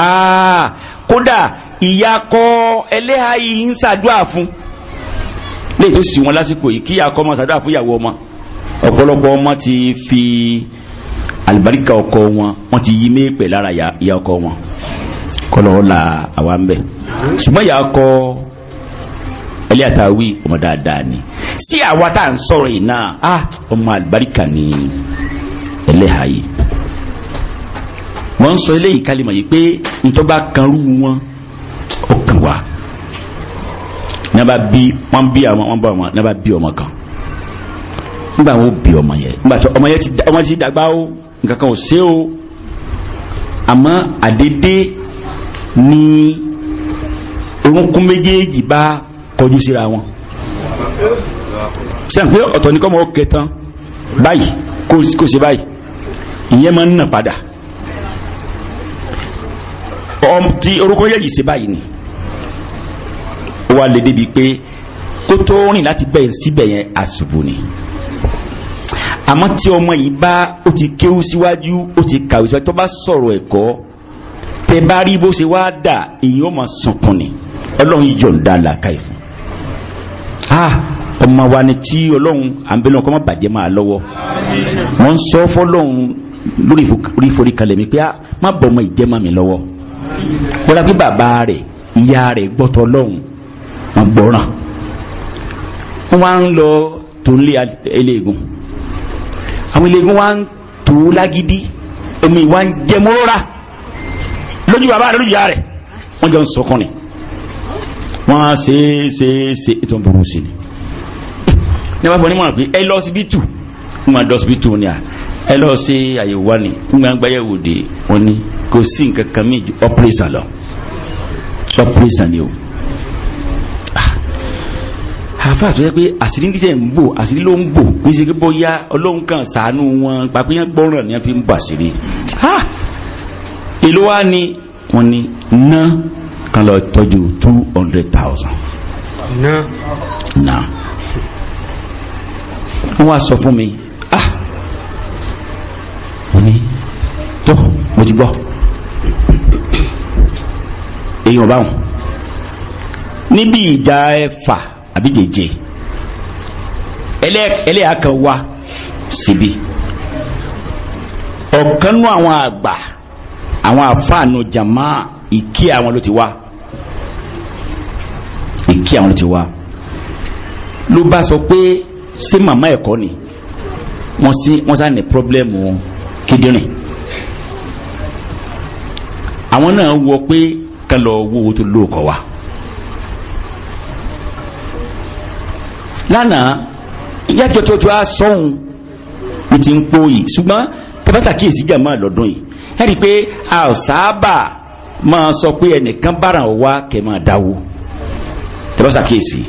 ah kódà ìyàkọ́ ẹlẹ́hà yìí ń ṣàdúrà fún léyìí tó sì wọn lásìkò yìí kí ìyàkọ́ ọmọ ṣàdúrà fún ìyàwó ọmọ ọ̀pọ̀lọpọ̀ ọmọ ti fi alibarika ọkọ wọn wọn ti yí mẹ́pẹ̀ lára ìyá ọkọ wọn kọlọ̀ la àwa ń bẹ̀ ṣùgbọ́n ìyá ọkọ ẹlẹ́yàtàwí ọmọ dáadáa ni sí àwa tá à ń sọ̀rọ̀ yìí náà á ah, ọmọ alibarika ni ẹlẹ́hàá yìí wọ́n ń sọ eléyìí kálímọ̀ yìí pé ntọ́ba kan rú wọn ó kàn wá naba bi wọn bi àwọn wọn bọ àwọn naba bi ọmọ kan nígbà wọn bi ọmọ yẹn nígbà tó ọmọ yẹn ti dàgbà o nǹkan kan ò ṣe o àmọ́ àdédé ni orúnkún méjèèjì bá kọjú síra wọn sẹ́yìn pé ọ̀tọ̀ ní kọ́mọ kẹtàn báyìí kò ṣe báyìí ìyẹn máa ń nà padà ti orúnkún méjèèjì ṣe báyìí ni ó lè débi pé kó rìn láti bẹ́ẹ̀ síbẹ̀ yẹn àṣùbù ni àmọ́ tí ọmọ yìí bá ó ti kéwú síwájú ó ti kàwé síwájú tó bá sọ̀rọ̀ ẹ̀kọ́ tẹ bá rí bó ṣe wá dà èyí ó máa sunkún ni ọlọ́run yìí yọ̀ǹda làákàyè fún ọmọ wa ni tí ọlọ́run àbẹ̀lẹ̀ kọ́ má bàjẹ́ máa lọ́wọ́ mọ̀ ń sọ fọlọ́run lórí ìforíkalẹ̀ mi pé a ah, má bọ̀ ọmọ ìjẹ́ mi lọ́wọ́ bọ́lá pé bàbá rẹ̀ ìyá rẹ̀ gbọ́tọ̀ ọlọ́run wọn gbọ́ràn wọn wá ń lọ tó ń lé eléegun àwọn iléegun wa ń tù ú lágídí omi wa ń jẹ mọ́ra lójú bàbá rẹ lójú ìyá rẹ wọ́n jọ ń sọkàn ni wọ́n á ṣe é ṣe é ṣe ètò burú sí ni ní wọ́n fọ pé ẹ lọ síbítù ń máa lọ síbítù ni à ẹ lọ ṣe àyẹ̀wò wa ni ń máa gbáyẹ̀wò de wọn ni kò sí nǹkan kan mí ọpẹ́rẹ́sàn lọ ọpẹ́rẹ́sàn ni o àfa àtúnṣe pé àṣírí kíṣẹ́ ń bò àṣírí ló ń bò kì í ṣe pé bóyá ọlọ́run kan sàánú wọn pàpéyàn gbọ́ràn ni wọ́n fi ń bò àṣírí ìlú wa ni wọ́n ní ná kan lọ tọ́jú two hundred thousand. ná ná wọ́n wá sọ fún mi ah mo ní tó mo ti gbọ́ èèyàn báwọn níbi ìjà ẹ̀fà. E àbí jẹjẹ ẹlẹ́yà kan wá síbi ọ̀kan nú àwọn àgbà àwọn àfáànù jàmá ìkí àwọn ló ti wa, iki àwọn ló ti wá ló bá sọ pé ṣé màmá ẹ̀kọ́ ni wọ́n sí wọ́n sá ní pírọ́blẹ́mù kíndìnrín àwọn náà wọ pé kálọ̀ owó tó lóòkọ̀ wa. lánàá yàtọ̀ tó tó a sọ̀hún ní ti ń po yìí ṣùgbọ́n tẹ́fẹ́sà kíyèsí jàmọ́ lọ́dún yìí ẹ rí i pé a ò sábà máa sọ pé ẹnìkan bára wa kẹ̀ máa dáwó tẹ́fẹ́sà kíyèsí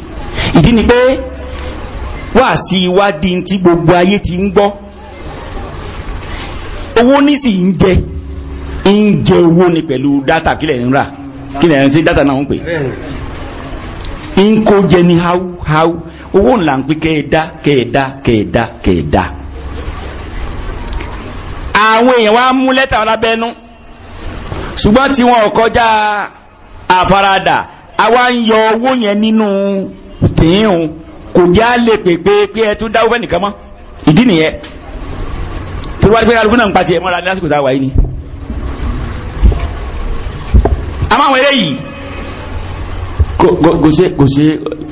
ìdí ni pé wáàsí ìwádìí tí gbogbo ayé ti ń gbọ́ owó nísì ń jẹ ń jẹ owó ni pẹ̀lú dátà kílẹ̀ ń rà kílẹ̀ ń ṣe dátà náà ń pè ń kó jẹ ní háúháú owó ńlá ń pín kẹ́ẹ̀dá kẹ́ẹ̀dá kẹ́ẹ̀dá kẹ́ẹ̀dá. àwọn èèyàn wa mú lẹ́tà wọn lábẹ́nú ṣùgbọ́n tí wọn ò kọjá àfaradà àwa ń yọ owó yẹn nínú tìǹhùn kò já lè pèpè pé ẹ tún dáwọ́ fẹ́ nìkan mọ́ ìdí nìyẹn tó wá pé alùpùpù náà ń pa tiẹ̀ mọ́ra ní lásìkò tá a wà yìí ni. àmọ́ àwọn eléyìí kò ṣe kò ṣe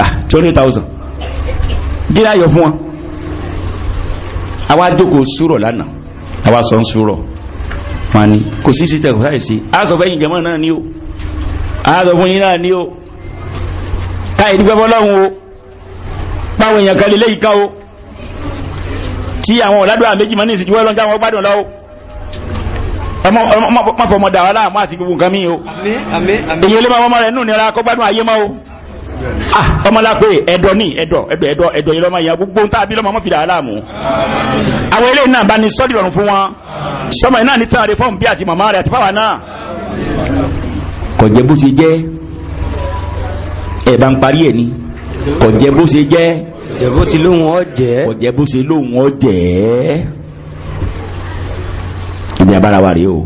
ah, twenty thousand jíra ayọ̀ fún wọn àwa jókòó súrọ̀ lánàá àwa sọ ń súrọ̀ wọn ni kò sí sísítẹ̀ kò sáyè sí aṣọ fẹ́yìn jẹ́mọ́ náà ni ó aṣọ fún yín náà ni ó káyì dúpẹ́ fọlọ́run o báwo èèyàn kan lélẹ́yìí ká o tí àwọn ọ̀làdúrà méjì máa ní ìsìnkú ọlọ́run táwọn gbádùn lọ́wọ́ ọmọ ọmọ fọmọdà wà láàmú àti gbogbo nǹkan mi o èyí ó lé máa wọ́n mọ́ rẹ̀ nù nira kó gbádùn ayé máa o. Ah, ọmọlápé ẹ̀dọ̀ ní ẹ̀dọ̀ ẹ̀dọ̀ ẹ̀dọ̀ ẹ̀dọ̀ ìlọ́mọ ìyá gbogbo tá a bí lọ́mọ ọmọ fìdá aláàmú. àwọn eléyìí náà bá ní sọ́ọ̀dì rọrùn fún wọn sọmọ iná ní tẹ́lẹ̀ fọ́ọ̀mù bí àti màmá rẹ̀ àti fáwa náà. kò jẹ́ bó ṣe jẹ́ ẹ̀ bá ń parí ẹ̀ ni kò jẹ́ bó ṣe jẹ́ kò jẹ́ bó ṣe lóhùn ọ́ jẹ́ kò bó ṣe lóhùn ọ́ jẹ́ ìdí abára wa rèé o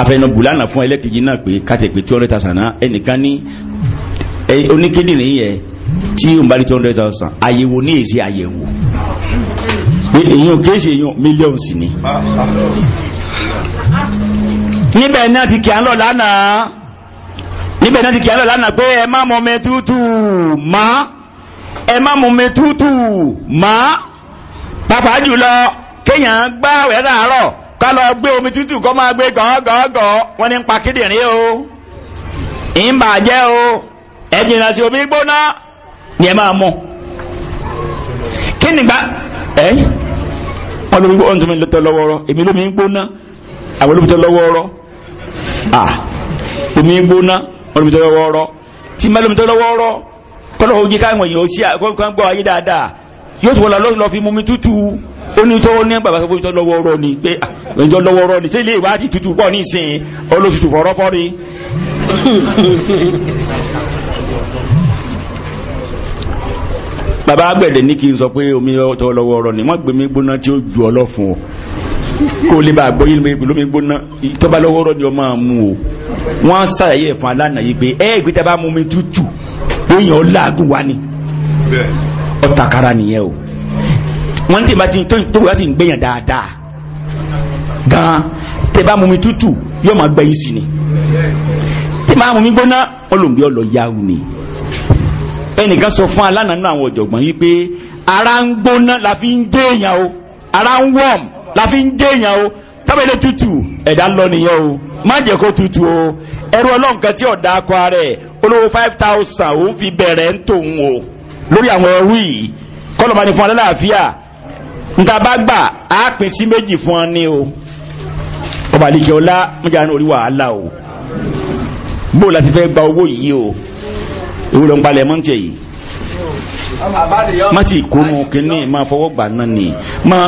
afẹnubulana fún ẹlẹ́kejì náà pé kátẹ́ pé tí ọ̀rẹ́ ta sànà ẹnìkan ní oníkídìní yẹ tí o ń bá rí two hundred thousand àyẹ̀wò ní èsì àyẹ̀wò èyàn kéèsì èyàn mílíọ̀nù sì ni níbẹ̀ náà ti kí á lọ lánàá níbẹ̀ náà ti kí á lọ lánàá pé ẹ má tútù má ẹ má tútù má jùlọ omi tútù máa gbé ń pa kíndìnrín o o ẹ jìnnà sí omi gbóná ni ẹ máa mú kí nìgbà ẹ wọn gbóná tó mi lọ́tọ̀ lọ́wọ́rọ́ èmi lómi gbóná àwọn lómi tó lọ́wọ́rọ́ à omi gbóná wọn lómi tó lọ́wọ́rọ́ tí má lómi tó lọ́wọ́rọ́ kọ́lọ́ ojú káwọn èèyàn ó sí àkọ́kọ́ gbọ́ ayé dáadáa yóò tún wọlé lọ́sùn lọ fi mú mi tútù ó ní tó ní bàbá sọ pé ìjọ lọ́wọ́ ni pé ìjọ lọ́wọ́ ọ̀rọ̀ ni sí ilé ìwádìí tútù pọ̀ ní ìsìn olóṣùṣù fọ́rọ́fọ́rí bàbá àgbẹ̀dẹ ní kí n sọ pé omi ọtọ lọ́wọ́ ọ̀rọ̀ ni wọ́n gbẹmí gbóná tí ó ju ọlọ́fun o kó lè bá a gbọ́ yín lómi gbóná tọ́ba lọ́wọ́ ọ̀rọ̀ ni ọmọ àmú o wọ́n ṣàlàyé ẹ̀fọn alánà yìí pé ẹ ìgbé tẹ́ bá mú mi tútù lóyìn ọ̀làgùn wa ni ọ̀tàkàrà nìyẹn o wọ́n ti bá ti tó wá sí ń gbẹ̀yàn dáadáa gan tẹ́ bá mú mi tútù yóò máa gbẹ̀yìn sí ni tẹ́ bá mú mi gbóná ọlọ́ ẹnìkan sọ fún alánàánú àwọn ọ̀jọ̀gbọ́n yìí pé ara ń gbóná la fi ń jẹ́ èèyàn o ara ń wọ̀m la fi ń jẹ́ èèyàn o tábìlẹ̀ tútù ẹ̀dá lọ nìyẹn o má jẹ́ kó tútù o ẹrú ọlọ́run kan tí ọ̀dà akọ rẹ̀ olówó five thousand òun fi bẹ̀rẹ̀ ń tòun o lórí àwọn ẹrú yìí kọ́lọ̀ bá ní fún alálàáfíà níta bá gbà á pín sí méjì fún ọ ní o ọba àlejò ọlá mọ́jà ní orí wàhálà o bó o láti fẹ́ gba owó yìí o. ewúrọ ń palẹ̀ mọ́ntì yìí má ti kó mu kínní má fọwọ́ gbà náà ni má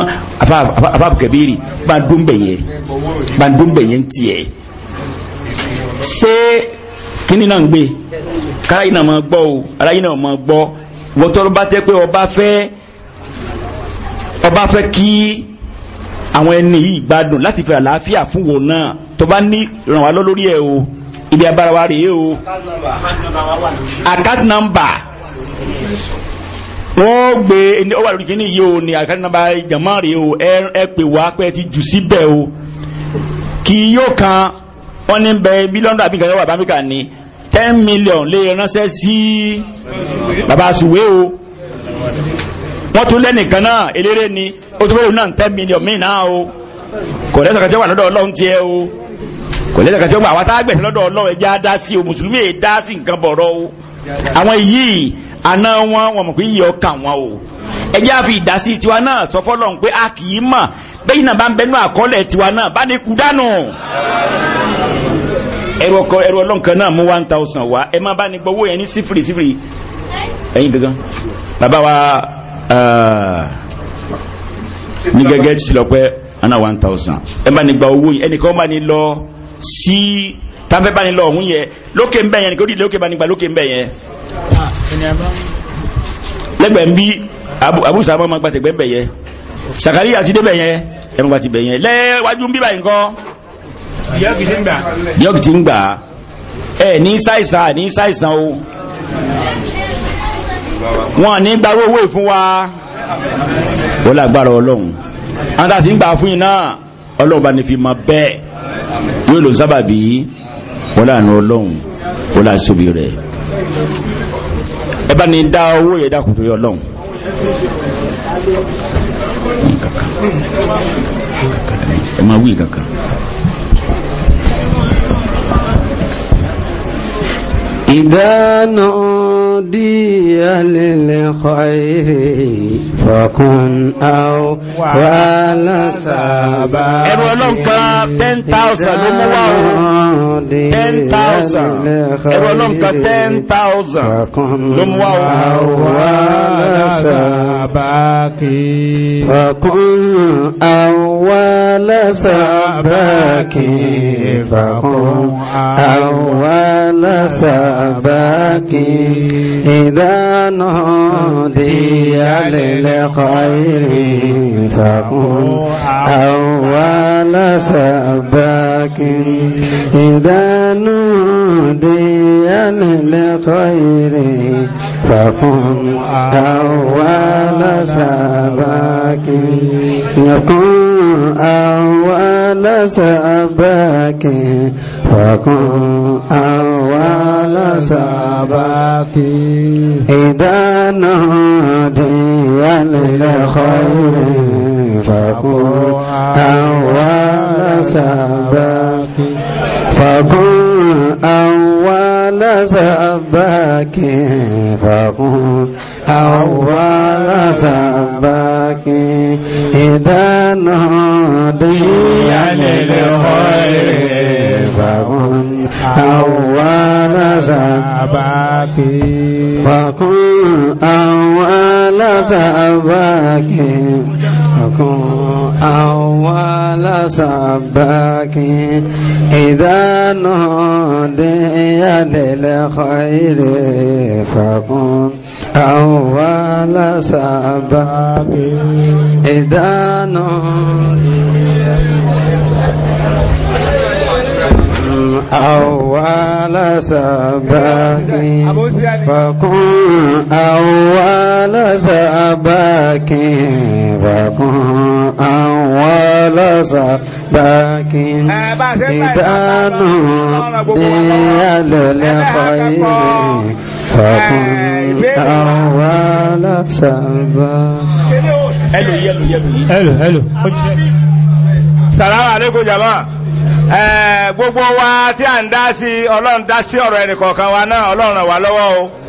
afáàbù kẹbíìrì bá ń dún bẹ̀yẹ bá ń dún bẹ̀yẹ ń tiẹ̀ ṣé kínní náà ń gbé kára yìí náà máa gbọ́ o ara yìí náà máa gbọ́ wọ́tọ́rọ́ bá tẹ́ pé ọba fẹ́ ọba fẹ́ kí àwọn ẹni yìí gbádùn láti fẹ́ àlàáfíà fún wọn náà tó bá ní ràn wá lọ lórí ẹ o ibi abara wa rèé o account number wọ́n gbé ẹni ọwà lórí kíní yìí o ní account number jama rèé o ẹ pè wá pé ti jù síbẹ̀ o kì yóò kan wọ́n ní bẹ mílíọ̀nù àbí nǹkan yóò wà bá ní ten million lè ránṣẹ́ sí baba suwe o wọ́n tún lẹ́nìkan náà eléré ni ó tún bẹ́ẹ̀ náà ten million míì náà o kò lẹ́sọ̀kẹ́ jẹ́ wà ọlọ́run tiẹ̀ o. kò lẹ́sẹ̀ kan tí ó gbà wá tá a gbẹ̀sẹ̀ lọ́dọ̀ ọlọ́run dá sí o mùsùlùmí yìí dá sí nǹkan o àwọn yìí ana wọn wọn mọ̀ pé yìí ọkàn wọn o ẹja fi ìdásí tiwa náà sọ fọlọ́run pé a kì í mọ̀ bẹ́yìn náà bá ń bẹnu àkọọ́lẹ̀ tiwa náà bá ní ọkọ ẹrù ọlọ́nkan one thousand wa uh, ẹ má ní owó yẹn ẹnìkan Si tàbí bá ní lọ ọ̀hún yẹn lókè ń bẹ̀ yẹn nítorí lókè bá nígbà lókè ń bẹ̀ yẹn. lẹ́gbẹ̀ẹ́ ń bí abusa máa ma gba tẹ̀gbẹ́ bẹ̀ yẹn sakari àti débẹ̀ yẹn ẹ̀ máa gba tẹ̀gbẹ́ yẹn lẹ́wájú ń bí báyìí nǹkan. yọ́ọ̀kì ti ń gbà ẹ̀ ní ṣàìsàn ní o wọn ní gbàrú owó ìfún wa ó lágbára ọlọ́run àwọn tá a sì ń gbà fún yín náà ọlọ́run bá fi mọ bẹ́ẹ̀ yóò lò sábàbí wọ́n àná ọlọ́run wọ́n là sóbi rẹ̀ ẹ bá ní dá owó yẹn dákun tó yọ ọlọ́run. ẹ máa wí kankan.
ìdáná. نودي للخير فكن أو وعلى سبا ẹ̀rù ọlọ́nkà thousand, ló mú wá o 10,000 ẹ̀rù ọlọ́nkà 10,000 ló mú wá o. سباكي فكن أول سباكي فكن أول سباكي إذا نهدي للخير فكن أول سباكي إذا نهدي للخير فكن أول أول سباك يكون أول سباك وكن أول سباك إذا نهدي للخير فكن أول سباك فكن أول سباك فكن أول سباك إذا نهدي للخير فكن أول سباك فكن أول سباك فكن أول سباك إذا نهدي للخير فكن أول سبب إذا نور أول سباك فكن أول سباك فكن أول سباك إذا نودي للخير فكن أول سباك
Hello, hello, hello. Hello, Salamu alaikum jama. Gbogbo wa tí a ń dá sí ọlọ́run dá sí ọ̀rọ̀ kɔkan
wa náà ọlọ́run wa wá lọ́wọ́ o.